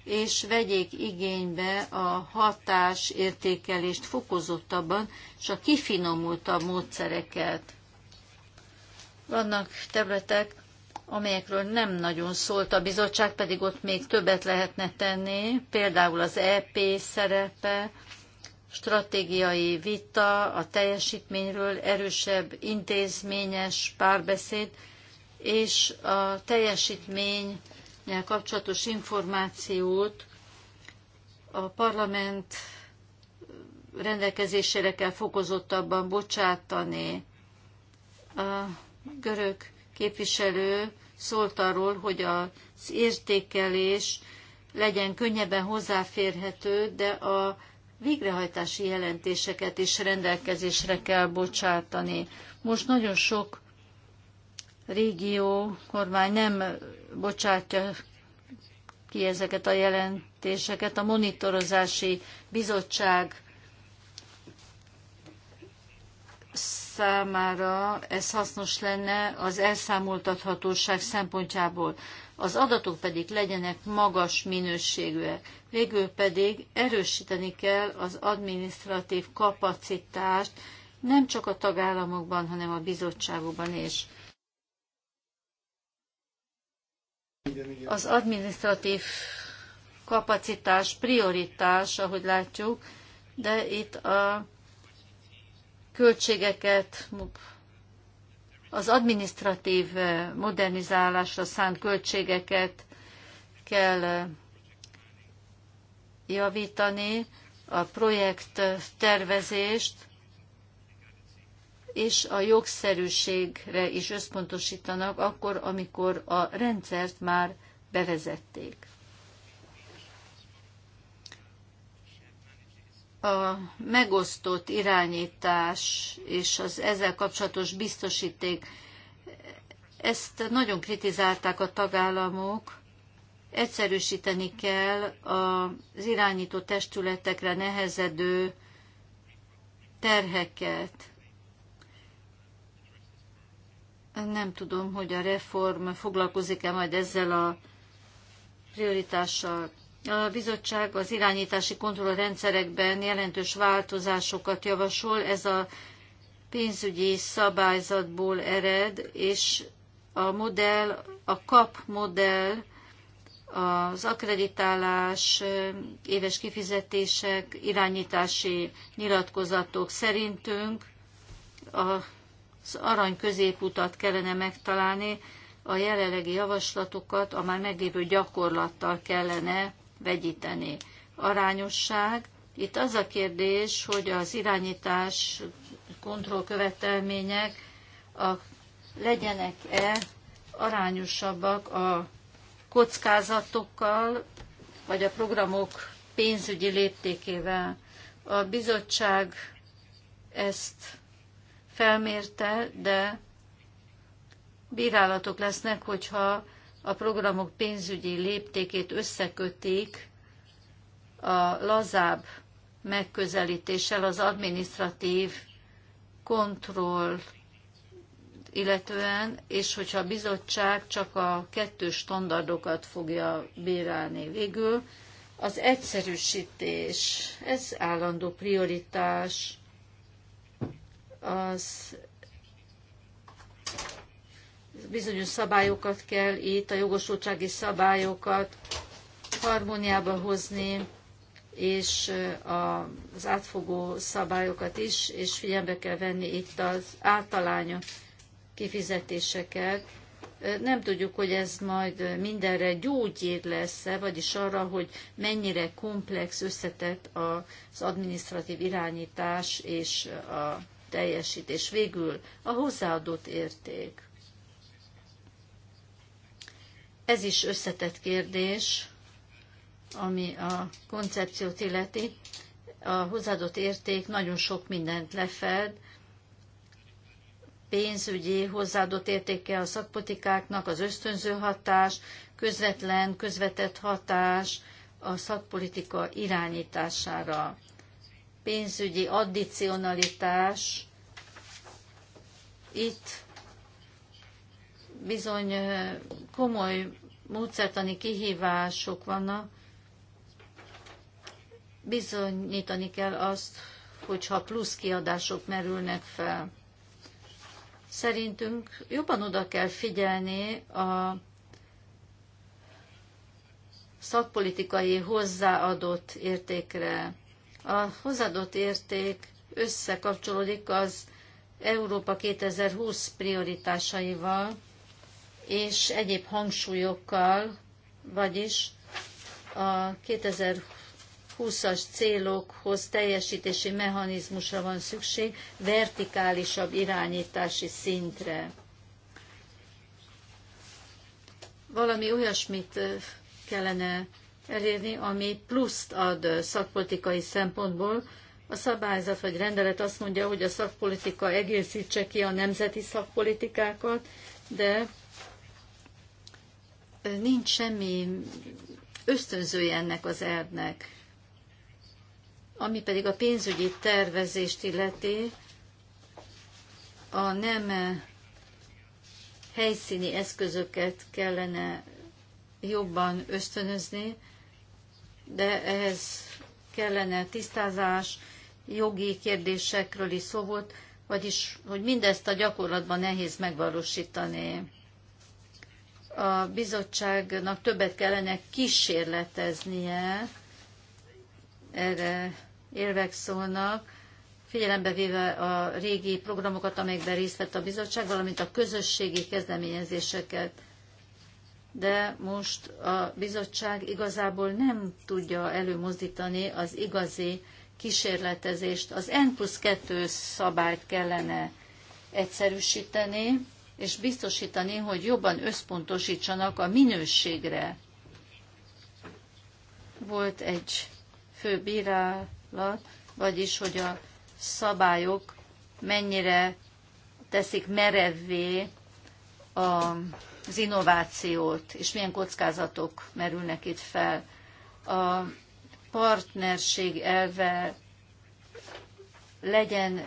és vegyék igénybe a hatásértékelést fokozottabban, és a kifinomultabb módszereket. Vannak területek, amelyekről nem nagyon szólt a bizottság, pedig ott még többet lehetne tenni, például az EP szerepe, stratégiai vita a teljesítményről, erősebb intézményes párbeszéd, és a teljesítmény kapcsolatos információt a parlament rendelkezésére kell fokozottabban bocsátani. A görög képviselő szólt arról, hogy az értékelés legyen könnyebben hozzáférhető, de a végrehajtási jelentéseket is rendelkezésre kell bocsátani. Most nagyon sok régió kormány nem bocsátja ki ezeket a jelentéseket. A monitorozási bizottság számára ez hasznos lenne az elszámoltathatóság szempontjából, az adatok pedig legyenek magas minőségűek. Végül pedig erősíteni kell az administratív kapacitást, nem csak a tagállamokban, hanem a bizottságokban is. Az administratív kapacitás prioritás, ahogy látjuk, de itt a költségeket, az administratív eh, modernizálásra szánt költségeket kell eh, javítani, a projekt tervezést, és a jogszerűségre is összpontosítanak akkor, amikor a rendszert már bevezették. A megosztott irányítás és az ezzel kapcsolatos biztosíték, ezt nagyon kritizálták a tagállamok, egyszerűsíteni kell az irányító testületekre nehezedő terheket, nem tudom, hogy a reform foglalkozik-e majd ezzel a prioritással. A bizottság az irányítási kontrollrendszerekben jelentős változásokat javasol. Ez a pénzügyi szabályzatból ered, és a modell, a kap modell, az akreditálás, éves kifizetések, irányítási nyilatkozatok szerintünk a az arany középutat kellene megtalálni, a jelenlegi javaslatokat a már meglévő gyakorlattal kellene vegyíteni. Arányosság. Itt az a kérdés, hogy az irányítás kontrollkövetelmények a, legyenek-e arányosabbak a kockázatokkal, vagy a programok pénzügyi léptékével. A bizottság ezt felmérte, de bírálatok lesznek, hogyha a programok pénzügyi léptékét összekötik a lazább megközelítéssel az administratív kontroll illetően, és hogyha a bizottság csak a kettős standardokat fogja bírálni végül, az egyszerűsítés, ez állandó prioritás az bizonyos szabályokat kell itt, a jogosultsági szabályokat harmóniába hozni, és az átfogó szabályokat is, és figyelembe kell venni itt az általány kifizetéseket. Nem tudjuk, hogy ez majd mindenre gyógyír lesz-e, vagyis arra, hogy mennyire komplex, összetett az administratív irányítás és a teljesít. És végül a hozzáadott érték. Ez is összetett kérdés, ami a koncepciót illeti. A hozzáadott érték nagyon sok mindent lefed, pénzügyi hozzáadott értéke a szakpolitikáknak, az ösztönző hatás, közvetlen, közvetett hatás a szakpolitika irányítására pénzügyi addicionalitás itt bizony komoly módszertani kihívások vannak. Bizonyítani kell azt, hogyha plusz kiadások merülnek fel. Szerintünk jobban oda kell figyelni a szakpolitikai hozzáadott értékre. A hozadott érték összekapcsolódik az Európa 2020 prioritásaival és egyéb hangsúlyokkal, vagyis a 2020-as célokhoz teljesítési mechanizmusra van szükség, vertikálisabb irányítási szintre. Valami olyasmit kellene elérni, ami pluszt ad szakpolitikai szempontból. A szabályzat vagy rendelet azt mondja, hogy a szakpolitika egészítse ki a nemzeti szakpolitikákat, de nincs semmi ösztönzője ennek az erdnek. Ami pedig a pénzügyi tervezést illeti, a nem helyszíni eszközöket kellene jobban ösztönözni, de ehhez kellene tisztázás, jogi kérdésekről is szó volt, vagyis, hogy mindezt a gyakorlatban nehéz megvalósítani. A bizottságnak többet kellene kísérleteznie, erre érvek szólnak, figyelembe véve a régi programokat, amelyekben részt vett a bizottság, valamint a közösségi kezdeményezéseket de most a bizottság igazából nem tudja előmozdítani az igazi kísérletezést. Az N plusz 2 szabályt kellene egyszerűsíteni, és biztosítani, hogy jobban összpontosítsanak a minőségre. Volt egy fő bírálat, vagyis hogy a szabályok mennyire teszik merevvé a az innovációt, és milyen kockázatok merülnek itt fel. A partnerség elve legyen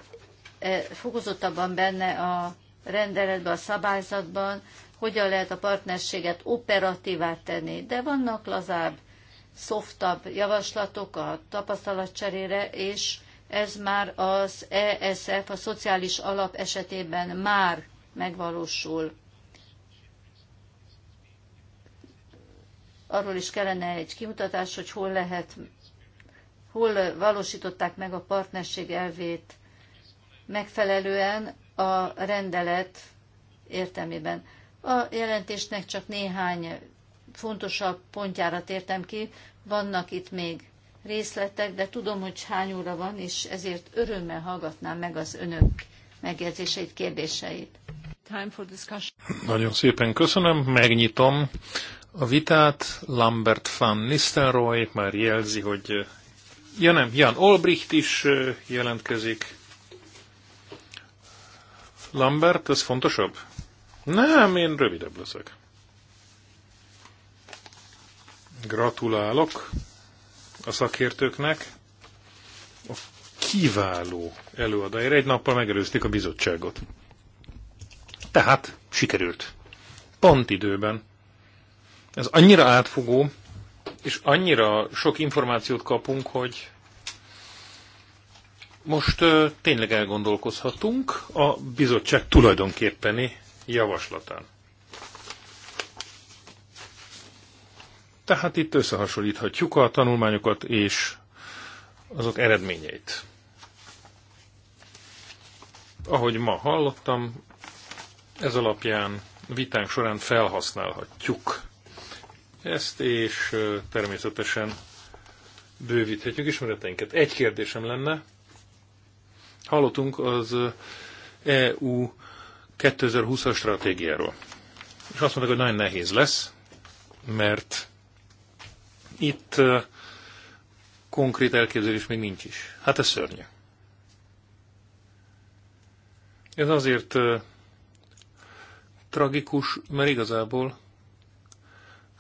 e, fokozottabban benne a rendeletben, a szabályzatban, hogyan lehet a partnerséget operatívá tenni. De vannak lazább, szoftabb javaslatok a tapasztalatcserére, és ez már az ESF, a szociális alap esetében már megvalósul. arról is kellene egy kimutatás, hogy hol lehet, hol valósították meg a partnerség elvét megfelelően a rendelet értelmében. A jelentésnek csak néhány fontosabb pontjára tértem ki, vannak itt még részletek, de tudom, hogy hány óra van, és ezért örömmel hallgatnám meg az önök megjegyzéseit, kérdéseit. Time for discussion. Nagyon szépen köszönöm, megnyitom a vitát. Lambert van Nistelrooy már jelzi, hogy eh, ja nem, Jan Olbricht is eh, jelentkezik. Lambert, ez fontosabb? Nem, én rövidebb leszek. Gratulálok a szakértőknek. A kiváló előadájára egy nappal megerőzték a bizottságot. Tehát sikerült. Pont időben. Ez annyira átfogó, és annyira sok információt kapunk, hogy most ö, tényleg elgondolkozhatunk a bizottság tulajdonképpeni javaslatán. Tehát itt összehasonlíthatjuk a tanulmányokat és azok eredményeit. Ahogy ma hallottam, ez alapján vitánk során felhasználhatjuk ezt, és természetesen bővíthetjük ismereteinket. Egy kérdésem lenne. Hallottunk az EU 2020-as stratégiáról. És azt mondták, hogy nagyon nehéz lesz, mert itt konkrét elképzelés még nincs is. Hát ez szörnyű. Ez azért tragikus, mert igazából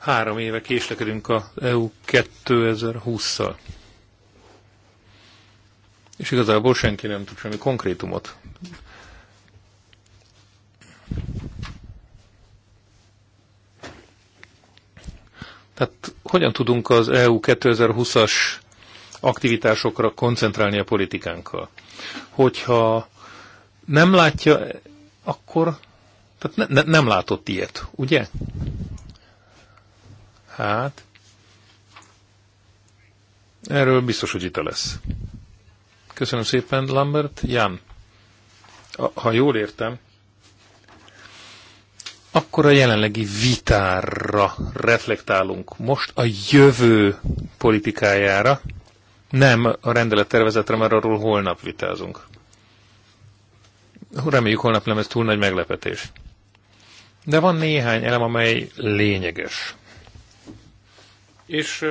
Három éve késlekedünk a EU 2020-szal. És igazából senki nem tud semmi konkrétumot. Tehát hogyan tudunk az EU 2020-as aktivitásokra koncentrálni a politikánkkal? Hogyha nem látja, akkor tehát ne, ne, nem látott ilyet, ugye? Hát, erről biztos, hogy itt lesz. Köszönöm szépen, Lambert. Jan, ha jól értem, akkor a jelenlegi vitára reflektálunk most a jövő politikájára, nem a rendelettervezetre, mert arról holnap vitázunk. Reméljük holnap nem ez túl nagy meglepetés. De van néhány elem, amely lényeges. És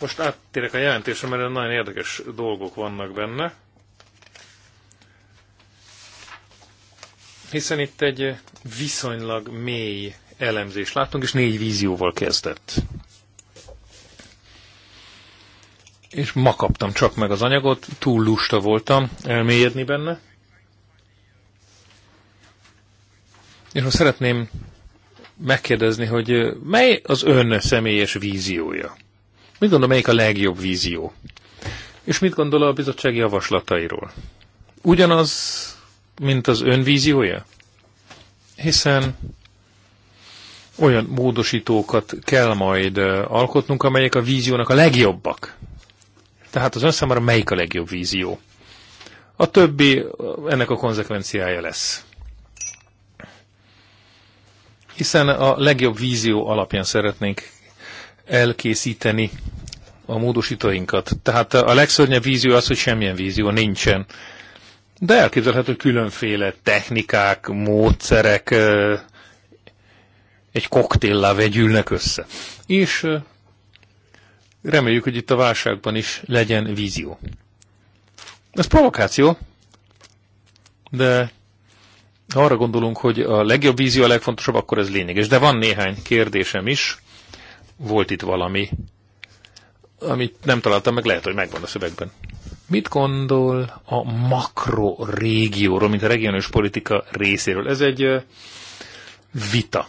most áttérek a jelentésre, mert nagyon érdekes dolgok vannak benne. Hiszen itt egy viszonylag mély elemzést láttunk, és négy vízióval kezdett. És ma kaptam csak meg az anyagot, túl lusta voltam elmélyedni benne. És most szeretném megkérdezni, hogy mely az ön személyes víziója? Mit gondol, melyik a legjobb vízió? És mit gondol a bizottság javaslatairól? Ugyanaz, mint az ön víziója? Hiszen olyan módosítókat kell majd alkotnunk, amelyek a víziónak a legjobbak. Tehát az ön számára melyik a legjobb vízió? A többi ennek a konzekvenciája lesz hiszen a legjobb vízió alapján szeretnénk elkészíteni a módosítóinkat. Tehát a legszörnyebb vízió az, hogy semmilyen vízió nincsen. De elképzelhető, különféle technikák, módszerek egy koktéllá vegyülnek össze. És reméljük, hogy itt a válságban is legyen vízió. Ez provokáció, de ha arra gondolunk, hogy a legjobb vízió a legfontosabb, akkor ez lényeges. De van néhány kérdésem is. Volt itt valami, amit nem találtam meg, lehet, hogy megvan a szövegben. Mit gondol a makrorégióról, mint a regionális politika részéről? Ez egy vita,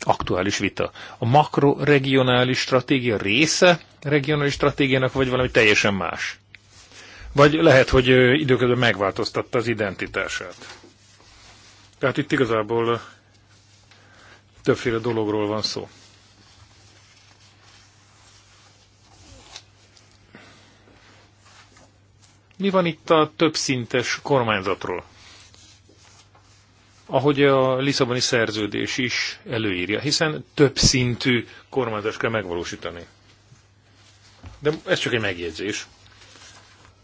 aktuális vita. A makroregionális stratégia része regionális stratégiának, vagy valami teljesen más? Vagy lehet, hogy időközben megváltoztatta az identitását? Tehát itt igazából többféle dologról van szó. Mi van itt a többszintes kormányzatról? Ahogy a Lisszaboni szerződés is előírja, hiszen többszintű kormányzást kell megvalósítani. De ez csak egy megjegyzés.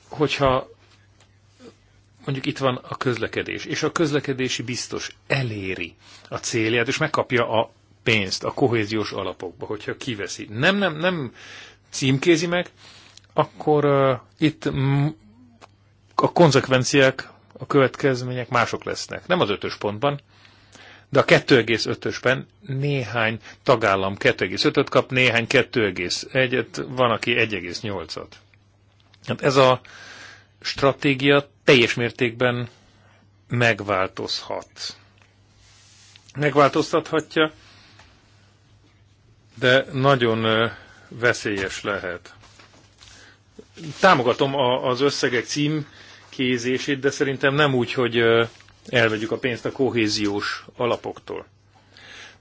Hogyha mondjuk itt van a közlekedés, és a közlekedési biztos eléri a célját, és megkapja a pénzt a kohéziós alapokba, hogyha kiveszi. Nem, nem, nem címkézi meg, akkor uh, itt a konzekvenciák, a következmények mások lesznek. Nem az ötös pontban, de a 2,5-ösben néhány tagállam 2,5-öt kap, néhány 2,1-et, van, aki 1,8-at. Hát ez a stratégia teljes mértékben megváltozhat. Megváltoztathatja, de nagyon veszélyes lehet. Támogatom az összegek kézését, de szerintem nem úgy, hogy elvegyük a pénzt a kohéziós alapoktól.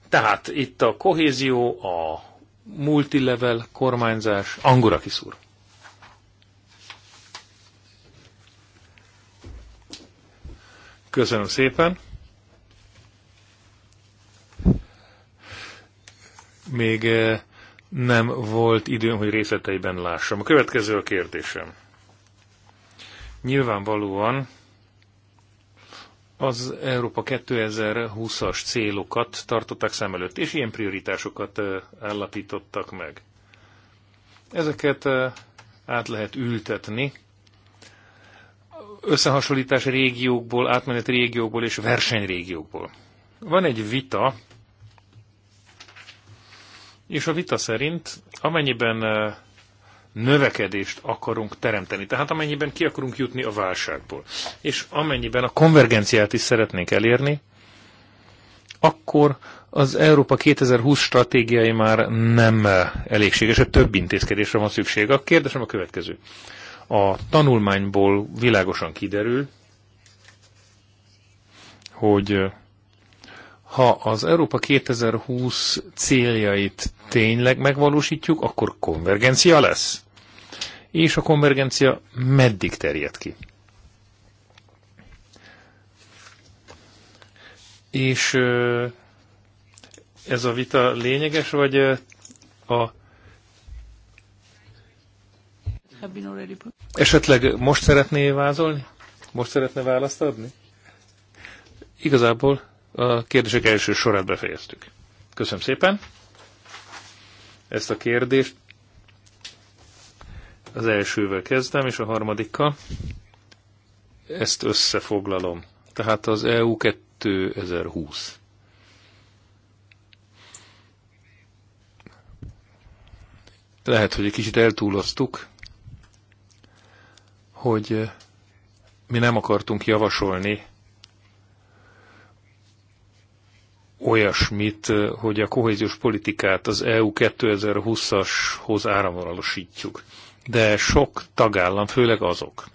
Tehát itt a kohézió, a multilevel kormányzás, angora kiszúr. Köszönöm szépen. Még eh, nem volt időm, hogy részleteiben lássam. A következő a kérdésem. Nyilvánvalóan az Európa 2020-as célokat tartották szem előtt, és ilyen prioritásokat eh, állapítottak meg. Ezeket eh, át lehet ültetni összehasonlítás régiókból, átmenet régiókból és versenyrégiókból. Van egy vita, és a vita szerint amennyiben növekedést akarunk teremteni, tehát amennyiben ki akarunk jutni a válságból, és amennyiben a konvergenciát is szeretnénk elérni, akkor az Európa 2020 stratégiai már nem elégséges, több intézkedésre van szükség. A kérdésem a következő. A tanulmányból világosan kiderül, hogy ha az Európa 2020 céljait tényleg megvalósítjuk, akkor konvergencia lesz. És a konvergencia meddig terjed ki? És ez a vita lényeges, vagy a Esetleg most szeretné vázolni? Most szeretne választ adni? Igazából a kérdések első sorát befejeztük. Köszönöm szépen ezt a kérdést. Az elsővel kezdem, és a harmadikkal. Ezt összefoglalom. Tehát az EU 2020. Lehet, hogy egy kicsit eltúloztuk hogy eh, mi nem akartunk javasolni olyasmit, eh, hogy a kohéziós politikát az EU 2020-ashoz áramvonalosítjuk. De sok tagállam, főleg azok,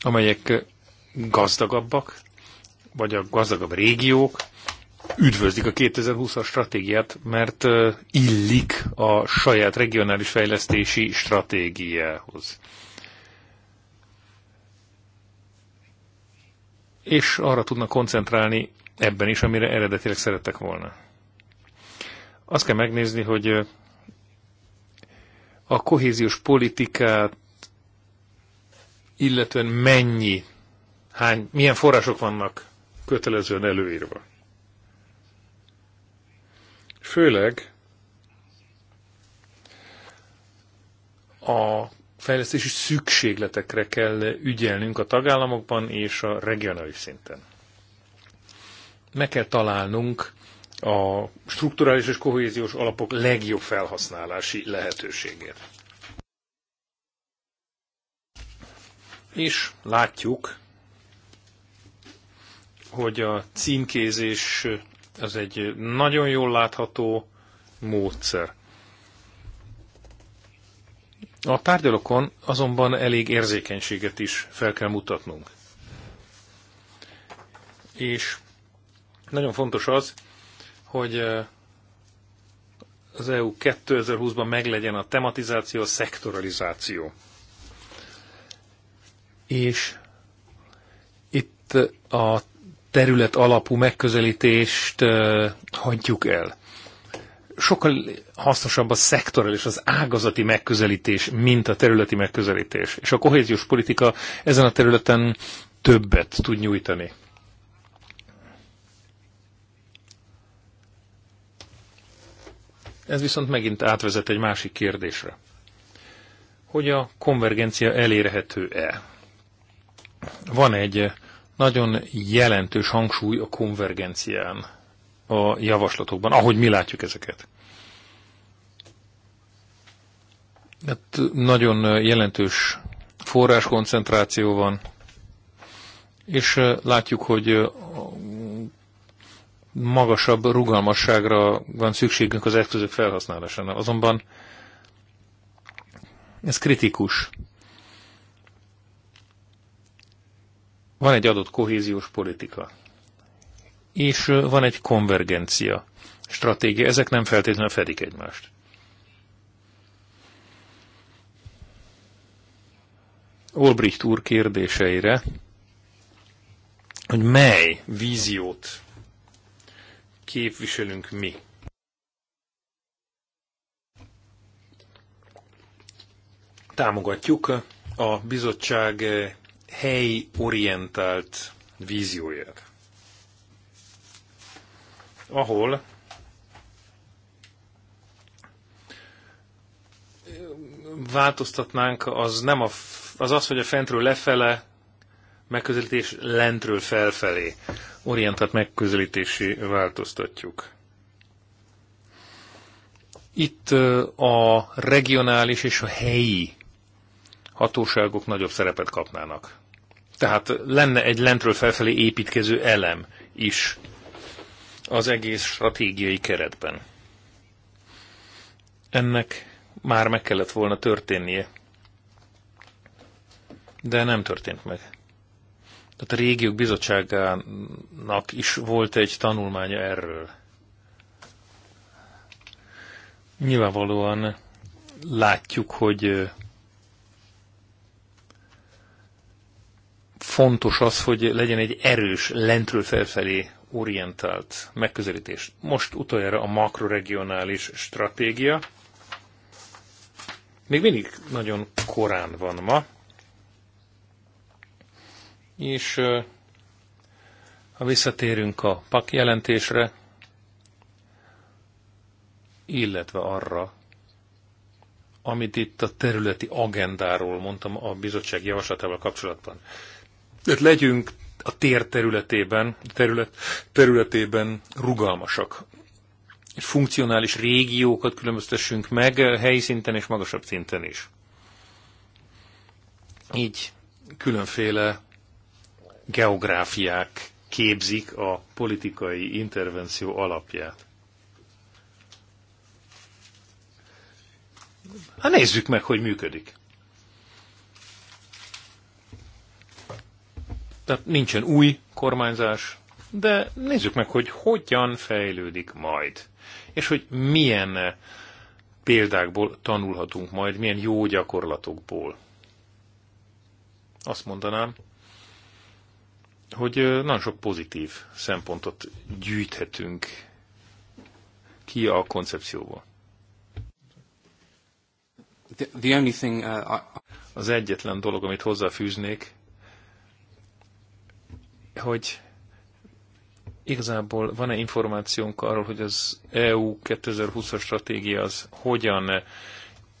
amelyek eh, gazdagabbak, vagy a gazdagabb régiók, üdvözlik a 2020-as stratégiát, mert illik a saját regionális fejlesztési stratégiához. és arra tudnak koncentrálni ebben is, amire eredetileg szerettek volna. Azt kell megnézni, hogy a kohéziós politikát illetően mennyi, hány, milyen források vannak kötelezően előírva. Főleg a fejlesztési szükségletekre kell ügyelnünk a tagállamokban és a regionális szinten. Meg kell találnunk a strukturális és kohéziós alapok legjobb felhasználási lehetőségét. És látjuk, hogy a címkézés az egy nagyon jól látható módszer. A tárgyalokon azonban elég érzékenységet is fel kell mutatnunk. És nagyon fontos az, hogy eh, az EU 2020-ban meglegyen a tematizáció, a szektoralizáció. És itt eh, a terület alapú megközelítést eh, hagyjuk el sokkal hasznosabb a szektorál és az ágazati megközelítés, mint a területi megközelítés. És a kohéziós politika ezen a területen többet tud nyújtani. Ez viszont megint átvezet egy másik kérdésre. Hogy a konvergencia elérhető-e? Van egy nagyon jelentős hangsúly a konvergencián a javaslatokban, ahogy mi látjuk ezeket. Hát nagyon jelentős forráskoncentráció van, és látjuk, hogy magasabb rugalmasságra van szükségünk az eszközök felhasználásánál. Azonban ez kritikus. Van egy adott kohéziós politika és van egy konvergencia stratégia. Ezek nem feltétlenül fedik egymást. Olbricht úr kérdéseire, hogy mely víziót képviselünk mi. Támogatjuk a bizottság helyorientált vízióját ahol változtatnánk, az nem a, az, az, hogy a fentről lefele megközelítés lentről felfelé orientált megközelítési változtatjuk. Itt a regionális és a helyi hatóságok nagyobb szerepet kapnának. Tehát lenne egy lentről felfelé építkező elem is az egész stratégiai keretben. Ennek már meg kellett volna történnie, de nem történt meg. Tehát a régiók bizottságának is volt egy tanulmánya erről. Nyilvánvalóan látjuk, hogy fontos az, hogy legyen egy erős, lentről felfelé orientált megközelítés. Most utoljára a makroregionális stratégia. Még mindig nagyon korán van ma, és ha visszatérünk a PAK jelentésre, illetve arra, amit itt a területi agendáról mondtam a bizottság javaslatával kapcsolatban. Tehát legyünk a tér területében, terület, területében rugalmasak. És funkcionális régiókat különböztessünk meg helyi szinten és magasabb szinten is. Így különféle geográfiák képzik a politikai intervenció alapját. Hát nézzük meg, hogy működik. Tehát nincsen új kormányzás, de nézzük meg, hogy hogyan fejlődik majd, és hogy milyen példákból tanulhatunk majd, milyen jó gyakorlatokból. Azt mondanám, hogy nagyon sok pozitív szempontot gyűjthetünk ki a koncepcióból. Uh, Az egyetlen dolog, amit hozzáfűznék, hogy igazából van-e információnk arról, hogy az EU 2020-as stratégia az hogyan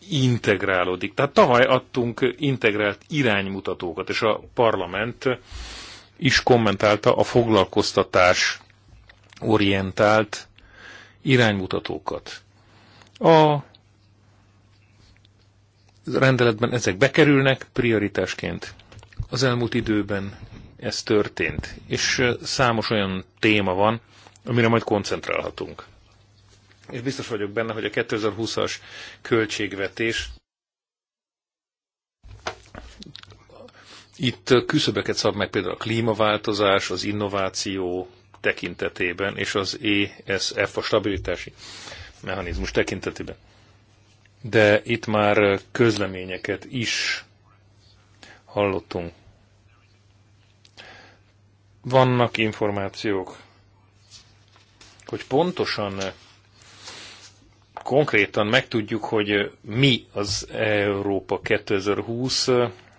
integrálódik. Tehát tavaly adtunk integrált iránymutatókat, és a parlament is kommentálta a foglalkoztatás orientált iránymutatókat. A rendeletben ezek bekerülnek prioritásként. Az elmúlt időben ez történt. És számos olyan téma van, amire majd koncentrálhatunk. És biztos vagyok benne, hogy a 2020-as költségvetés itt küszöbeket szab meg például a klímaváltozás, az innováció tekintetében, és az ESF, a stabilitási mechanizmus tekintetében. De itt már közleményeket is hallottunk vannak információk, hogy pontosan, eh, konkrétan megtudjuk, hogy eh, mi az Európa 2020,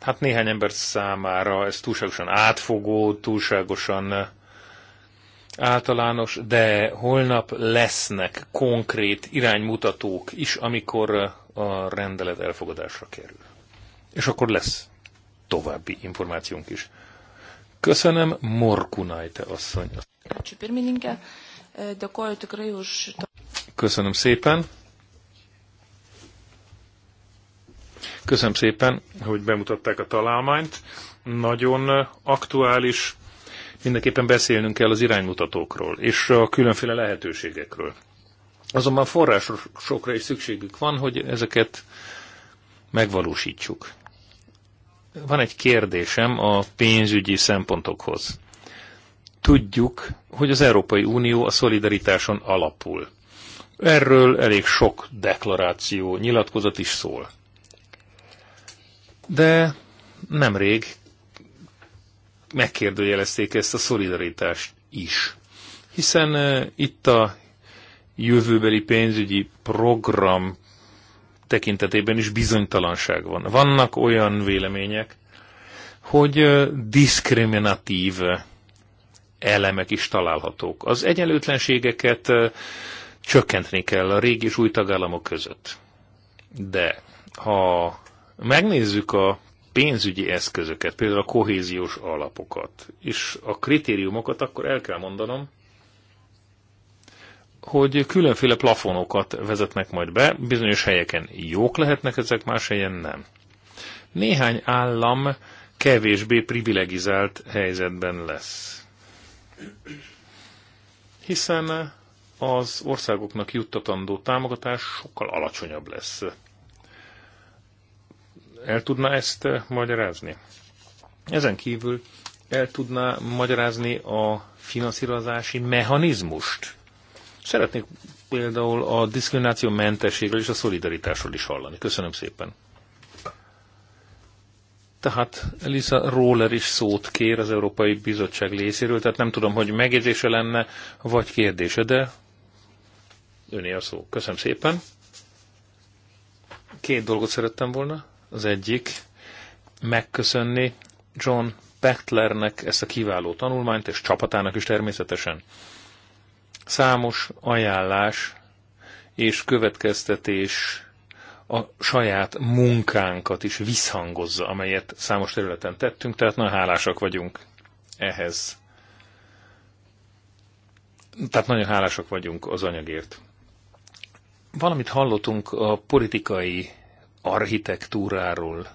hát néhány ember számára ez túlságosan átfogó, túlságosan eh, általános, de holnap lesznek konkrét iránymutatók is, amikor a rendelet elfogadásra kerül. És akkor lesz további információnk is. Köszönöm, Morkunajte asszony. E, Köszönöm szépen. Köszönöm szépen, hogy bemutatták a találmányt. Nagyon aktuális. Mindenképpen beszélnünk kell az iránymutatókról és a különféle lehetőségekről. Azonban forrásokra is szükségük van, hogy ezeket megvalósítsuk. Van egy kérdésem a pénzügyi szempontokhoz. Tudjuk, hogy az Európai Unió a szolidaritáson alapul. Erről elég sok deklaráció, nyilatkozat is szól. De nemrég megkérdőjelezték ezt a szolidaritást is. Hiszen eh, itt a jövőbeli pénzügyi program tekintetében is bizonytalanság van. Vannak olyan vélemények, hogy diszkriminatív elemek is találhatók. Az egyenlőtlenségeket csökkentni kell a régi és új tagállamok között. De ha megnézzük a pénzügyi eszközöket, például a kohéziós alapokat és a kritériumokat, akkor el kell mondanom, hogy különféle plafonokat vezetnek majd be, bizonyos helyeken jók lehetnek ezek, más helyen nem. Néhány állam kevésbé privilegizált helyzetben lesz. Hiszen az országoknak juttatandó támogatás sokkal alacsonyabb lesz. El tudna ezt magyarázni? Ezen kívül el tudná magyarázni a finanszírozási mechanizmust? Szeretnék például a diszkrimináció mentességről és a szolidaritásról is hallani. Köszönöm szépen. Tehát Elisa Roller is szót kér az Európai Bizottság részéről, tehát nem tudom, hogy megjegyzése lenne, vagy kérdése, de öné a szó. Köszönöm szépen. Két dolgot szerettem volna. Az egyik, megköszönni John Petlernek ezt a kiváló tanulmányt, és csapatának is természetesen. Számos ajánlás és következtetés a saját munkánkat is visszhangozza, amelyet számos területen tettünk, tehát nagyon hálásak vagyunk ehhez. Tehát nagyon hálásak vagyunk az anyagért. Valamit hallottunk a politikai architektúráról,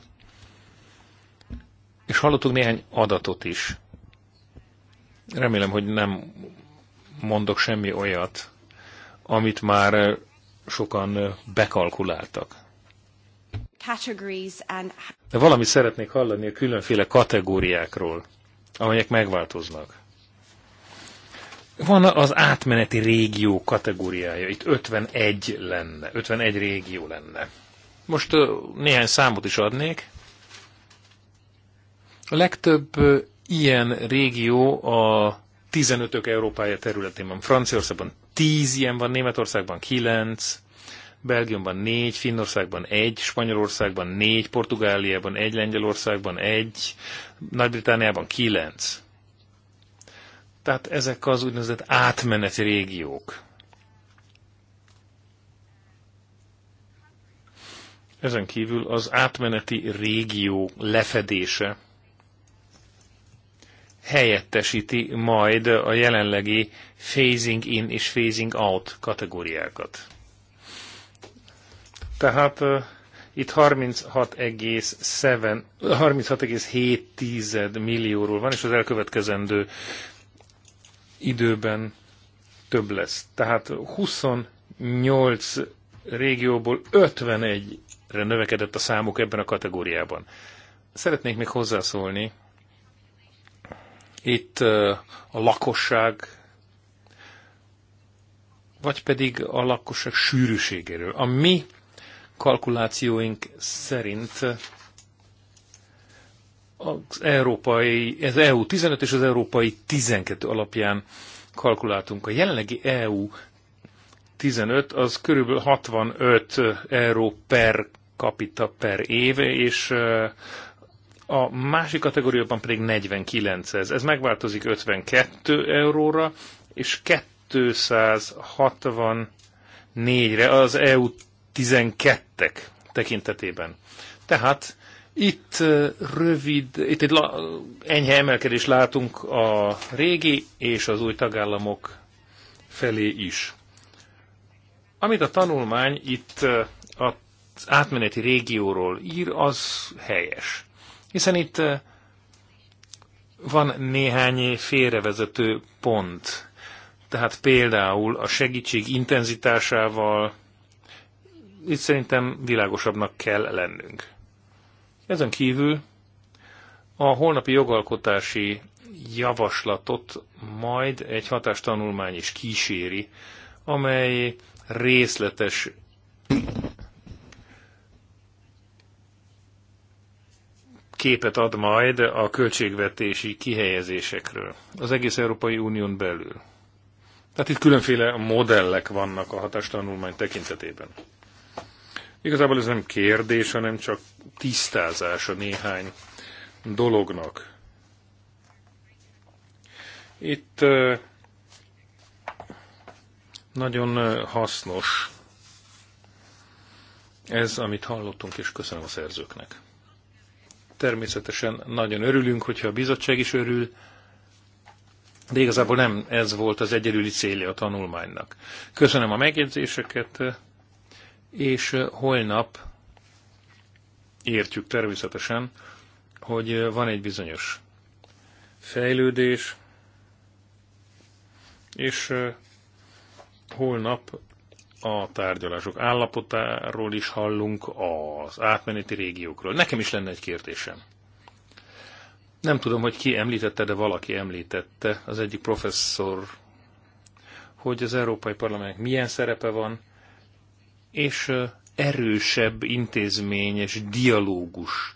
és hallottunk néhány adatot is. Remélem, hogy nem mondok semmi olyat, amit már sokan bekalkuláltak. De valamit szeretnék hallani a különféle kategóriákról, amelyek megváltoznak. Van az átmeneti régió kategóriája, itt 51 lenne, 51 régió lenne. Most néhány számot is adnék. A legtöbb ilyen régió a 15-ök Európája területén van. Franciaországban 10 ilyen van, Németországban 9, Belgiumban 4, Finnországban 1, Spanyolországban 4, Portugáliában 1, Lengyelországban 1, Nagy-Britániában 9. Tehát ezek az úgynevezett átmeneti régiók. Ezen kívül az átmeneti régió lefedése helyettesíti majd a jelenlegi phasing in és phasing out kategóriákat. Tehát uh, itt 36,7 36 millióról van, és az elkövetkezendő időben több lesz. Tehát 28 régióból 51-re növekedett a számuk ebben a kategóriában. Szeretnék még hozzászólni itt a lakosság, vagy pedig a lakosság sűrűségéről. A mi kalkulációink szerint az, európai, az EU 15 és az európai 12 alapján kalkuláltunk. A jelenlegi EU 15 az körülbelül 65 euró per kapita per év, és a másik kategóriában pedig 49 ez. Ez megváltozik 52 euróra, és 264-re az EU 12-ek tekintetében. Tehát itt rövid, itt egy enyhe emelkedés látunk a régi és az új tagállamok felé is. Amit a tanulmány itt az átmeneti régióról ír, az helyes. Hiszen itt eh, van néhány félrevezető pont. Tehát például a segítség intenzitásával itt szerintem világosabbnak kell lennünk. Ezen kívül a holnapi jogalkotási javaslatot majd egy hatástanulmány is kíséri, amely részletes képet ad majd a költségvetési kihelyezésekről az egész Európai Unión belül. Tehát itt különféle modellek vannak a hatástanulmány tekintetében. Igazából ez nem kérdés, hanem csak tisztázása néhány dolognak. Itt nagyon hasznos ez, amit hallottunk, és köszönöm a szerzőknek. Természetesen nagyon örülünk, hogyha a bizottság is örül, de igazából nem ez volt az egyedüli célja a tanulmánynak. Köszönöm a megjegyzéseket, és holnap értjük természetesen, hogy van egy bizonyos fejlődés, és holnap a tárgyalások állapotáról is hallunk, az átmeneti régiókról. Nekem is lenne egy kérdésem. Nem tudom, hogy ki említette, de valaki említette, az egyik professzor, hogy az Európai Parlamentnek milyen szerepe van, és erősebb intézményes dialógus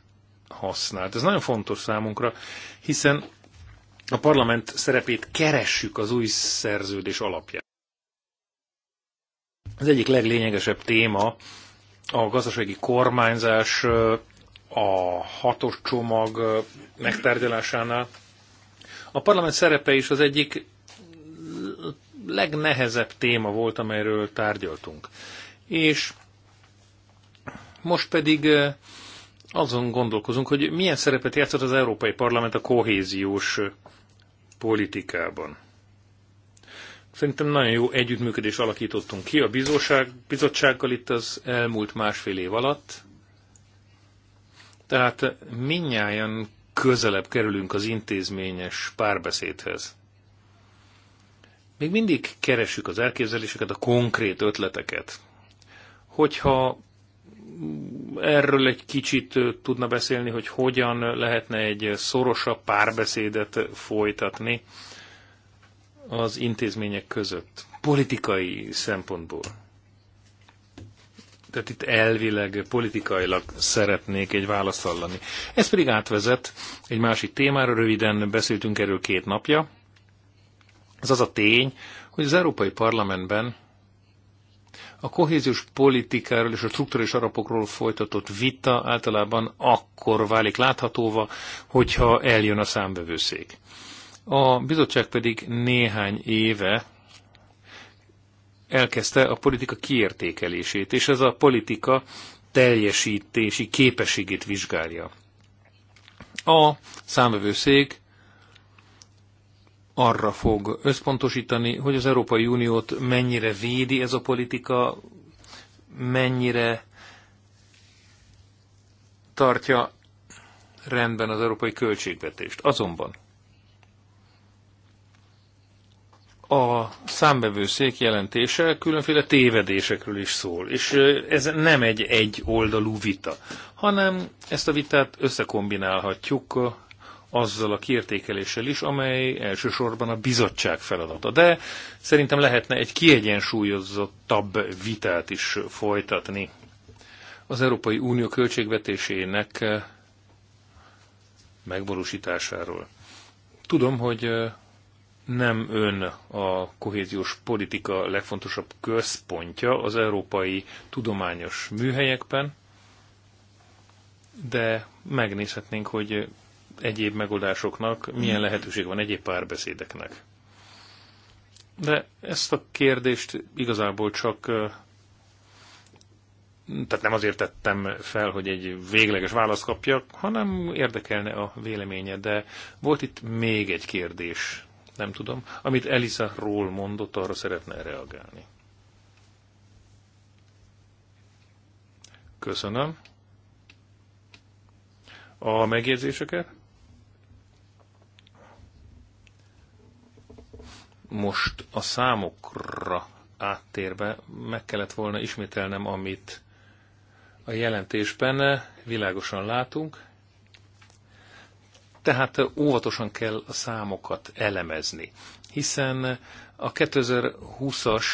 használt. Ez nagyon fontos számunkra, hiszen a parlament szerepét keressük az új szerződés alapján. Az egyik leglényegesebb téma a gazdasági kormányzás a hatos csomag megtárgyalásánál. A parlament szerepe is az egyik legnehezebb téma volt, amelyről tárgyaltunk. És most pedig azon gondolkozunk, hogy milyen szerepet játszott az Európai Parlament a kohéziós politikában. Szerintem nagyon jó együttműködés alakítottunk ki a bizóság, bizottsággal itt az elmúlt másfél év alatt. Tehát minnyáján közelebb kerülünk az intézményes párbeszédhez. Még mindig keresjük az elképzeléseket, a konkrét ötleteket. Hogyha erről egy kicsit tudna beszélni, hogy hogyan lehetne egy szorosabb párbeszédet folytatni az intézmények között, politikai szempontból. Tehát itt elvileg, politikailag szeretnék egy választ hallani. Ez pedig átvezet egy másik témára, röviden beszéltünk erről két napja. Ez az a tény, hogy az Európai Parlamentben a kohéziós politikáról és a strukturális arapokról folytatott vita általában akkor válik láthatóva, hogyha eljön a számbevőszék. A bizottság pedig néhány éve elkezdte a politika kiértékelését, és ez a politika teljesítési képességét vizsgálja. A számvevőszék arra fog összpontosítani, hogy az Európai Uniót mennyire védi ez a politika, mennyire tartja rendben az európai költségvetést. Azonban a számbevőszék jelentése különféle tévedésekről is szól, és ez nem egy egy oldalú vita, hanem ezt a vitát összekombinálhatjuk azzal a kiértékeléssel is, amely elsősorban a bizottság feladata. De szerintem lehetne egy kiegyensúlyozottabb vitát is folytatni. Az Európai Unió költségvetésének megvalósításáról. Tudom, hogy nem ön a kohéziós politika legfontosabb központja az európai tudományos műhelyekben, de megnézhetnénk, hogy egyéb megoldásoknak milyen lehetőség van egyéb párbeszédeknek. De ezt a kérdést igazából csak tehát nem azért tettem fel, hogy egy végleges választ kapjak, hanem érdekelne a véleménye, de volt itt még egy kérdés nem tudom. Amit Elisa ról mondott, arra szeretne reagálni. Köszönöm. A megjegyzéseket? Most a számokra áttérve meg kellett volna ismételnem, amit a jelentésben világosan látunk, tehát óvatosan kell a számokat elemezni, hiszen a 2020-as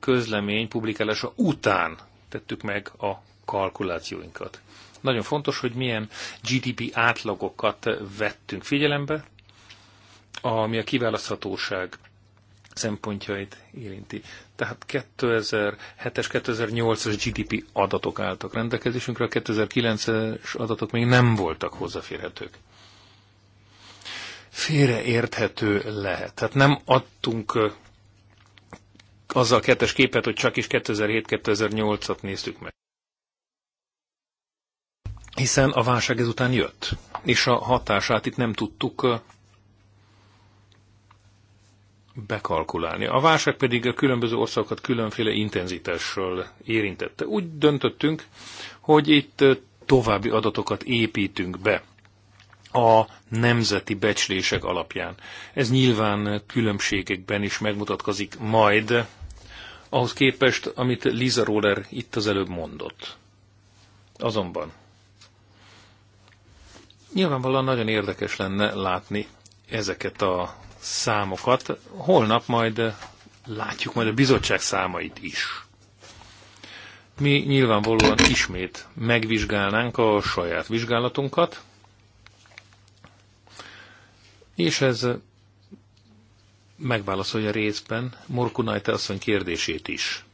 közlemény publikálása után tettük meg a kalkulációinkat. Nagyon fontos, hogy milyen GDP átlagokat vettünk figyelembe, ami a kiválaszthatóság szempontjait érinti. Tehát 2007-es, 2008-as GDP adatok álltak rendelkezésünkre, a 2009-es adatok még nem voltak hozzáférhetők félreérthető lehet. Tehát nem adtunk azzal kettes képet, hogy csak is 2007-2008-at néztük meg. Hiszen a válság ezután jött, és a hatását itt nem tudtuk bekalkulálni. A válság pedig a különböző országokat különféle intenzitással érintette. Úgy döntöttünk, hogy itt további adatokat építünk be a nemzeti becslések alapján. Ez nyilván különbségekben is megmutatkozik majd, ahhoz képest, amit Liza Roller itt az előbb mondott. Azonban nyilvánvalóan nagyon érdekes lenne látni ezeket a számokat. Holnap majd látjuk majd a bizottság számait is. Mi nyilvánvalóan ismét megvizsgálnánk a saját vizsgálatunkat, és ez megválaszolja részben Morkunajte asszony kérdését is.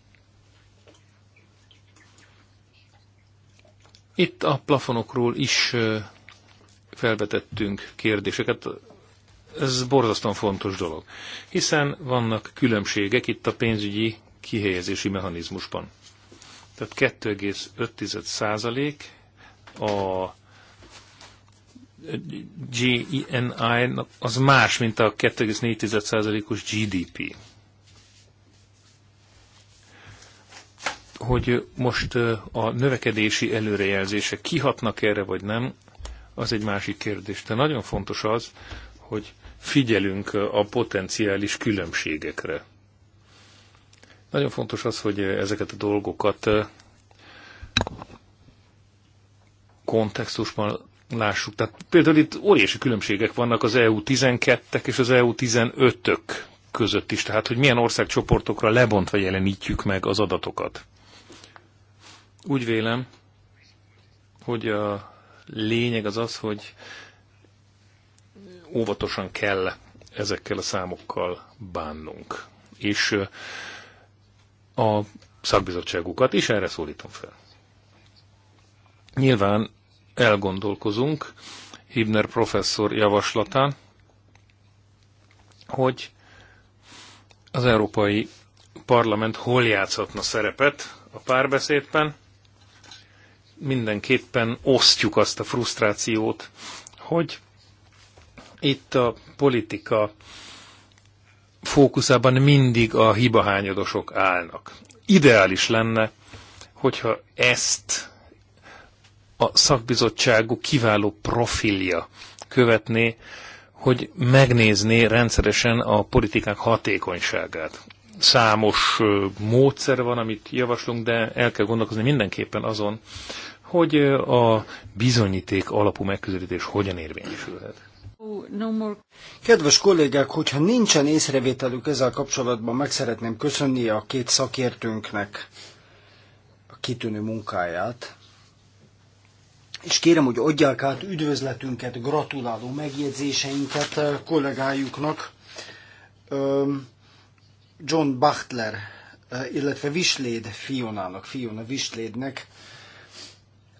Itt a plafonokról is felvetettünk kérdéseket. Ez borzasztóan fontos dolog, hiszen vannak különbségek itt a pénzügyi kihelyezési mechanizmusban. Tehát 2,5% a GNI e az más, mint a 2,4%-os GDP. Hogy most a növekedési előrejelzések kihatnak erre, vagy nem, az egy másik kérdés. De nagyon fontos az, hogy figyelünk a potenciális különbségekre. Nagyon fontos az, hogy ezeket a dolgokat kontextusban lássuk. Tehát például itt óriási különbségek vannak az EU-12-ek és az EU-15-ök között is, tehát hogy milyen országcsoportokra lebontva jelenítjük meg az adatokat. Úgy vélem, hogy a lényeg az az, hogy óvatosan kell ezekkel a számokkal bánnunk. És a szakbizottságukat is erre szólítom fel. Nyilván elgondolkozunk Hibner professzor javaslatán, hogy az Európai Parlament hol játszhatna szerepet a párbeszédben. Mindenképpen osztjuk azt a frusztrációt, hogy itt a politika fókuszában mindig a hibahányadosok állnak. Ideális lenne, hogyha ezt a szakbizottságú kiváló profilja követné, hogy megnézné rendszeresen a politikák hatékonyságát. Számos módszer van, amit javaslunk, de el kell gondolkozni mindenképpen azon, hogy a bizonyíték alapú megközelítés hogyan érvényesülhet. Kedves kollégák, hogyha nincsen észrevételük ezzel kapcsolatban, meg szeretném köszönni a két szakértőnknek a kitűnő munkáját és kérem, hogy adják át üdvözletünket, gratuláló megjegyzéseinket eh, kollégájuknak. John Bachtler, eh, illetve Visléd Fionának, Fiona Vislédnek.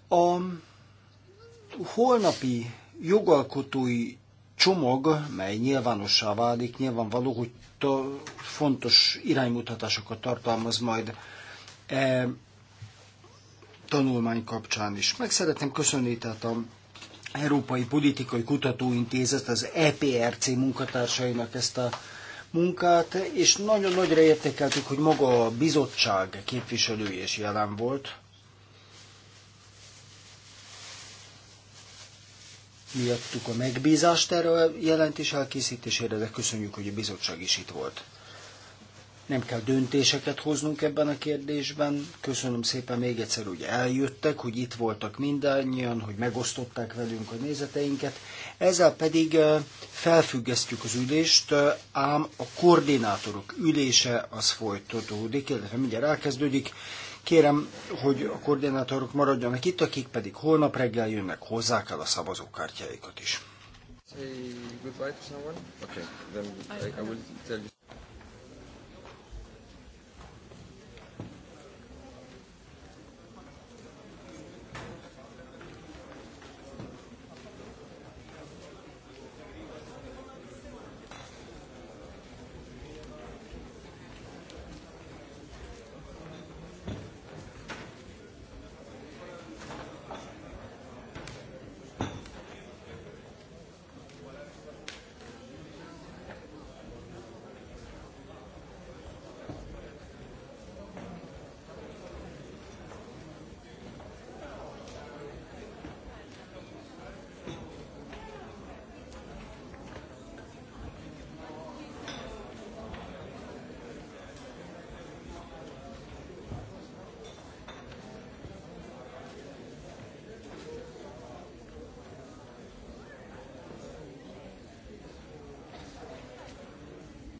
A holnapi jogalkotói csomag, mely nyilvánossá válik, nyilvánvaló, hogy fontos iránymutatásokat tartalmaz majd eh, tanulmány kapcsán is. Meg szeretném köszönni tehát a Európai Politikai Kutatóintézet, az EPRC munkatársainak ezt a munkát, és nagyon nagyra értékeltük, hogy maga a bizottság képviselője is jelen volt. Miattuk a megbízást erre a jelentés elkészítésére, de köszönjük, hogy a bizottság is itt volt nem kell döntéseket hoznunk ebben a kérdésben. Köszönöm szépen még egyszer, hogy eljöttek, hogy itt voltak mindannyian, hogy megosztották velünk a nézeteinket. Ezzel pedig felfüggesztjük az ülést, ám a koordinátorok ülése az folytatódik, illetve mindjárt elkezdődik. Kérem, hogy a koordinátorok maradjanak itt, akik pedig holnap reggel jönnek, hozzák el a szavazókártyáikat is. Say goodbye to someone? Okay, then I, I will tell you.